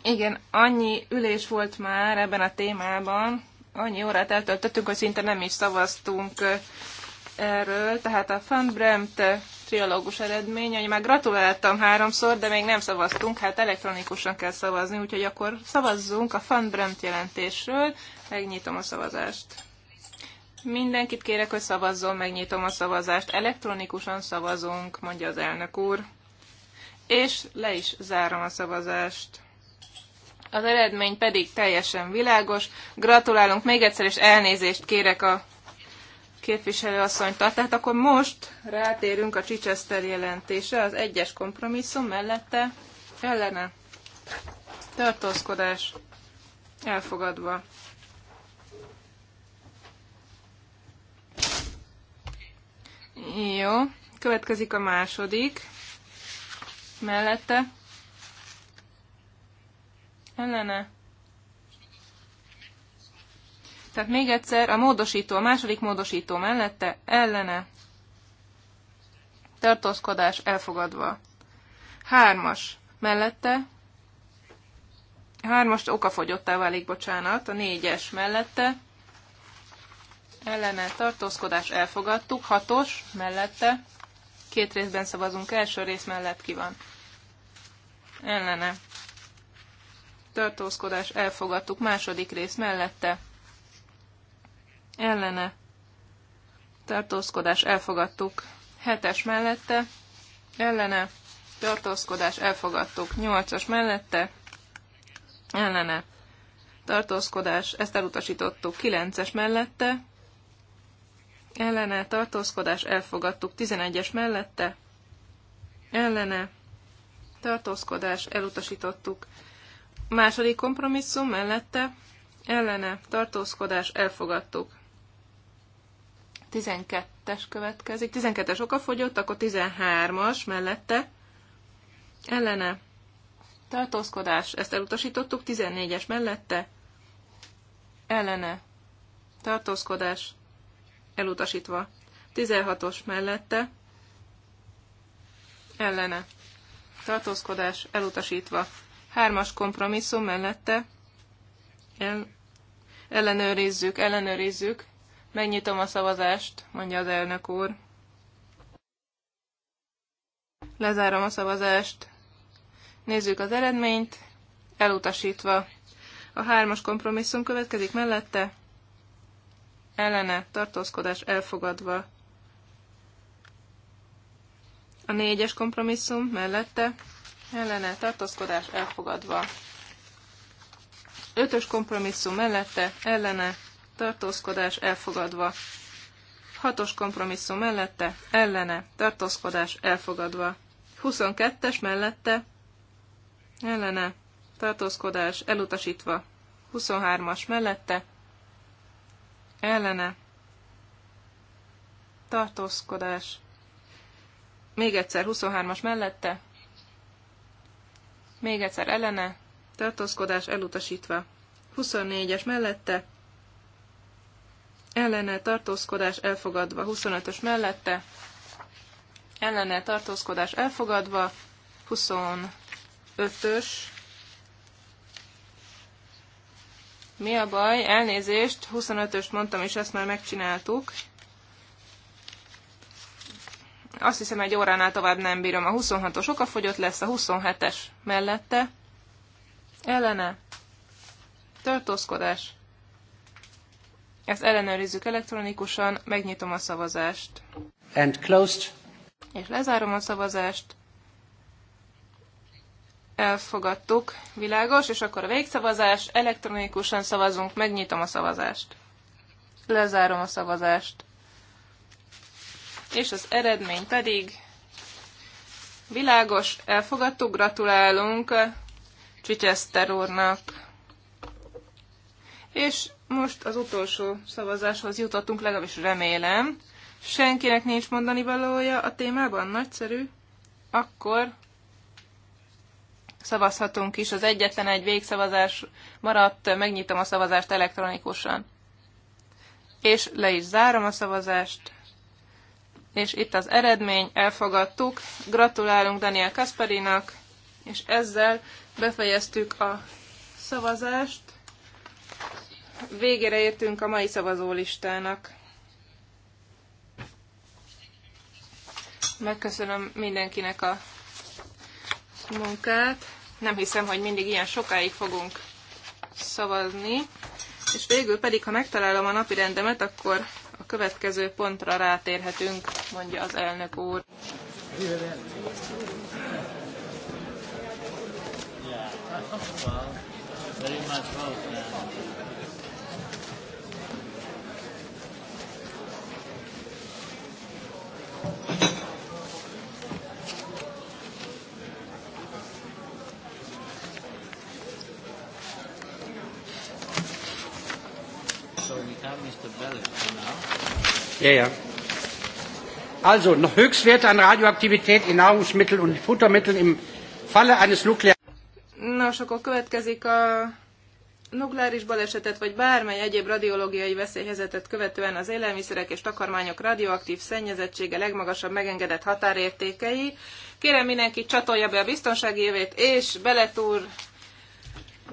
Igen, annyi ülés volt már ebben a témában, annyi órát eltöltöttünk, hogy szinte nem is szavaztunk erről. Tehát a Van Bremt triológus eredmény, hogy már gratuláltam háromszor, de még nem szavaztunk, hát elektronikusan kell szavazni, úgyhogy akkor szavazzunk a Van Bremt jelentésről, megnyitom a szavazást. Mindenkit kérek, hogy szavazzon, megnyitom a szavazást. Elektronikusan szavazunk, mondja az elnök úr és le is zárom a szavazást. Az eredmény pedig teljesen világos. Gratulálunk még egyszer, és elnézést kérek a képviselőasszonytól. Tehát akkor most rátérünk a Csicseszter jelentése, az egyes kompromisszum mellette ellene. Tartózkodás elfogadva. Jó, következik a második mellette, ellene. Tehát még egyszer, a módosító, a második módosító mellette, ellene, tartózkodás elfogadva. Hármas mellette, hármast okafogyottá válik, bocsánat, a négyes mellette, ellene tartózkodás elfogadtuk, hatos mellette, Két részben szavazunk, első rész mellett ki van. Ellene. Tartózkodás, elfogadtuk, második rész mellette. Ellene. Tartózkodás, elfogadtuk. Hetes mellette. Ellene. Tartózkodás, elfogadtuk. Nyolcas mellette. Ellene. Tartózkodás, ezt elutasítottuk. Kilences mellette ellene tartózkodás elfogadtuk 11-es mellette, ellene tartózkodás elutasítottuk. Második kompromisszum mellette, ellene tartózkodás elfogadtuk. 12-es következik. 12-es okafogyott, akkor 13-as mellette, ellene tartózkodás, ezt elutasítottuk, 14-es mellette, ellene tartózkodás elutasítva. 16-os mellette, ellene, tartózkodás elutasítva. 3-as kompromisszum mellette, el, ellenőrizzük, ellenőrizzük, megnyitom a szavazást, mondja az elnök úr. Lezárom a szavazást. Nézzük az eredményt. Elutasítva. A hármas kompromisszum következik mellette ellene tartózkodás elfogadva. A négyes kompromisszum mellette ellene tartózkodás elfogadva. Ötös kompromisszum mellette ellene tartózkodás elfogadva. Hatos kompromisszum mellette ellene tartózkodás elfogadva. 22-es mellette ellene tartózkodás elutasítva. 23-as mellette ellene tartózkodás. Még egyszer 23-as mellette, még egyszer ellene tartózkodás elutasítva. 24-es mellette, ellene tartózkodás elfogadva. 25-ös mellette, ellene tartózkodás elfogadva. 25-ös Mi a baj? Elnézést, 25-öst mondtam, és ezt már megcsináltuk. Azt hiszem, egy óránál tovább nem bírom. A 26-os okafogyott lesz, a 27-es mellette. Ellene. Tartózkodás. Ezt ellenőrizzük elektronikusan, megnyitom a szavazást. And closed. És lezárom a szavazást. Elfogadtuk. Világos, és akkor a végszavazás. Elektronikusan szavazunk, megnyitom a szavazást. Lezárom a szavazást. És az eredmény pedig világos, elfogadtuk, gratulálunk Csicseszter úrnak. És most az utolsó szavazáshoz jutottunk, legalábbis remélem. Senkinek nincs mondani valója a témában? Nagyszerű. Akkor szavazhatunk is. Az egyetlen egy végszavazás maradt, megnyitom a szavazást elektronikusan. És le is zárom a szavazást. És itt az eredmény, elfogadtuk. Gratulálunk Daniel Kasparinak, és ezzel befejeztük a szavazást. Végére értünk a mai szavazólistának. Megköszönöm mindenkinek a munkát. Nem hiszem, hogy mindig ilyen sokáig fogunk szavazni. És végül pedig, ha megtalálom a napi rendemet, akkor a következő pontra rátérhetünk, mondja az elnök úr. Thank you. Ja, ja. Also, noch Höchstwerte an Radioaktivität in Nahrungsmitteln und Futtermitteln im Falle eines nuklearen... Nos, akkor következik a nukleáris balesetet vagy bármely egyéb radiológiai veszélyhelyzetet követően az élelmiszerek és takarmányok radioaktív szennyezettsége legmagasabb megengedett határértékei. Kérem mindenki csatolja be a biztonsági évét, és Beletúr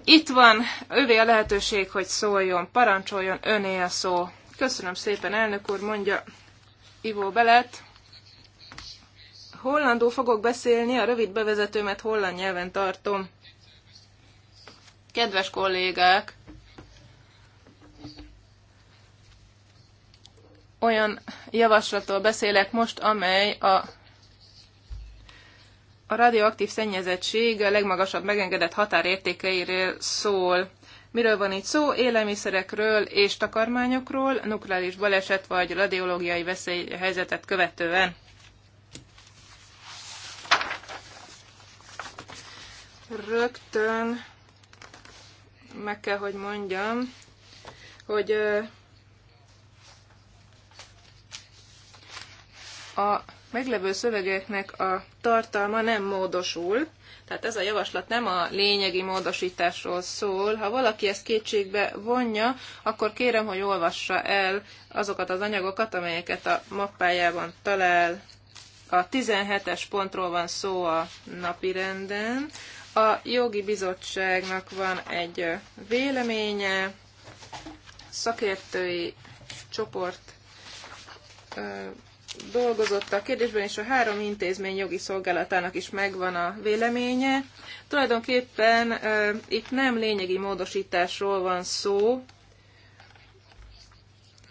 itt van, ővé a lehetőség, hogy szóljon, parancsoljon, öné a szó. Köszönöm szépen, elnök úr, mondja Ivó Belet. Hollandó fogok beszélni, a rövid bevezetőmet holland nyelven tartom. Kedves kollégák! Olyan javaslatról beszélek most, amely a a radioaktív szennyezettség legmagasabb megengedett határértékeiről szól. Miről van itt szó? Élelmiszerekről és takarmányokról, nukleáris baleset vagy radiológiai veszélyhelyzetet követően. Rögtön meg kell, hogy mondjam, hogy a meglevő szövegeknek a tartalma nem módosul, tehát ez a javaslat nem a lényegi módosításról szól. Ha valaki ezt kétségbe vonja, akkor kérem, hogy olvassa el azokat az anyagokat, amelyeket a mappájában talál. A 17-es pontról van szó a napirenden. A jogi bizottságnak van egy véleménye, szakértői csoport dolgozott a kérdésben, és a három intézmény jogi szolgálatának is megvan a véleménye. Tulajdonképpen uh, itt nem lényegi módosításról van szó,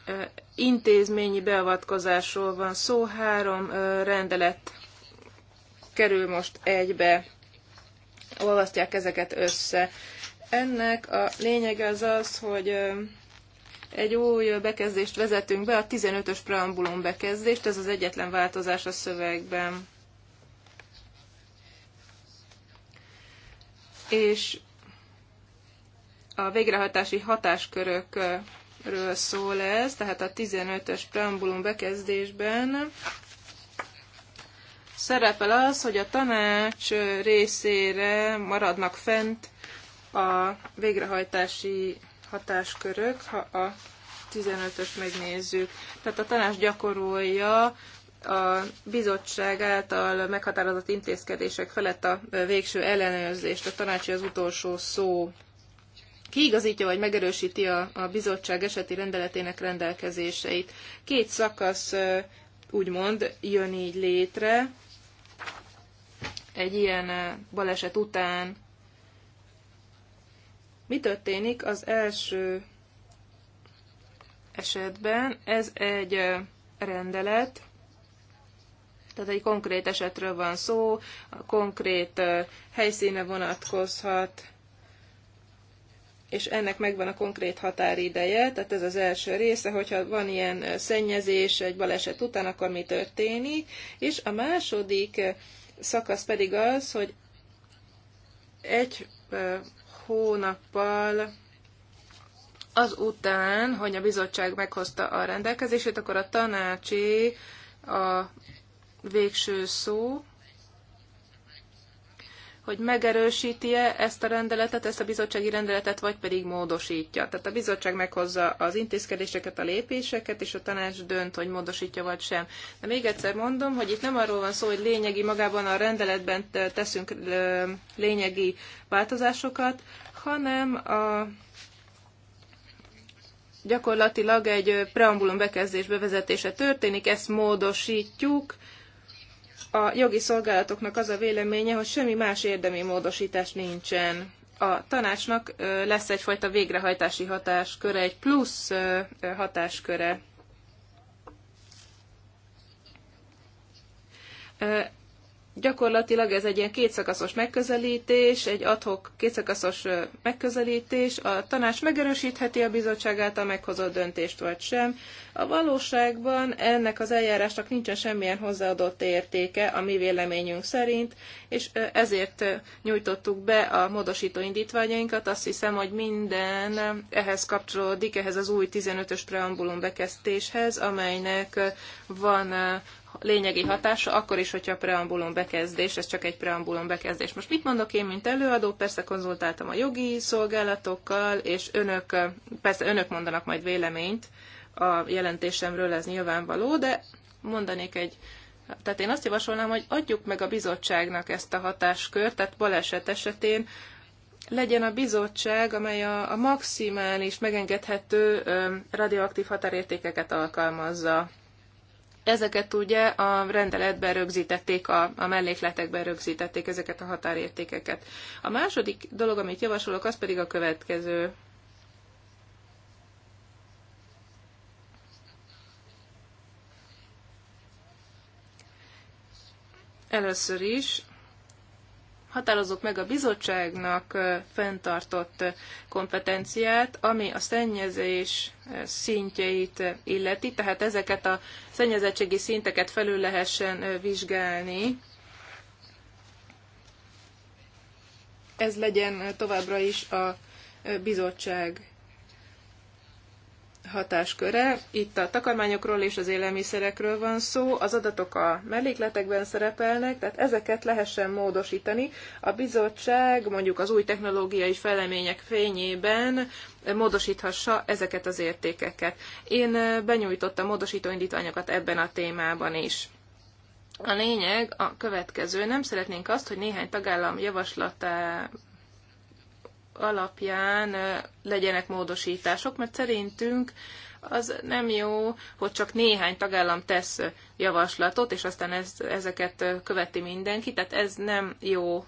uh, intézményi beavatkozásról van szó, három uh, rendelet kerül most egybe, olvasztják ezeket össze. Ennek a lényege az az, hogy uh, egy új bekezdést vezetünk be, a 15-ös preambulum bekezdést, ez az egyetlen változás a szövegben. És a végrehajtási hatáskörökről szól ez, tehát a 15-ös preambulum bekezdésben szerepel az, hogy a tanács részére maradnak fent a végrehajtási hatáskörök, ha a 15-ös megnézzük. Tehát a tanács gyakorolja a bizottság által meghatározott intézkedések felett a végső ellenőrzést, a tanácsi az utolsó szó kiigazítja vagy megerősíti a, a bizottság eseti rendeletének rendelkezéseit. Két szakasz úgymond jön így létre egy ilyen baleset után mi történik az első esetben? Ez egy rendelet, tehát egy konkrét esetről van szó, a konkrét helyszíne vonatkozhat, és ennek megvan a konkrét határideje, tehát ez az első része, hogyha van ilyen szennyezés egy baleset után, akkor mi történik, és a második szakasz pedig az, hogy egy hónappal azután, hogy a bizottság meghozta a rendelkezését, akkor a tanácsi a végső szó, hogy megerősíti-e ezt a rendeletet, ezt a bizottsági rendeletet, vagy pedig módosítja. Tehát a bizottság meghozza az intézkedéseket, a lépéseket, és a tanács dönt, hogy módosítja vagy sem. De még egyszer mondom, hogy itt nem arról van szó, hogy lényegi magában a rendeletben teszünk lényegi változásokat, hanem a gyakorlatilag egy preambulum bekezdés bevezetése történik, ezt módosítjuk, a jogi szolgálatoknak az a véleménye, hogy semmi más érdemi módosítás nincsen. A tanácsnak lesz egyfajta végrehajtási hatásköre, egy plusz hatásköre Gyakorlatilag ez egy ilyen kétszakaszos megközelítés, egy adhok kétszakaszos megközelítés, a tanács megerősítheti a bizottság által meghozott döntést vagy sem. A valóságban ennek az eljárásnak nincsen semmilyen hozzáadott értéke a mi véleményünk szerint, és ezért nyújtottuk be a módosító indítványainkat. Azt hiszem, hogy minden ehhez kapcsolódik, ehhez az új 15-ös preambulum bekezdéshez, amelynek van lényegi hatása, akkor is, hogyha a preambulum bekezdés, ez csak egy preambulum bekezdés. Most mit mondok én, mint előadó? Persze konzultáltam a jogi szolgálatokkal, és önök, persze önök mondanak majd véleményt a jelentésemről, ez nyilvánvaló, de mondanék egy tehát én azt javasolnám, hogy adjuk meg a bizottságnak ezt a hatáskört, tehát baleset esetén legyen a bizottság, amely a, a maximális megengedhető ö, radioaktív határértékeket alkalmazza Ezeket ugye a rendeletben rögzítették, a, a mellékletekben rögzítették ezeket a határértékeket. A második dolog, amit javasolok, az pedig a következő. Először is határozzuk meg a bizottságnak fenntartott kompetenciát, ami a szennyezés szintjeit illeti, tehát ezeket a szennyezettségi szinteket felül lehessen vizsgálni. Ez legyen továbbra is a bizottság hatásköre. Itt a takarmányokról és az élelmiszerekről van szó, az adatok a mellékletekben szerepelnek, tehát ezeket lehessen módosítani. A bizottság mondjuk az új technológiai felemények fényében módosíthassa ezeket az értékeket. Én benyújtottam módosító indítványokat ebben a témában is. A lényeg a következő. Nem szeretnénk azt, hogy néhány tagállam javaslatá alapján legyenek módosítások, mert szerintünk az nem jó, hogy csak néhány tagállam tesz javaslatot, és aztán ez, ezeket követi mindenki, tehát ez nem jó.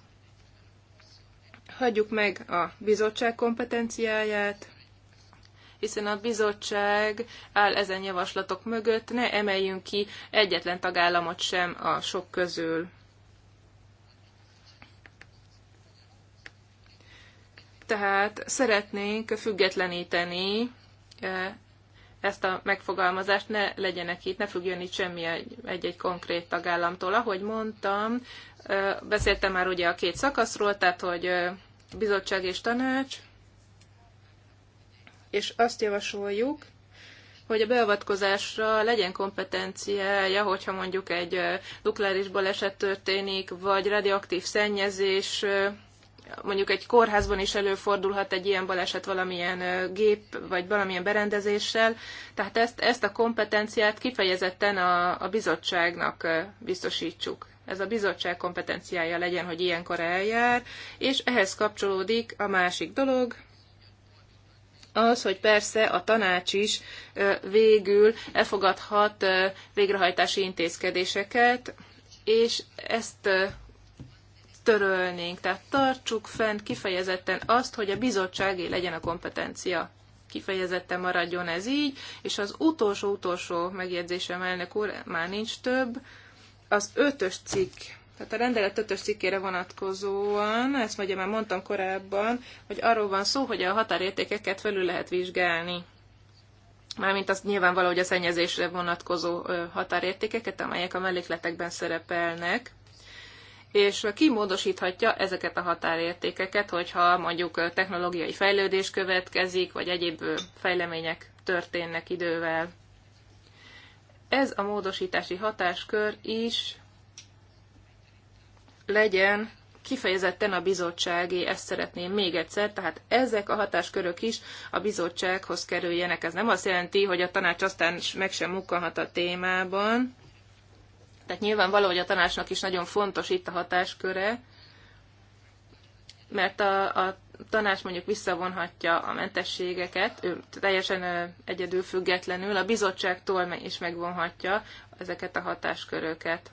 Hagyjuk meg a bizottság kompetenciáját, hiszen a bizottság áll ezen javaslatok mögött, ne emeljünk ki egyetlen tagállamot sem a sok közül. Tehát szeretnénk függetleníteni e, ezt a megfogalmazást, ne legyenek itt, ne függjön itt semmi egy-egy konkrét tagállamtól. Ahogy mondtam, e, beszéltem már ugye a két szakaszról, tehát hogy e, bizottság és tanács, és azt javasoljuk, hogy a beavatkozásra legyen kompetenciája, hogyha mondjuk egy nukleáris baleset történik, vagy radioaktív szennyezés mondjuk egy kórházban is előfordulhat egy ilyen baleset valamilyen gép vagy valamilyen berendezéssel, tehát ezt, ezt a kompetenciát kifejezetten a, a bizottságnak biztosítsuk. Ez a bizottság kompetenciája legyen, hogy ilyenkor eljár, és ehhez kapcsolódik a másik dolog, az, hogy persze a tanács is végül elfogadhat végrehajtási intézkedéseket, és ezt törölnénk. Tehát tartsuk fent kifejezetten azt, hogy a bizottságé legyen a kompetencia kifejezetten maradjon ez így, és az utolsó-utolsó megjegyzésem, elnök úr, már nincs több, az ötös cikk, tehát a rendelet ötös cikkére vonatkozóan, ezt ugye már mondtam korábban, hogy arról van szó, hogy a határértékeket felül lehet vizsgálni. Mármint az nyilvánvaló, hogy a szennyezésre vonatkozó határértékeket, amelyek a mellékletekben szerepelnek és ki módosíthatja ezeket a határértékeket, hogyha mondjuk technológiai fejlődés következik, vagy egyéb fejlemények történnek idővel. Ez a módosítási hatáskör is legyen kifejezetten a bizottsági, ezt szeretném még egyszer, tehát ezek a hatáskörök is a bizottsághoz kerüljenek. Ez nem azt jelenti, hogy a tanács aztán meg sem mukkanhat a témában, tehát nyilvánvaló, hogy a tanácsnak is nagyon fontos itt a hatásköre, mert a, a tanács mondjuk visszavonhatja a mentességeket, ő teljesen egyedül függetlenül, a bizottságtól is megvonhatja ezeket a hatásköröket.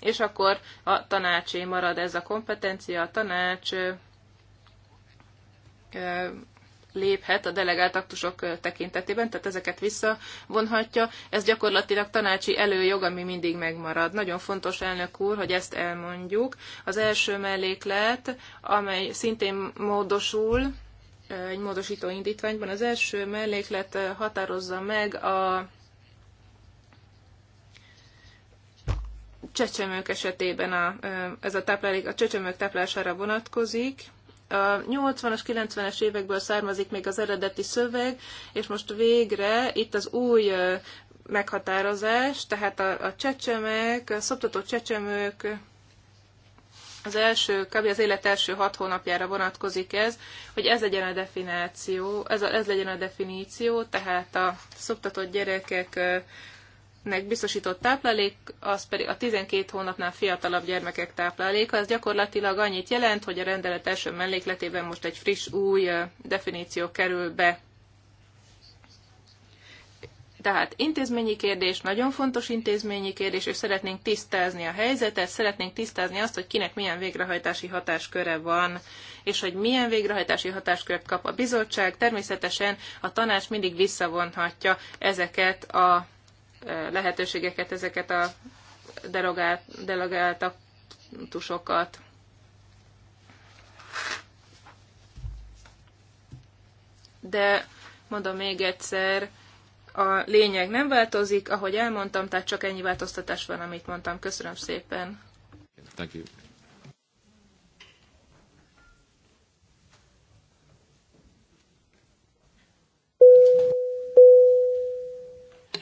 És akkor a tanácsé marad ez a kompetencia, a tanács léphet a delegált aktusok tekintetében, tehát ezeket visszavonhatja. Ez gyakorlatilag tanácsi előjog, ami mindig megmarad. Nagyon fontos, elnök úr, hogy ezt elmondjuk. Az első melléklet, amely szintén módosul, egy módosító indítványban. Az első melléklet határozza meg a csecsemők esetében a, ez a táplálék a csecsemők táplálására vonatkozik, a 80-as, 90-es évekből származik még az eredeti szöveg, és most végre itt az új meghatározás, tehát a, a csecsemek, a szoptató csecsemők az első, kb. az élet első hat hónapjára vonatkozik ez, hogy ez legyen a definíció, ez, a, ez legyen a definíció, tehát a szoptatott gyerekek nek biztosított táplálék, az pedig a 12 hónapnál fiatalabb gyermekek tápláléka. Ez gyakorlatilag annyit jelent, hogy a rendelet első mellékletében most egy friss, új definíció kerül be. Tehát intézményi kérdés, nagyon fontos intézményi kérdés, és szeretnénk tisztázni a helyzetet, szeretnénk tisztázni azt, hogy kinek milyen végrehajtási hatásköre van, és hogy milyen végrehajtási hatáskört kap a bizottság. Természetesen a tanács mindig visszavonhatja ezeket a lehetőségeket, ezeket a derogált, delegáltatusokat. De mondom még egyszer, a lényeg nem változik, ahogy elmondtam, tehát csak ennyi változtatás van, amit mondtam. Köszönöm szépen. Thank you.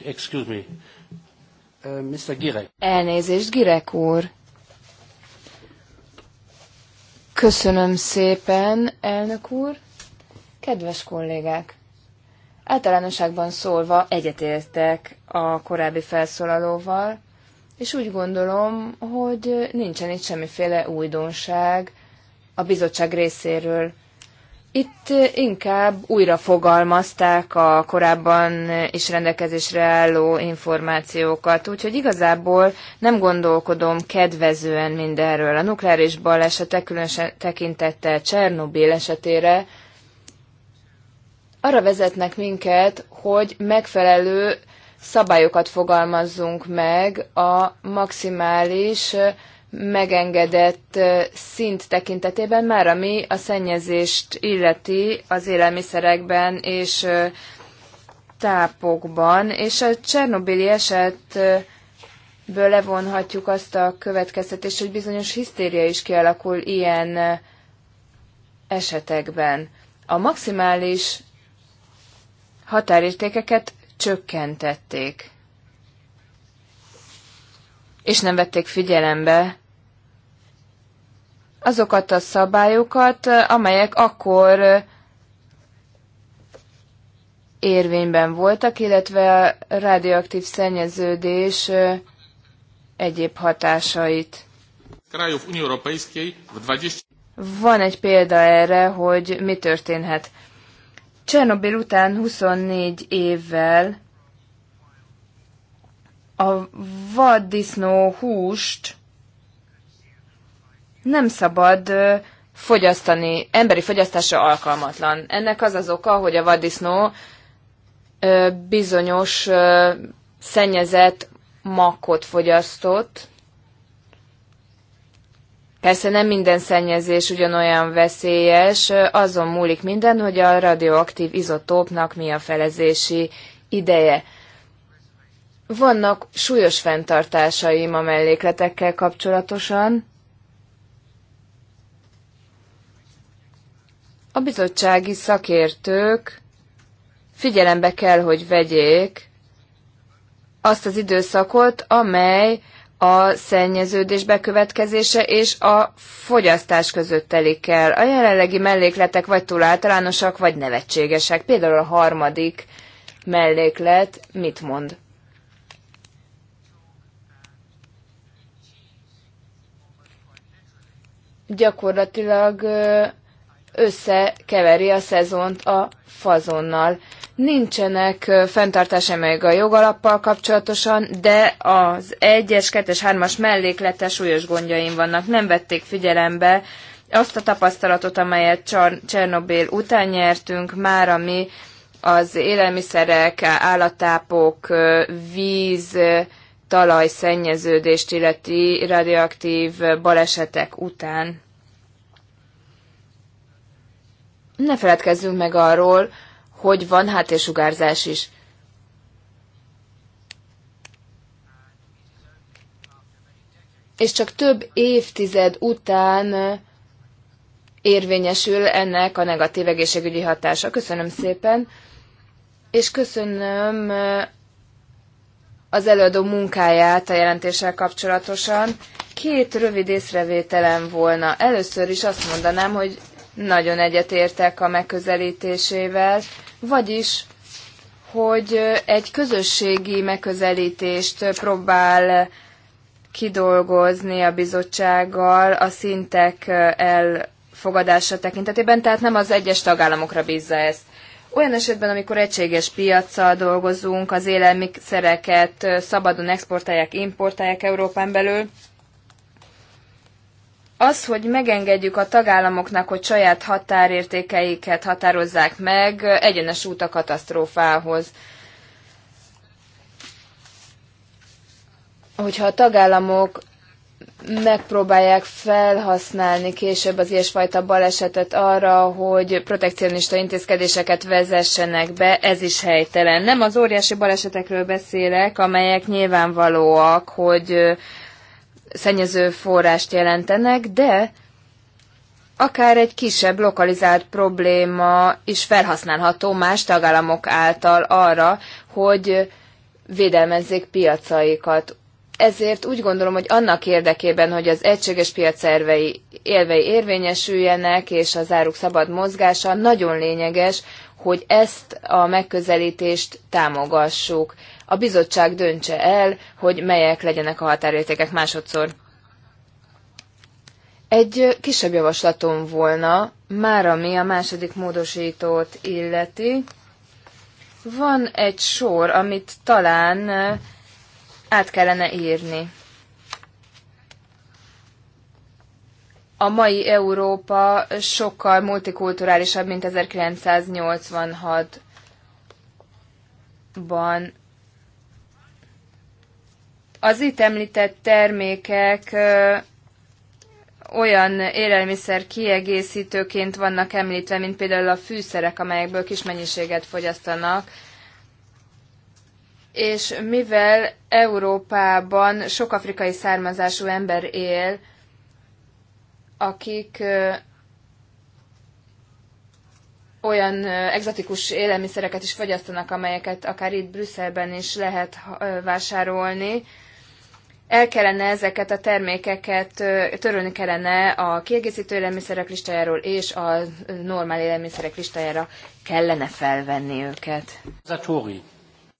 Excuse me. Uh, Mr. Girek. Elnézést, Girek úr. Köszönöm szépen, elnök úr. Kedves kollégák! Általánosságban szólva egyetértek a korábbi felszólalóval, és úgy gondolom, hogy nincsen itt semmiféle újdonság a bizottság részéről. Itt inkább újra fogalmazták a korábban is rendelkezésre álló információkat, úgyhogy igazából nem gondolkodom kedvezően mindenről. A nukleáris balesetek különösen tekintette Csernobil esetére arra vezetnek minket, hogy megfelelő szabályokat fogalmazzunk meg a maximális megengedett szint tekintetében, már ami a szennyezést illeti az élelmiszerekben és tápokban, és a Csernobili esetből levonhatjuk azt a következtetést, hogy bizonyos hisztéria is kialakul ilyen esetekben. A maximális határértékeket csökkentették és nem vették figyelembe azokat a szabályokat, amelyek akkor érvényben voltak, illetve a radioaktív szennyeződés egyéb hatásait. Van egy példa erre, hogy mi történhet. Csernobil után 24 évvel a vaddisznó húst nem szabad fogyasztani, emberi fogyasztásra alkalmatlan. Ennek az az oka, hogy a vaddisznó bizonyos szennyezett makkot fogyasztott. Persze nem minden szennyezés ugyanolyan veszélyes, azon múlik minden, hogy a radioaktív izotópnak mi a felezési ideje. Vannak súlyos fenntartásaim a mellékletekkel kapcsolatosan. A bizottsági szakértők figyelembe kell, hogy vegyék azt az időszakot, amely a szennyeződés bekövetkezése és a fogyasztás között telik el. A jelenlegi mellékletek vagy túl általánosak, vagy nevetségesek. Például a harmadik melléklet mit mond? gyakorlatilag összekeveri a szezont a fazonnal. Nincsenek fenntartása meg a jogalappal kapcsolatosan, de az 1-es, 2-es, 3-as melléklete súlyos gondjaim vannak. Nem vették figyelembe azt a tapasztalatot, amelyet Csernobél után nyertünk, már ami az élelmiszerek, állatápok, víz, talajszennyeződést illeti radioaktív balesetek után. Ne feledkezzünk meg arról, hogy van háttérsugárzás is. És csak több évtized után érvényesül ennek a negatív egészségügyi hatása. Köszönöm szépen, és köszönöm az előadó munkáját a jelentéssel kapcsolatosan. Két rövid észrevételem volna. Először is azt mondanám, hogy nagyon egyetértek a megközelítésével, vagyis, hogy egy közösségi megközelítést próbál kidolgozni a bizottsággal a szintek elfogadása tekintetében, tehát nem az egyes tagállamokra bízza ezt olyan esetben, amikor egységes piaccal dolgozunk, az élelmiszereket szabadon exportálják, importálják Európán belül, az, hogy megengedjük a tagállamoknak, hogy saját határértékeiket határozzák meg, egyenes út a katasztrófához. Hogyha a tagállamok megpróbálják felhasználni később az ilyesfajta balesetet arra, hogy protekcionista intézkedéseket vezessenek be, ez is helytelen. Nem az óriási balesetekről beszélek, amelyek nyilvánvalóak, hogy szennyező forrást jelentenek, de akár egy kisebb lokalizált probléma is felhasználható más tagállamok által arra, hogy védelmezzék piacaikat ezért úgy gondolom, hogy annak érdekében, hogy az egységes piac elvei, élvei érvényesüljenek, és az áruk szabad mozgása nagyon lényeges, hogy ezt a megközelítést támogassuk. A bizottság döntse el, hogy melyek legyenek a határértékek másodszor. Egy kisebb javaslatom volna, már ami a második módosítót illeti. Van egy sor, amit talán át kellene írni. A mai Európa sokkal multikulturálisabb, mint 1986-ban. Az itt említett termékek olyan élelmiszer kiegészítőként vannak említve, mint például a fűszerek, amelyekből kis mennyiséget fogyasztanak, és mivel Európában sok afrikai származású ember él, akik olyan egzotikus élelmiszereket is fogyasztanak, amelyeket akár itt Brüsszelben is lehet vásárolni. El kellene ezeket a termékeket, törölni kellene a kiegészítő élelmiszerek listájáról, és a normál élelmiszerek listájára kellene felvenni őket. Zatóri.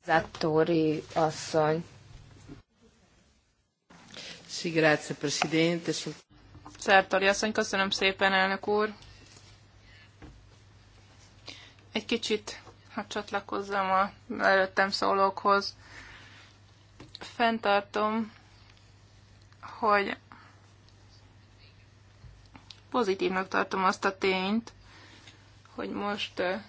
Lattori asszony. Sí, grazie, Presidente. Szertori asszony, köszönöm szépen, elnök úr. Egy kicsit, ha csatlakozzam a előttem szólókhoz, fenntartom, hogy pozitívnak tartom azt a tényt, hogy most eh,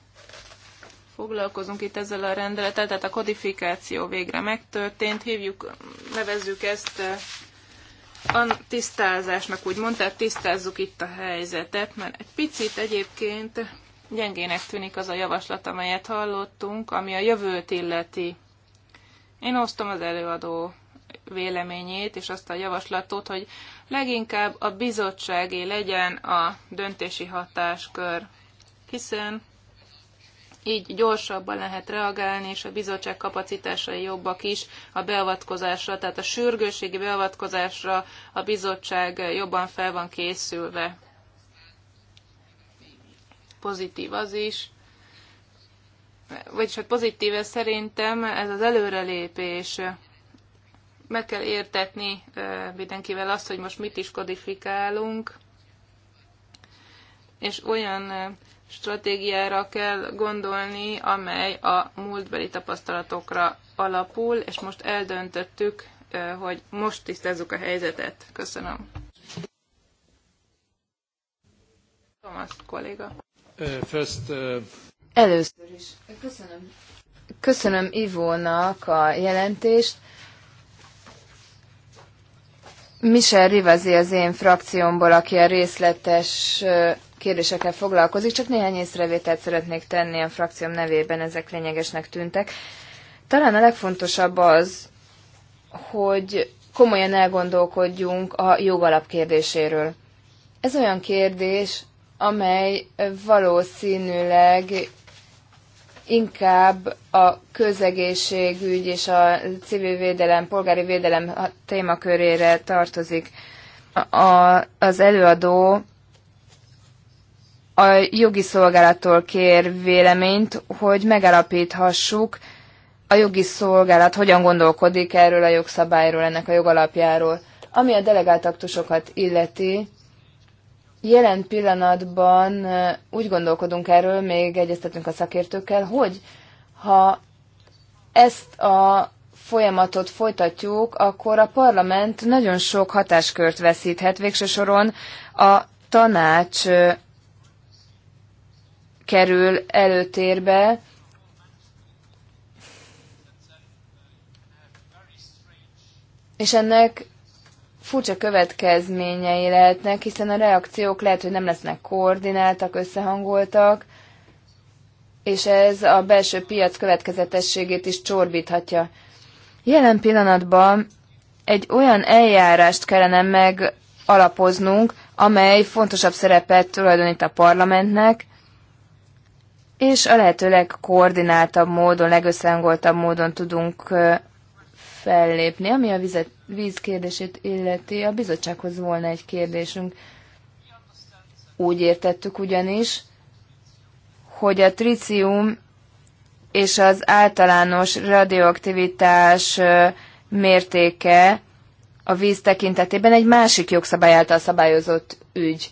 foglalkozunk itt ezzel a rendelettel, tehát a kodifikáció végre megtörtént, hívjuk, nevezzük ezt eh, a tisztázásnak, Úgy tehát tisztázzuk itt a helyzetet, mert egy picit egyébként gyengének tűnik az a javaslat, amelyet hallottunk, ami a jövőt illeti. Én osztom az előadó véleményét és azt a javaslatot, hogy leginkább a bizottságé legyen a döntési hatáskör, hiszen így gyorsabban lehet reagálni, és a bizottság kapacitásai jobbak is a beavatkozásra, tehát a sürgőségi beavatkozásra a bizottság jobban fel van készülve. Pozitív az is, vagyis hát pozitív ez szerintem, ez az előrelépés. Meg kell értetni mindenkivel azt, hogy most mit is kodifikálunk, és olyan stratégiára kell gondolni, amely a múltbeli tapasztalatokra alapul, és most eldöntöttük, hogy most tisztázzuk a helyzetet. Köszönöm. Thomas kolléga. First, uh... Először is. Köszönöm. Köszönöm Ivónak a jelentést. Michel Rivazi az én frakciómból, aki a részletes kérdésekkel foglalkozik, csak néhány észrevételt szeretnék tenni a frakcióm nevében, ezek lényegesnek tűntek. Talán a legfontosabb az, hogy komolyan elgondolkodjunk a jogalap kérdéséről. Ez olyan kérdés, amely valószínűleg inkább a közegészségügy és a civil védelem, polgári védelem témakörére tartozik. A, az előadó a jogi szolgálattól kér véleményt, hogy megalapíthassuk, a jogi szolgálat hogyan gondolkodik erről a jogszabályról, ennek a jogalapjáról. Ami a delegáltaktusokat illeti, jelen pillanatban úgy gondolkodunk erről, még egyeztetünk a szakértőkkel, hogy ha ezt a folyamatot folytatjuk, akkor a parlament nagyon sok hatáskört veszíthet végső soron a tanács kerül előtérbe. És ennek furcsa következményei lehetnek, hiszen a reakciók lehet, hogy nem lesznek koordináltak, összehangoltak, és ez a belső piac következetességét is csorbíthatja. Jelen pillanatban egy olyan eljárást kellene megalapoznunk, amely fontosabb szerepet tulajdonít a parlamentnek, és a lehető legkoordináltabb módon, legösszehangoltabb módon tudunk fellépni. Ami a vizet, víz kérdését illeti, a bizottsághoz volna egy kérdésünk. Úgy értettük ugyanis, hogy a tricium és az általános radioaktivitás mértéke a víz tekintetében egy másik jogszabály által szabályozott ügy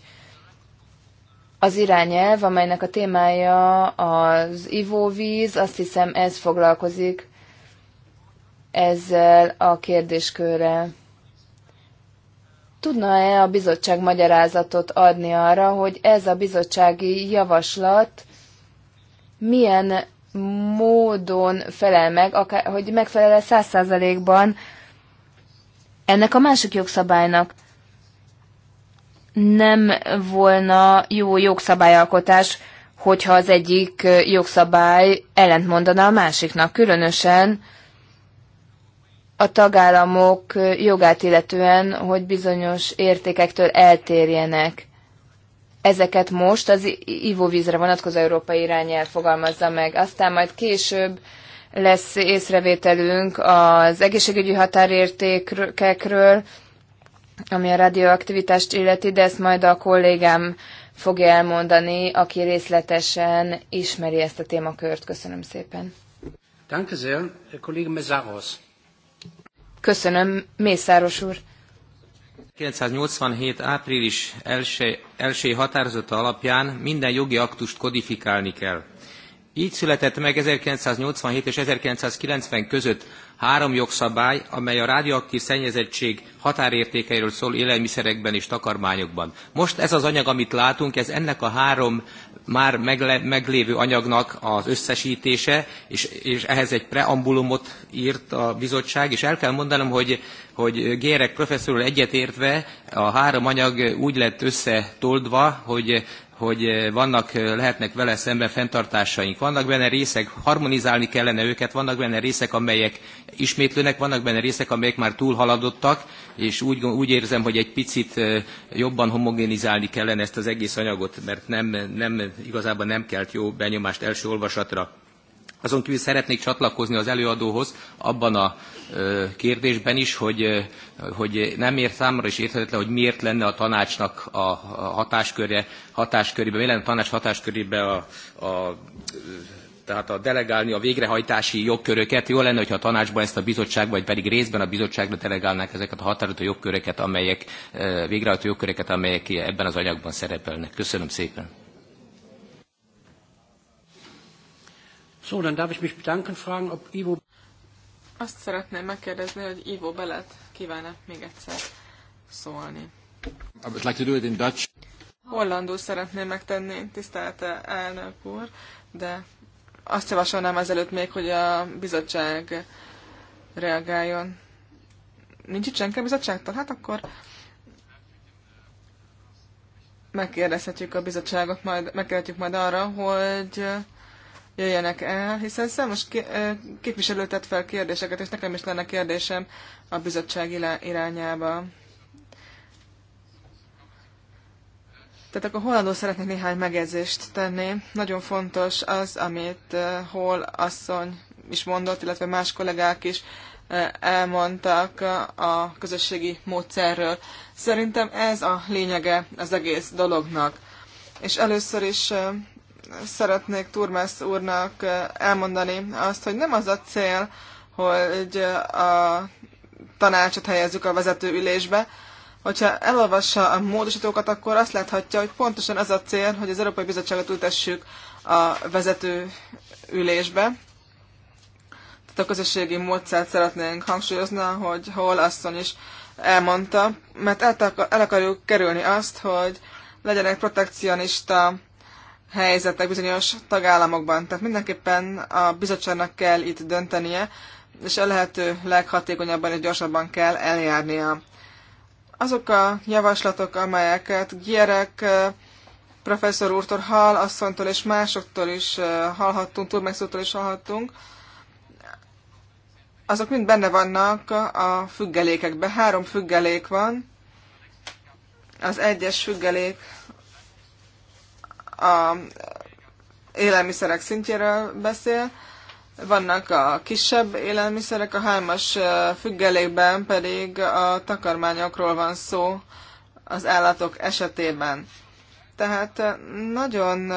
az irányelv, amelynek a témája az ivóvíz, azt hiszem ez foglalkozik ezzel a kérdéskörrel. Tudna-e a bizottság magyarázatot adni arra, hogy ez a bizottsági javaslat milyen módon felel meg, akár, hogy megfelel-e száz százalékban ennek a másik jogszabálynak? nem volna jó jogszabályalkotás, hogyha az egyik jogszabály ellentmondana a másiknak, különösen a tagállamok jogát illetően, hogy bizonyos értékektől eltérjenek. Ezeket most az ivóvízre vonatkozó európai irányelv fogalmazza meg. Aztán majd később lesz észrevételünk az egészségügyi határértékekről, ami a radioaktivitást illeti, de ezt majd a kollégám fogja elmondani, aki részletesen ismeri ezt a témakört. Köszönöm szépen. Danke sehr, Mészáros. Köszönöm, Mészáros úr. 1987. április 1. határozata alapján minden jogi aktust kodifikálni kell. Így született meg 1987 és 1990 között három jogszabály, amely a radioaktív szennyezettség határértékeiről szól élelmiszerekben és takarmányokban. Most ez az anyag, amit látunk, ez ennek a három már meglévő anyagnak az összesítése, és, és ehhez egy preambulumot írt a bizottság, és el kell mondanom, hogy, hogy Gérek professzorul egyetértve a három anyag úgy lett összetoldva, hogy hogy eh, vannak, eh, lehetnek vele szemben fenntartásaink. Vannak benne részek, harmonizálni kellene őket, vannak benne részek, amelyek ismétlőnek, vannak benne részek, amelyek már túlhaladottak, és úgy, úgy érzem, hogy egy picit eh, jobban homogenizálni kellene ezt az egész anyagot, mert nem, nem, igazából nem kelt jó benyomást első olvasatra. Azon kívül szeretnék csatlakozni az előadóhoz abban a kérdésben is, hogy, hogy nem ért számra is érthetetlen, hogy miért lenne a tanácsnak a hatáskörje, hatáskörébe, miért lenne a tanács hatáskörébe a, a tehát a delegálni a végrehajtási jogköröket. Jó lenne, hogyha a tanácsban ezt a bizottság, vagy pedig részben a bizottságra delegálnák ezeket a határozó jogköröket, amelyek végrehajtó jogköröket, amelyek ebben az anyagban szerepelnek. Köszönöm szépen. So, dann darf ich mich bedanken, fragen, ob Ivo... Azt szeretném megkérdezni, hogy Ivo Belet kívánna még egyszer szólni. I would like to do it in Dutch. Hollandul szeretném megtenni, tisztelte elnök úr, de azt javasolnám ezelőtt még, hogy a bizottság reagáljon. Nincs itt senki a bizottságtól? Hát akkor megkérdezhetjük a bizottságot, majd, megkérdezhetjük majd arra, hogy jöjjenek el, hiszen számos képviselő tett fel kérdéseket, és nekem is lenne kérdésem a bizottság irányába. Tehát akkor hollandó szeretnék néhány megjegyzést tenni. Nagyon fontos az, amit Hol asszony is mondott, illetve más kollégák is elmondtak a közösségi módszerről. Szerintem ez a lényege az egész dolognak. És először is szeretnék Turmes úrnak elmondani azt, hogy nem az a cél, hogy a tanácsot helyezzük a vezető ülésbe. Hogyha elolvassa a módosítókat, akkor azt láthatja, hogy pontosan az a cél, hogy az Európai Bizottságot ültessük a vezető ülésbe. Tehát a közösségi módszert szeretnénk hangsúlyozni, hogy hol asszony is elmondta, mert el, el akarjuk kerülni azt, hogy legyenek protekcionista helyzetek bizonyos tagállamokban. Tehát mindenképpen a bizottságnak kell itt döntenie, és a lehető leghatékonyabban és gyorsabban kell eljárnia. Azok a javaslatok, amelyeket gyerek professzor úrtól hall, asszonytól és másoktól is hallhattunk, Turmexútól is hallhattunk, azok mind benne vannak a függelékekben. Három függelék van. Az egyes függelék a élelmiszerek szintjéről beszél, vannak a kisebb élelmiszerek, a hármas függelékben pedig a takarmányokról van szó az állatok esetében. Tehát nagyon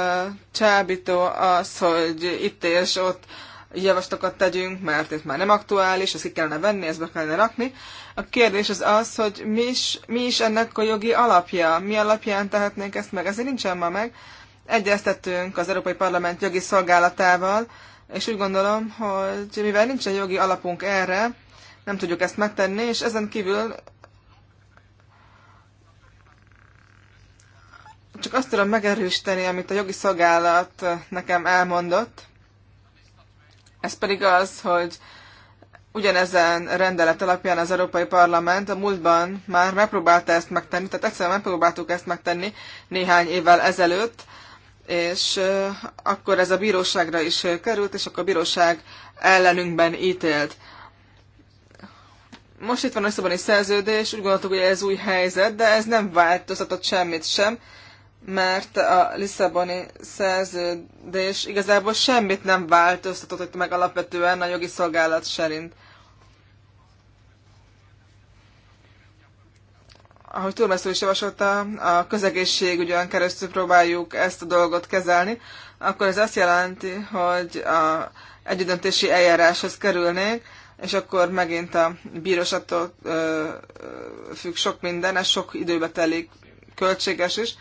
csábító az, hogy itt és ott javaslatokat tegyünk, mert ez már nem aktuális, ezt ki kellene venni, ezt be kellene rakni. A kérdés az az, hogy mi is, mi is ennek a jogi alapja, mi alapján tehetnénk ezt meg, ezért nincsen ma meg. Egyeztettünk az Európai Parlament jogi szolgálatával, és úgy gondolom, hogy mivel nincsen jogi alapunk erre, nem tudjuk ezt megtenni, és ezen kívül csak azt tudom megerősíteni, amit a jogi szolgálat nekem elmondott, ez pedig az, hogy ugyanezen rendelet alapján az Európai Parlament a múltban már megpróbálta ezt megtenni, tehát egyszerűen megpróbáltuk ezt megtenni néhány évvel ezelőtt, és akkor ez a bíróságra is került, és akkor a bíróság ellenünkben ítélt. Most itt van a szabani szerződés, úgy gondoltuk, hogy ez új helyzet, de ez nem változtatott semmit sem, mert a Lisszaboni szerződés igazából semmit nem változtatott meg alapvetően a jogi szolgálat szerint. ahogy Turmesztől is javasolta, a közegészség, ugyan keresztül próbáljuk ezt a dolgot kezelni, akkor ez azt jelenti, hogy a egyedöntési eljáráshoz kerülnénk, és akkor megint a bírósattól függ sok minden, ez sok időbe telik, költséges is.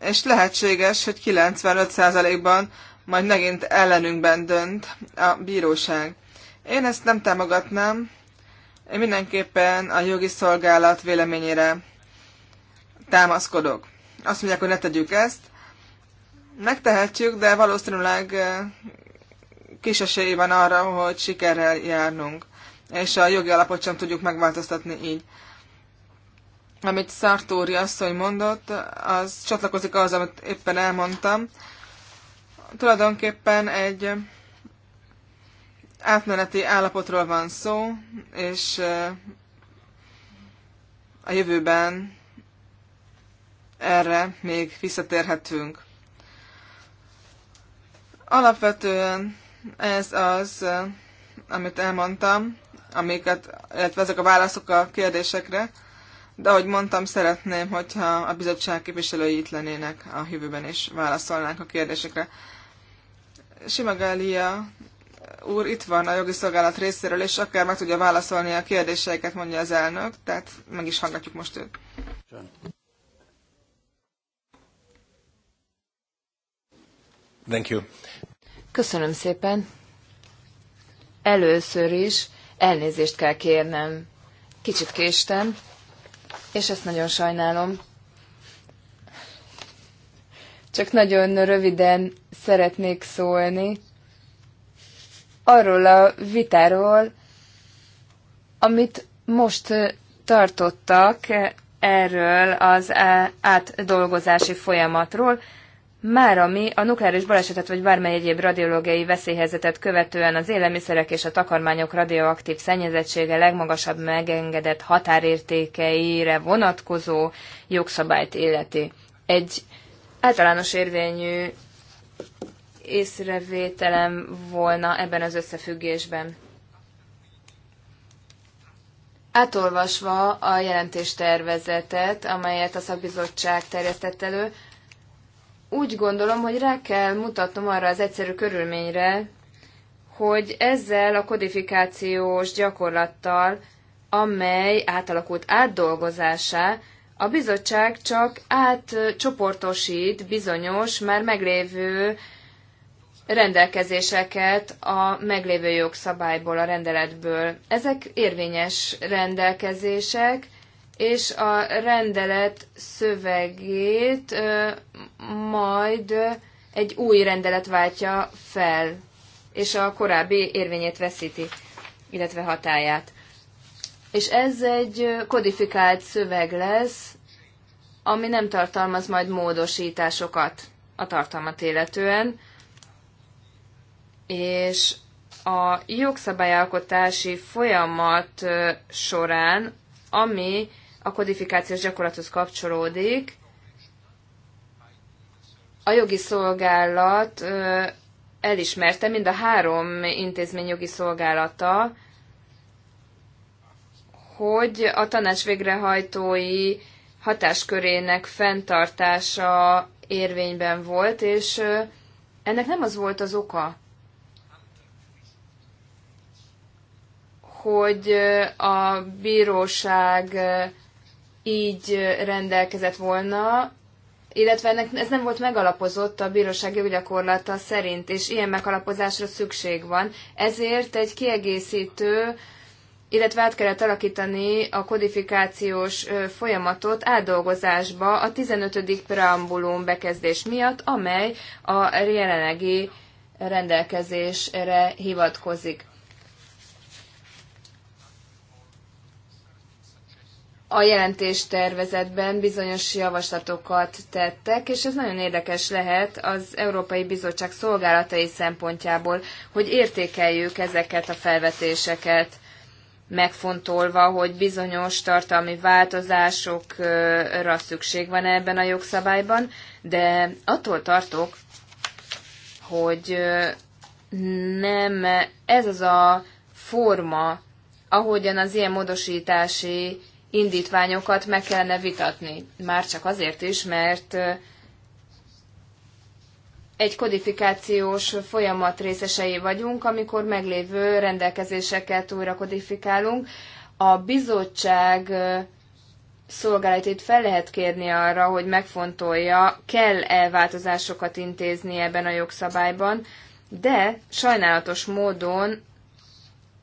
És lehetséges, hogy 95%-ban majd megint ellenünkben dönt a bíróság. Én ezt nem támogatnám, én mindenképpen a jogi szolgálat véleményére támaszkodok. Azt mondják, hogy ne tegyük ezt. Megtehetjük, de valószínűleg eh, kis esély van arra, hogy sikerrel járnunk. És a jogi alapot sem tudjuk megváltoztatni így. Amit Szartóri asszony mondott, az csatlakozik az, amit éppen elmondtam. Tulajdonképpen egy átmeneti állapotról van szó, és a jövőben erre még visszatérhetünk. Alapvetően ez az, amit elmondtam, amiket, illetve ezek a válaszok a kérdésekre, de ahogy mondtam, szeretném, hogyha a bizottság képviselői itt lennének a jövőben, és válaszolnánk a kérdésekre. Simagália úr itt van a jogi szolgálat részéről, és akár meg tudja válaszolni a kérdéseiket, mondja az elnök, tehát meg is hallgatjuk most őt. Thank you. Köszönöm szépen. Először is elnézést kell kérnem. Kicsit késtem, és ezt nagyon sajnálom. Csak nagyon röviden szeretnék szólni arról a vitáról, amit most tartottak erről az átdolgozási folyamatról, már ami a nukleáris balesetet vagy bármely egyéb radiológiai veszélyhelyzetet követően az élelmiszerek és a takarmányok radioaktív szennyezettsége legmagasabb megengedett határértékeire vonatkozó jogszabályt életi Egy általános érvényű észrevételem volna ebben az összefüggésben. Átolvasva a jelentéstervezetet, amelyet a szakbizottság terjesztett elő, úgy gondolom, hogy rá kell mutatnom arra az egyszerű körülményre, hogy ezzel a kodifikációs gyakorlattal, amely átalakult átdolgozásá, a bizottság csak átcsoportosít bizonyos, már meglévő rendelkezéseket a meglévő jogszabályból, a rendeletből. Ezek érvényes rendelkezések, és a rendelet szövegét majd egy új rendelet váltja fel, és a korábbi érvényét veszíti, illetve hatáját. És ez egy kodifikált szöveg lesz, ami nem tartalmaz majd módosításokat a tartalmat illetően, és a jogszabályalkotási folyamat során, ami a kodifikációs gyakorlathoz kapcsolódik, a jogi szolgálat elismerte, mind a három intézmény jogi szolgálata, hogy a tanács végrehajtói hatáskörének fenntartása érvényben volt, és ennek nem az volt az oka, hogy a bíróság így rendelkezett volna, illetve ennek, ez nem volt megalapozott a bíróság gyakorlata szerint, és ilyen megalapozásra szükség van. Ezért egy kiegészítő, illetve át kellett alakítani a kodifikációs folyamatot átdolgozásba a 15. preambulum bekezdés miatt, amely a jelenlegi rendelkezésre hivatkozik. a jelentéstervezetben bizonyos javaslatokat tettek, és ez nagyon érdekes lehet az Európai Bizottság szolgálatai szempontjából, hogy értékeljük ezeket a felvetéseket, megfontolva, hogy bizonyos tartalmi változásokra szükség van ebben a jogszabályban, de attól tartok, hogy nem ez az a forma, ahogyan az ilyen módosítási indítványokat meg kellene vitatni. Már csak azért is, mert egy kodifikációs folyamat részesei vagyunk, amikor meglévő rendelkezéseket újra kodifikálunk. A bizottság szolgálatét fel lehet kérni arra, hogy megfontolja, kell-e változásokat intézni ebben a jogszabályban, de sajnálatos módon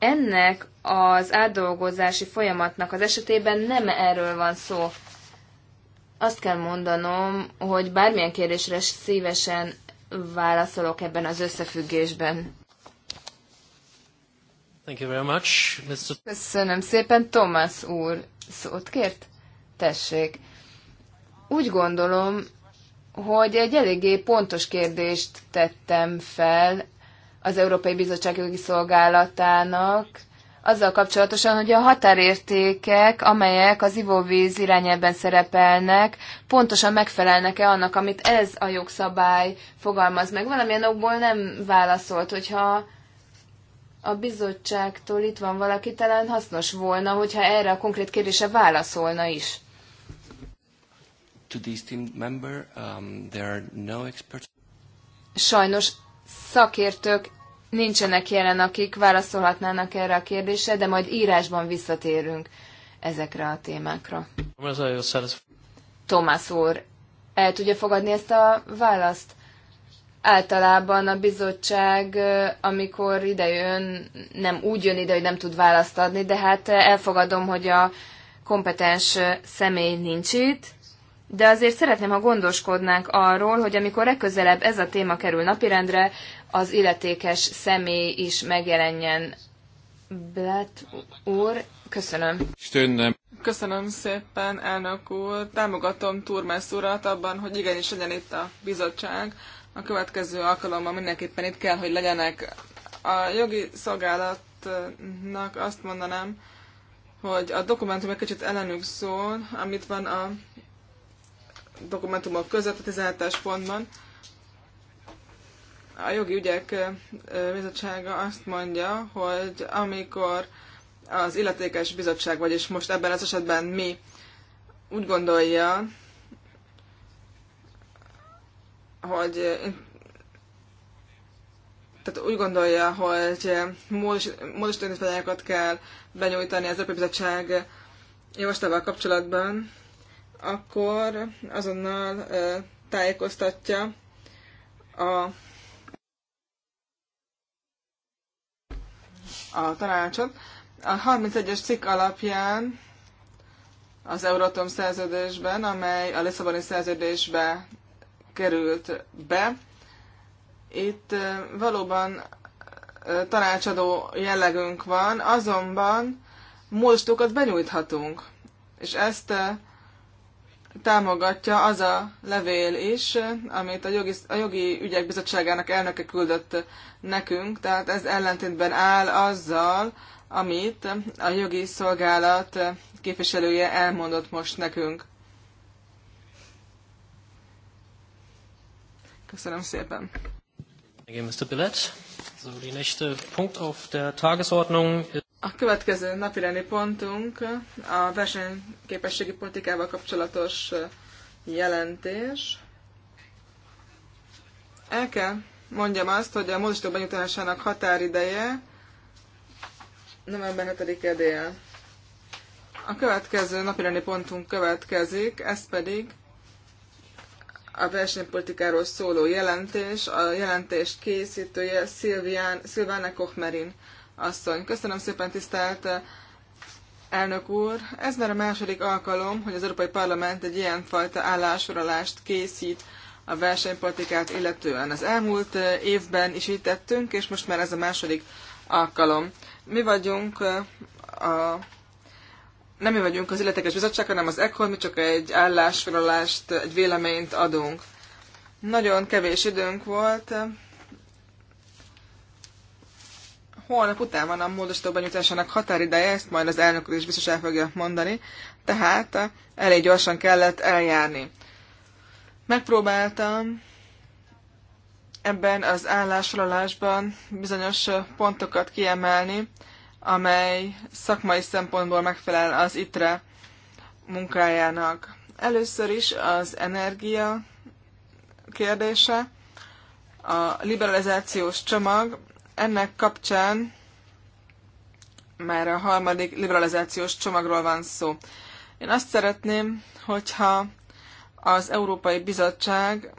ennek az átdolgozási folyamatnak az esetében nem erről van szó. Azt kell mondanom, hogy bármilyen kérdésre szívesen válaszolok ebben az összefüggésben. Thank you very much, Mr. Köszönöm szépen, Thomas úr szót kért? Tessék. Úgy gondolom, hogy egy eléggé pontos kérdést tettem fel, az Európai Bizottság jogi szolgálatának, azzal kapcsolatosan, hogy a határértékek, amelyek az ivóvíz irányában szerepelnek, pontosan megfelelnek-e annak, amit ez a jogszabály fogalmaz meg. Valamilyen okból nem válaszolt, hogyha a bizottságtól itt van valaki, talán hasznos volna, hogyha erre a konkrét kérdése válaszolna is. To the member, um, there are no experts. Sajnos szakértők nincsenek jelen, akik válaszolhatnának erre a kérdésre, de majd írásban visszatérünk ezekre a témákra. Tomás úr, el tudja fogadni ezt a választ? Általában a bizottság, amikor idejön, nem úgy jön ide, hogy nem tud választ adni, de hát elfogadom, hogy a kompetens személy nincs itt, de azért szeretném, ha gondoskodnánk arról, hogy amikor legközelebb ez a téma kerül napirendre, az illetékes személy is megjelenjen. Blatt úr, köszönöm. Stönnöm. Köszönöm szépen, elnök úr. Támogatom Turmes urat abban, hogy igenis legyen itt a bizottság. A következő alkalommal mindenképpen itt kell, hogy legyenek. A jogi szolgálatnak azt mondanám, hogy a dokumentum egy kicsit ellenük szól, amit van a dokumentumok között a 17-es pontban a jogi ügyek bizottsága azt mondja, hogy amikor az illetékes bizottság, vagyis most ebben az esetben mi úgy gondolja, hogy tehát úgy gondolja, hogy módosítani felállókat kell benyújtani az Európai Bizottság javaslatával kapcsolatban, akkor azonnal tájékoztatja a a tanácsot. A 31-es cikk alapján az Euratom szerződésben, amely a Lisszaboni szerződésbe került be, itt valóban tanácsadó jellegünk van, azonban mostokat benyújthatunk. És ezt támogatja az a levél is, amit a jogi, a jogi ügyek bizottságának elnöke küldött nekünk, tehát ez ellentétben áll azzal, amit a jogi szolgálat képviselője elmondott most nekünk. Köszönöm szépen. Mr. Billett. So, die nächste Punkt auf der Tagesordnung a következő napirendi pontunk a versenyképességi politikával kapcsolatos jelentés. El kell mondjam azt, hogy a módosító benyújtásának határideje november 7-e dél. A következő napirendi pontunk következik, ez pedig a versenypolitikáról szóló jelentés, a jelentés készítője Szilván, Szilváne Kochmerin asszony. Köszönöm szépen, tisztelt eh, elnök úr. Ez már a második alkalom, hogy az Európai Parlament egy ilyenfajta állásfoglalást készít a versenypolitikát illetően. Az elmúlt eh, évben is így tettünk, és most már ez a második alkalom. Mi vagyunk eh, a nem mi vagyunk az illetékes bizottság, hanem az ECHOL, mi csak egy állásfoglalást, egy véleményt adunk. Nagyon kevés időnk volt, holnap után van a módosító benyújtásának határideje, ezt majd az elnök is biztos el fogja mondani, tehát eh, elég gyorsan kellett eljárni. Megpróbáltam ebben az állásfoglalásban bizonyos eh, pontokat kiemelni, amely szakmai szempontból megfelel az ITRE munkájának. Először is az energia kérdése, a liberalizációs csomag ennek kapcsán már a harmadik liberalizációs csomagról van szó. Én azt szeretném, hogyha az Európai Bizottság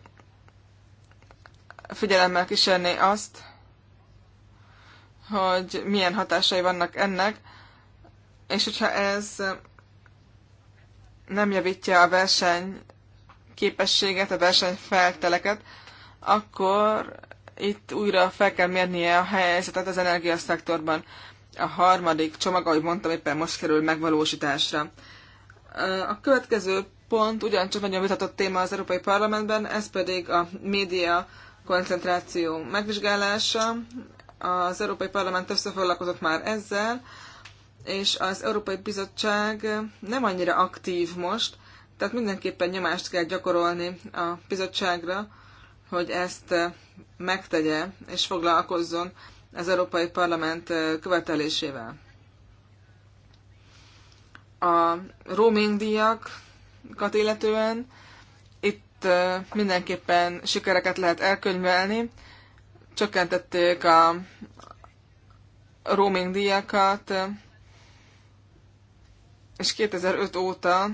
figyelemmel kísérné azt, hogy milyen hatásai vannak ennek, és hogyha ez nem javítja a verseny képességet, a versenyfelteleket, akkor itt újra fel kell mérnie a helyzetet az energiaszektorban. A harmadik csomag, ahogy mondtam, éppen most kerül megvalósításra. A következő pont ugyancsak nagyon vitatott téma az Európai Parlamentben, ez pedig a média koncentráció megvizsgálása. Az Európai Parlament összefoglalkozott foglalkozott már ezzel, és az Európai Bizottság nem annyira aktív most, tehát mindenképpen nyomást kell gyakorolni a bizottságra, hogy ezt eh, megtegye és foglalkozzon az Európai Parlament eh, követelésével. A roaming díjakat illetően itt eh, mindenképpen sikereket lehet elkönyvelni. Csökkentették a roaming díjakat, és 2005 óta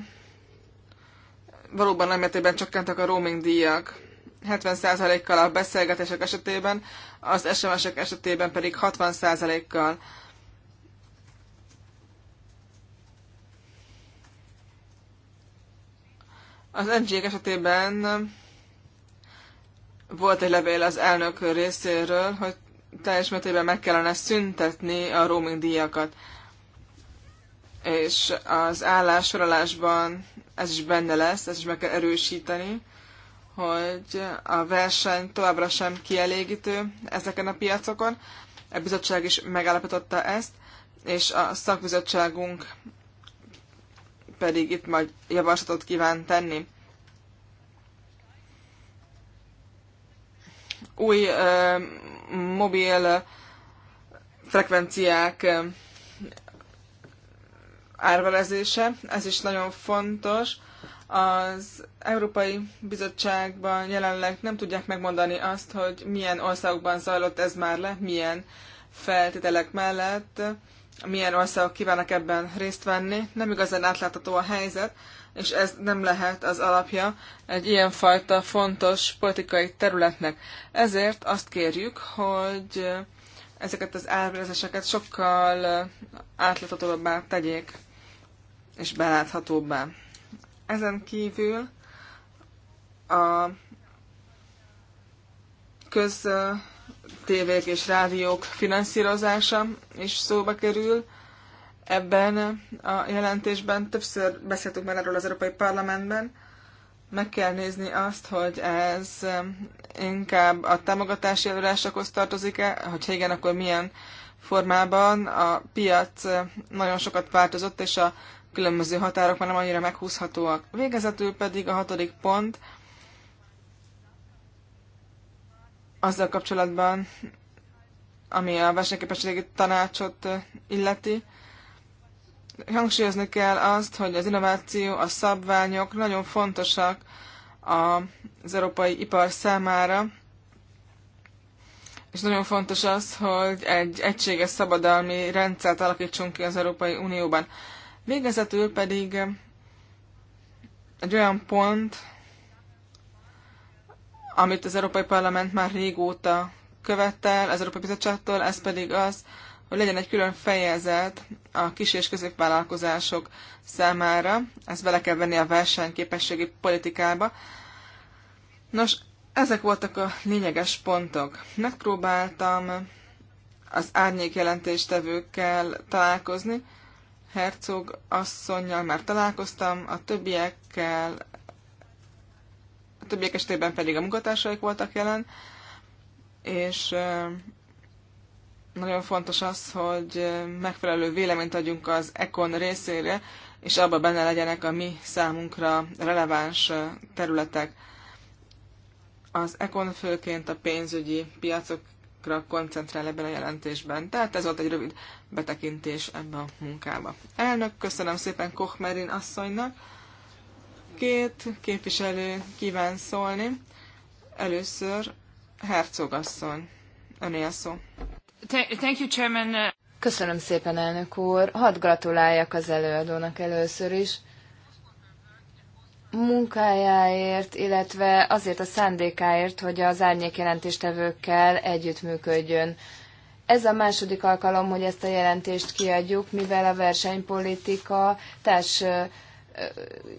valóban nem csökkentek a roaming díjak. 70%-kal a beszélgetések esetében, az SMS-ek esetében pedig 60%-kal. Az NG esetében volt egy levél az elnök részéről, hogy teljes mértékben meg kellene szüntetni a roaming díjakat. És az állássorolásban ez is benne lesz, ez is meg kell erősíteni hogy a verseny továbbra sem kielégítő ezeken a piacokon. A bizottság is megállapította ezt, és a szakbizottságunk pedig itt majd javaslatot kíván tenni. Új uh, mobil uh, frekvenciák uh, árverezése, ez is nagyon fontos. Az Európai Bizottságban jelenleg nem tudják megmondani azt, hogy milyen országokban zajlott ez már le, milyen feltételek mellett, milyen országok kívánnak ebben részt venni. Nem igazán átlátható a helyzet, és ez nem lehet az alapja egy ilyenfajta fontos politikai területnek. Ezért azt kérjük, hogy ezeket az elvérezéseket sokkal átláthatóbbá tegyék, és beláthatóbbá. Ezen kívül a köztévék és rádiók finanszírozása is szóba kerül. Ebben a jelentésben többször beszéltünk már erről az Európai Parlamentben. Meg kell nézni azt, hogy ez inkább a támogatási előrásokhoz tartozik-e, hogy igen, akkor milyen formában. A piac nagyon sokat változott, és a különböző határok már nem annyira meghúzhatóak. Végezetül pedig a hatodik pont azzal kapcsolatban, ami a versenyképességi tanácsot illeti, hangsúlyozni kell azt, hogy az innováció, a szabványok nagyon fontosak az európai ipar számára, és nagyon fontos az, hogy egy egységes szabadalmi rendszert alakítsunk ki az Európai Unióban. Végezetül pedig egy olyan pont, amit az Európai Parlament már régóta követel az Európai Bizottságtól, ez pedig az, hogy legyen egy külön fejezet a kis- és középvállalkozások számára. Ezt bele kell venni a versenyképességi politikába. Nos, ezek voltak a lényeges pontok. Megpróbáltam az árnyék jelentéstevőkkel találkozni, Herzog asszonynal már találkoztam, a többiekkel, a többiek esetében pedig a munkatársaik voltak jelen, és nagyon fontos az, hogy megfelelő véleményt adjunk az ECON részére, és abba benne legyenek a mi számunkra releváns területek. Az ECON főként a pénzügyi piacok Kra koncentrál ebben a jelentésben. Tehát ez volt egy rövid betekintés ebbe a munkába. Elnök, köszönöm szépen Kochmerin asszonynak. Két képviselő kíván szólni. Először Herzog asszony. Öné a szó. Thank you, Chairman. Köszönöm szépen, elnök úr. Hadd gratuláljak az előadónak először is munkájáért, illetve azért a szándékáért, hogy az árnyék jelentéstevőkkel együttműködjön. Ez a második alkalom, hogy ezt a jelentést kiadjuk, mivel a versenypolitika társ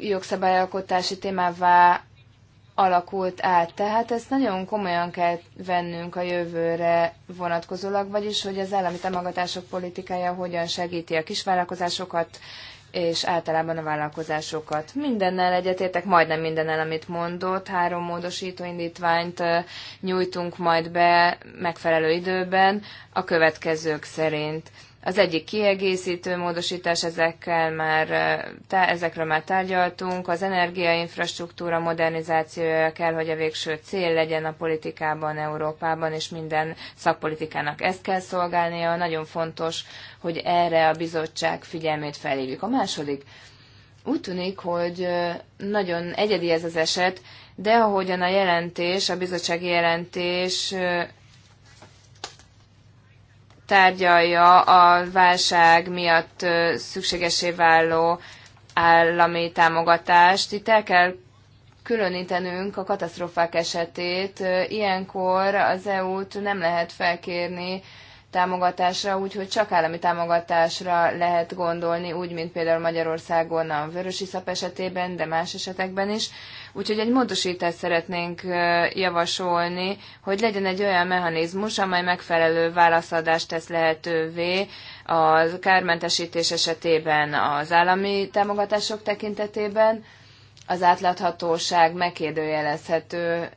jogszabályalkotási témává alakult át. Tehát ezt nagyon komolyan kell vennünk a jövőre vonatkozólag, vagyis hogy az állami támogatások politikája hogyan segíti a kisvállalkozásokat, és általában a vállalkozásokat. Mindennel egyetértek, majdnem mindennel, amit mondott. Három módosító indítványt nyújtunk majd be megfelelő időben a következők szerint. Az egyik kiegészítő módosítás, ezekkel már, tá, ezekről már tárgyaltunk. Az energiainfrastruktúra modernizációja kell, hogy a végső cél legyen a politikában, Európában, és minden szakpolitikának ezt kell szolgálnia. Nagyon fontos, hogy erre a bizottság figyelmét felhívjuk. A második, úgy tűnik, hogy nagyon egyedi ez az eset, de ahogyan a jelentés, a bizottsági jelentés tárgyalja a válság miatt szükségesé váló állami támogatást. Itt el kell különítenünk a katasztrófák esetét. Ilyenkor az EU-t nem lehet felkérni támogatásra, úgyhogy csak állami támogatásra lehet gondolni, úgy, mint például Magyarországon a vörösiszap esetében, de más esetekben is. Úgyhogy egy módosítást szeretnénk javasolni, hogy legyen egy olyan mechanizmus, amely megfelelő válaszadást tesz lehetővé a kármentesítés esetében az állami támogatások tekintetében, az átláthatóság megkérdőjelezhető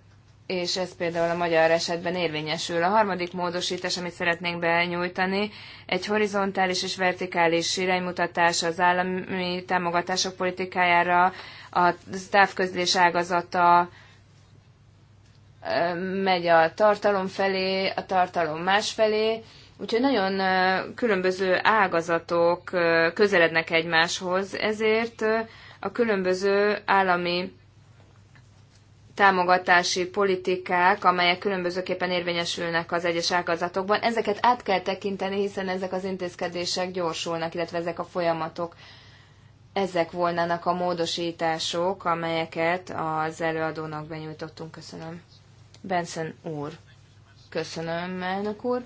és ez például a magyar esetben érvényesül. A harmadik módosítás, amit szeretnénk benyújtani, egy horizontális és vertikális iránymutatás az állami támogatások politikájára, a távközlés ágazata megy a tartalom felé, a tartalom más felé, úgyhogy nagyon különböző ágazatok közelednek egymáshoz, ezért a különböző állami támogatási politikák, amelyek különbözőképpen érvényesülnek az egyes ágazatokban. Ezeket át kell tekinteni, hiszen ezek az intézkedések gyorsulnak, illetve ezek a folyamatok. Ezek volnának a módosítások, amelyeket az előadónak benyújtottunk. Köszönöm. Benson úr. Köszönöm, elnök úr.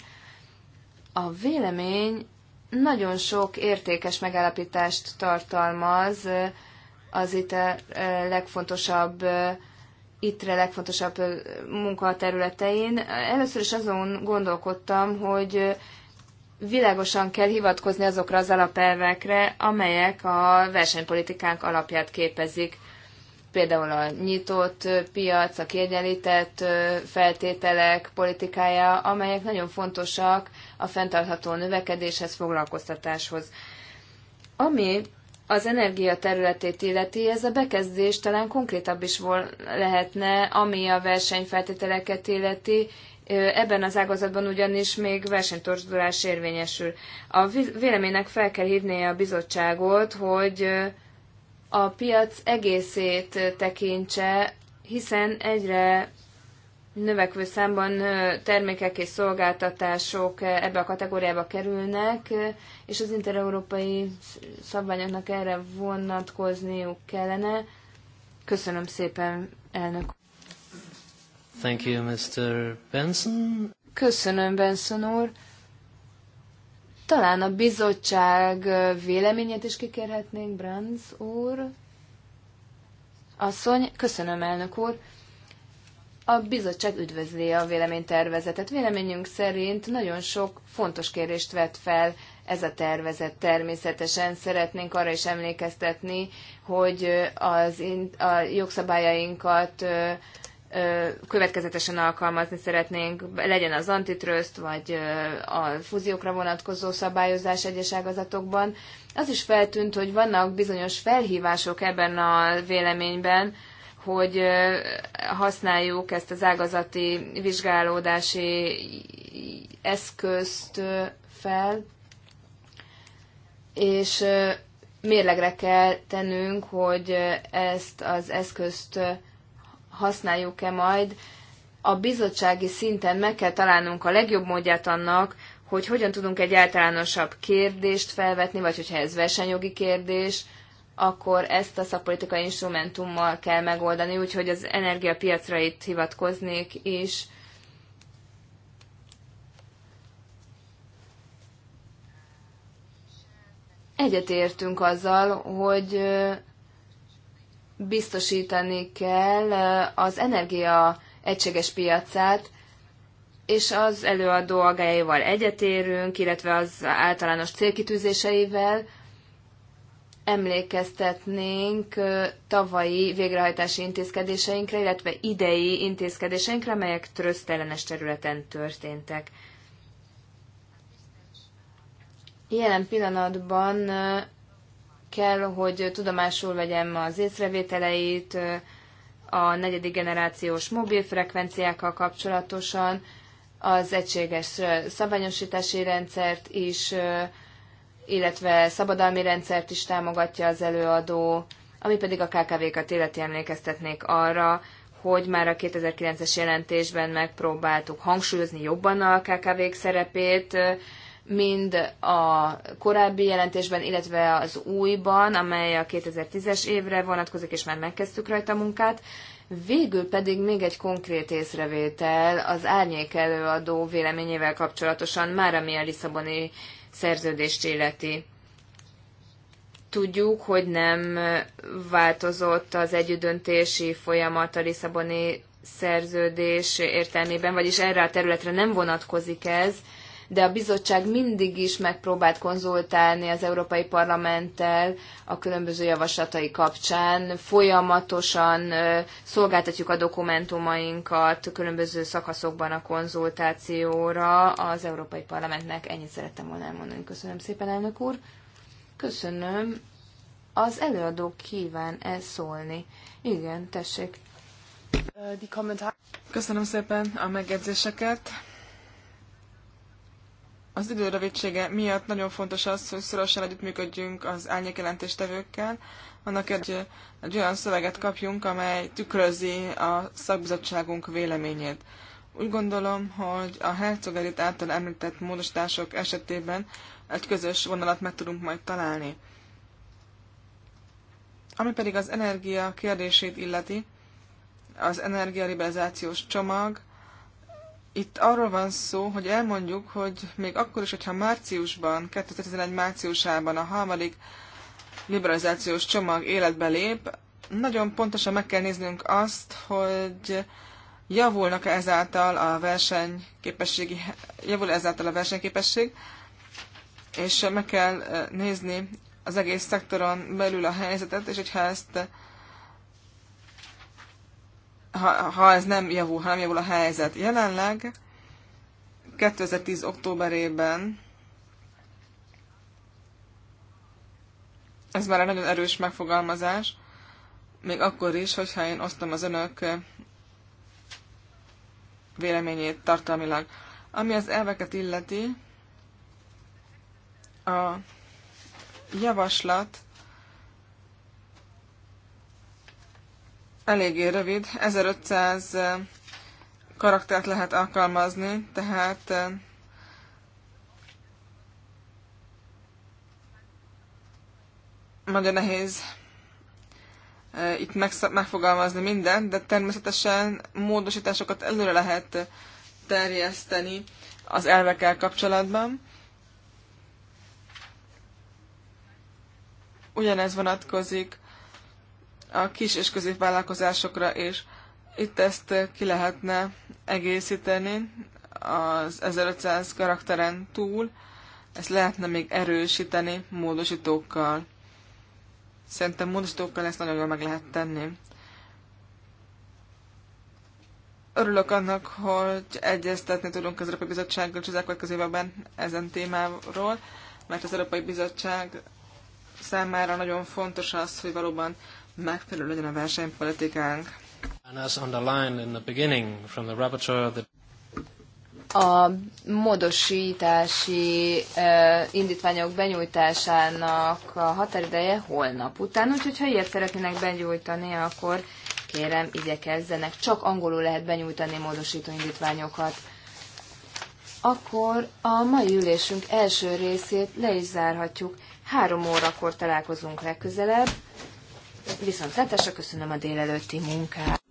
A vélemény nagyon sok értékes megállapítást tartalmaz, az itt a eh, legfontosabb eh, ittre legfontosabb területein. Először is azon gondolkodtam, hogy világosan kell hivatkozni azokra az alapelvekre, amelyek a versenypolitikánk alapját képezik. Például a nyitott piac, a kiegyenlített feltételek politikája, amelyek nagyon fontosak a fenntartható növekedéshez, foglalkoztatáshoz. Ami az energia területét illeti, ez a bekezdés talán konkrétabb is vol- lehetne, ami a versenyfeltételeket illeti, Ebben az ágazatban ugyanis még versenytorzulás érvényesül. A véleménynek fel kell hívnia a bizottságot, hogy a piac egészét tekintse, hiszen egyre növekvő számban termékek és szolgáltatások ebbe a kategóriába kerülnek, és az intereurópai szabványoknak erre vonatkozniuk kellene. Köszönöm szépen, elnök. Thank you, Mr. Benson. Köszönöm, Benson úr. Talán a bizottság véleményét is kikérhetnénk, Brands úr. Asszony, köszönöm, elnök úr. A bizottság üdvözli a véleménytervezetet. Véleményünk szerint nagyon sok fontos kérdést vet fel ez a tervezet. Természetesen szeretnénk arra is emlékeztetni, hogy az a jogszabályainkat következetesen alkalmazni szeretnénk, legyen az antitrust, vagy a fúziókra vonatkozó szabályozás egyes ágazatokban. Az is feltűnt, hogy vannak bizonyos felhívások ebben a véleményben, hogy használjuk ezt az ágazati vizsgálódási eszközt fel, és mérlegre kell tennünk, hogy ezt az eszközt használjuk-e majd. A bizottsági szinten meg kell találnunk a legjobb módját annak, hogy hogyan tudunk egy általánosabb kérdést felvetni, vagy hogyha ez versenyjogi kérdés, akkor ezt a szakpolitikai instrumentummal kell megoldani, úgyhogy az energiapiacra itt hivatkoznék is. Egyetértünk azzal, hogy biztosítani kell az energia egységes piacát, és az előadó agályaival egyetérünk, illetve az általános célkitűzéseivel, emlékeztetnénk tavalyi végrehajtási intézkedéseinkre, illetve idei intézkedéseinkre, melyek trösztellenes területen történtek. Jelen pillanatban kell, hogy tudomásul vegyem az észrevételeit a negyedik generációs mobil frekvenciákkal kapcsolatosan, az egységes szabványosítási rendszert is illetve szabadalmi rendszert is támogatja az előadó, ami pedig a KKV-kat életi emlékeztetnék arra, hogy már a 2009-es jelentésben megpróbáltuk hangsúlyozni jobban a KKV-k szerepét, mind a korábbi jelentésben, illetve az újban, amely a 2010-es évre vonatkozik, és már megkezdtük rajta a munkát. Végül pedig még egy konkrét észrevétel az árnyék előadó véleményével kapcsolatosan, már ami a Lisszaboni szerződést illeti. Tudjuk, hogy nem változott az együttdöntési folyamat a Lisszaboni szerződés értelmében, vagyis erre a területre nem vonatkozik ez, de a bizottság mindig is megpróbált konzultálni az Európai Parlamenttel a különböző javaslatai kapcsán. Folyamatosan szolgáltatjuk a dokumentumainkat különböző szakaszokban a konzultációra az Európai Parlamentnek. Ennyit szerettem volna elmondani. Köszönöm szépen, elnök úr. Köszönöm. Az előadó kíván-e szólni? Igen, tessék. Köszönöm szépen a megjegyzéseket. Az idő rövidsége miatt nagyon fontos az, hogy szorosan együttműködjünk az árnyékjelentéstevőkkel, annak egy, egy olyan szöveget kapjunk, amely tükrözi a szakbizottságunk véleményét. Úgy gondolom, hogy a Herzogerit által említett módosítások esetében egy közös vonalat meg tudunk majd találni. Ami pedig az energia kérdését illeti, az energialiberalizációs csomag itt arról van szó, hogy elmondjuk, hogy még akkor is, hogyha márciusban, 2011 márciusában a harmadik liberalizációs csomag életbe lép, nagyon pontosan meg kell néznünk azt, hogy javulnak -e ezáltal a versenyképességi, javul ezáltal a versenyképesség, és meg kell eh, nézni az egész szektoron belül a helyzetet, és hogyha ezt ha, ha ez nem javul, ha nem javul a helyzet. Jelenleg 2010. októberében ez már egy nagyon erős megfogalmazás, még akkor is, hogyha én osztom az önök eh, véleményét tartalmilag. Ami az elveket illeti, a javaslat eléggé rövid, 1500 karaktert lehet alkalmazni, tehát nagyon nehéz itt megfogalmazni mindent, de természetesen módosításokat előre lehet terjeszteni az elvekkel kapcsolatban. Ugyanez vonatkozik a kis és középvállalkozásokra is. Itt ezt ki lehetne egészíteni az 1500 karakteren túl, ezt lehetne még erősíteni módosítókkal. Szerintem módosítókkal ezt nagyon jól meg lehet tenni. Örülök annak, hogy egyeztetni tudunk az Európai Bizottsággal az elkövetkező ezen témáról, mert az Európai Bizottság számára nagyon fontos az, hogy valóban megfelelő legyen a versenypolitikánk. A módosítási indítványok benyújtásának a határideje holnap után, úgyhogy ha ilyet szeretnének benyújtani, akkor kérem, igyekezzenek. Csak angolul lehet benyújtani módosító indítványokat. Akkor a mai ülésünk első részét le is zárhatjuk. Három órakor találkozunk legközelebb. Viszont köszönöm a délelőtti munkát.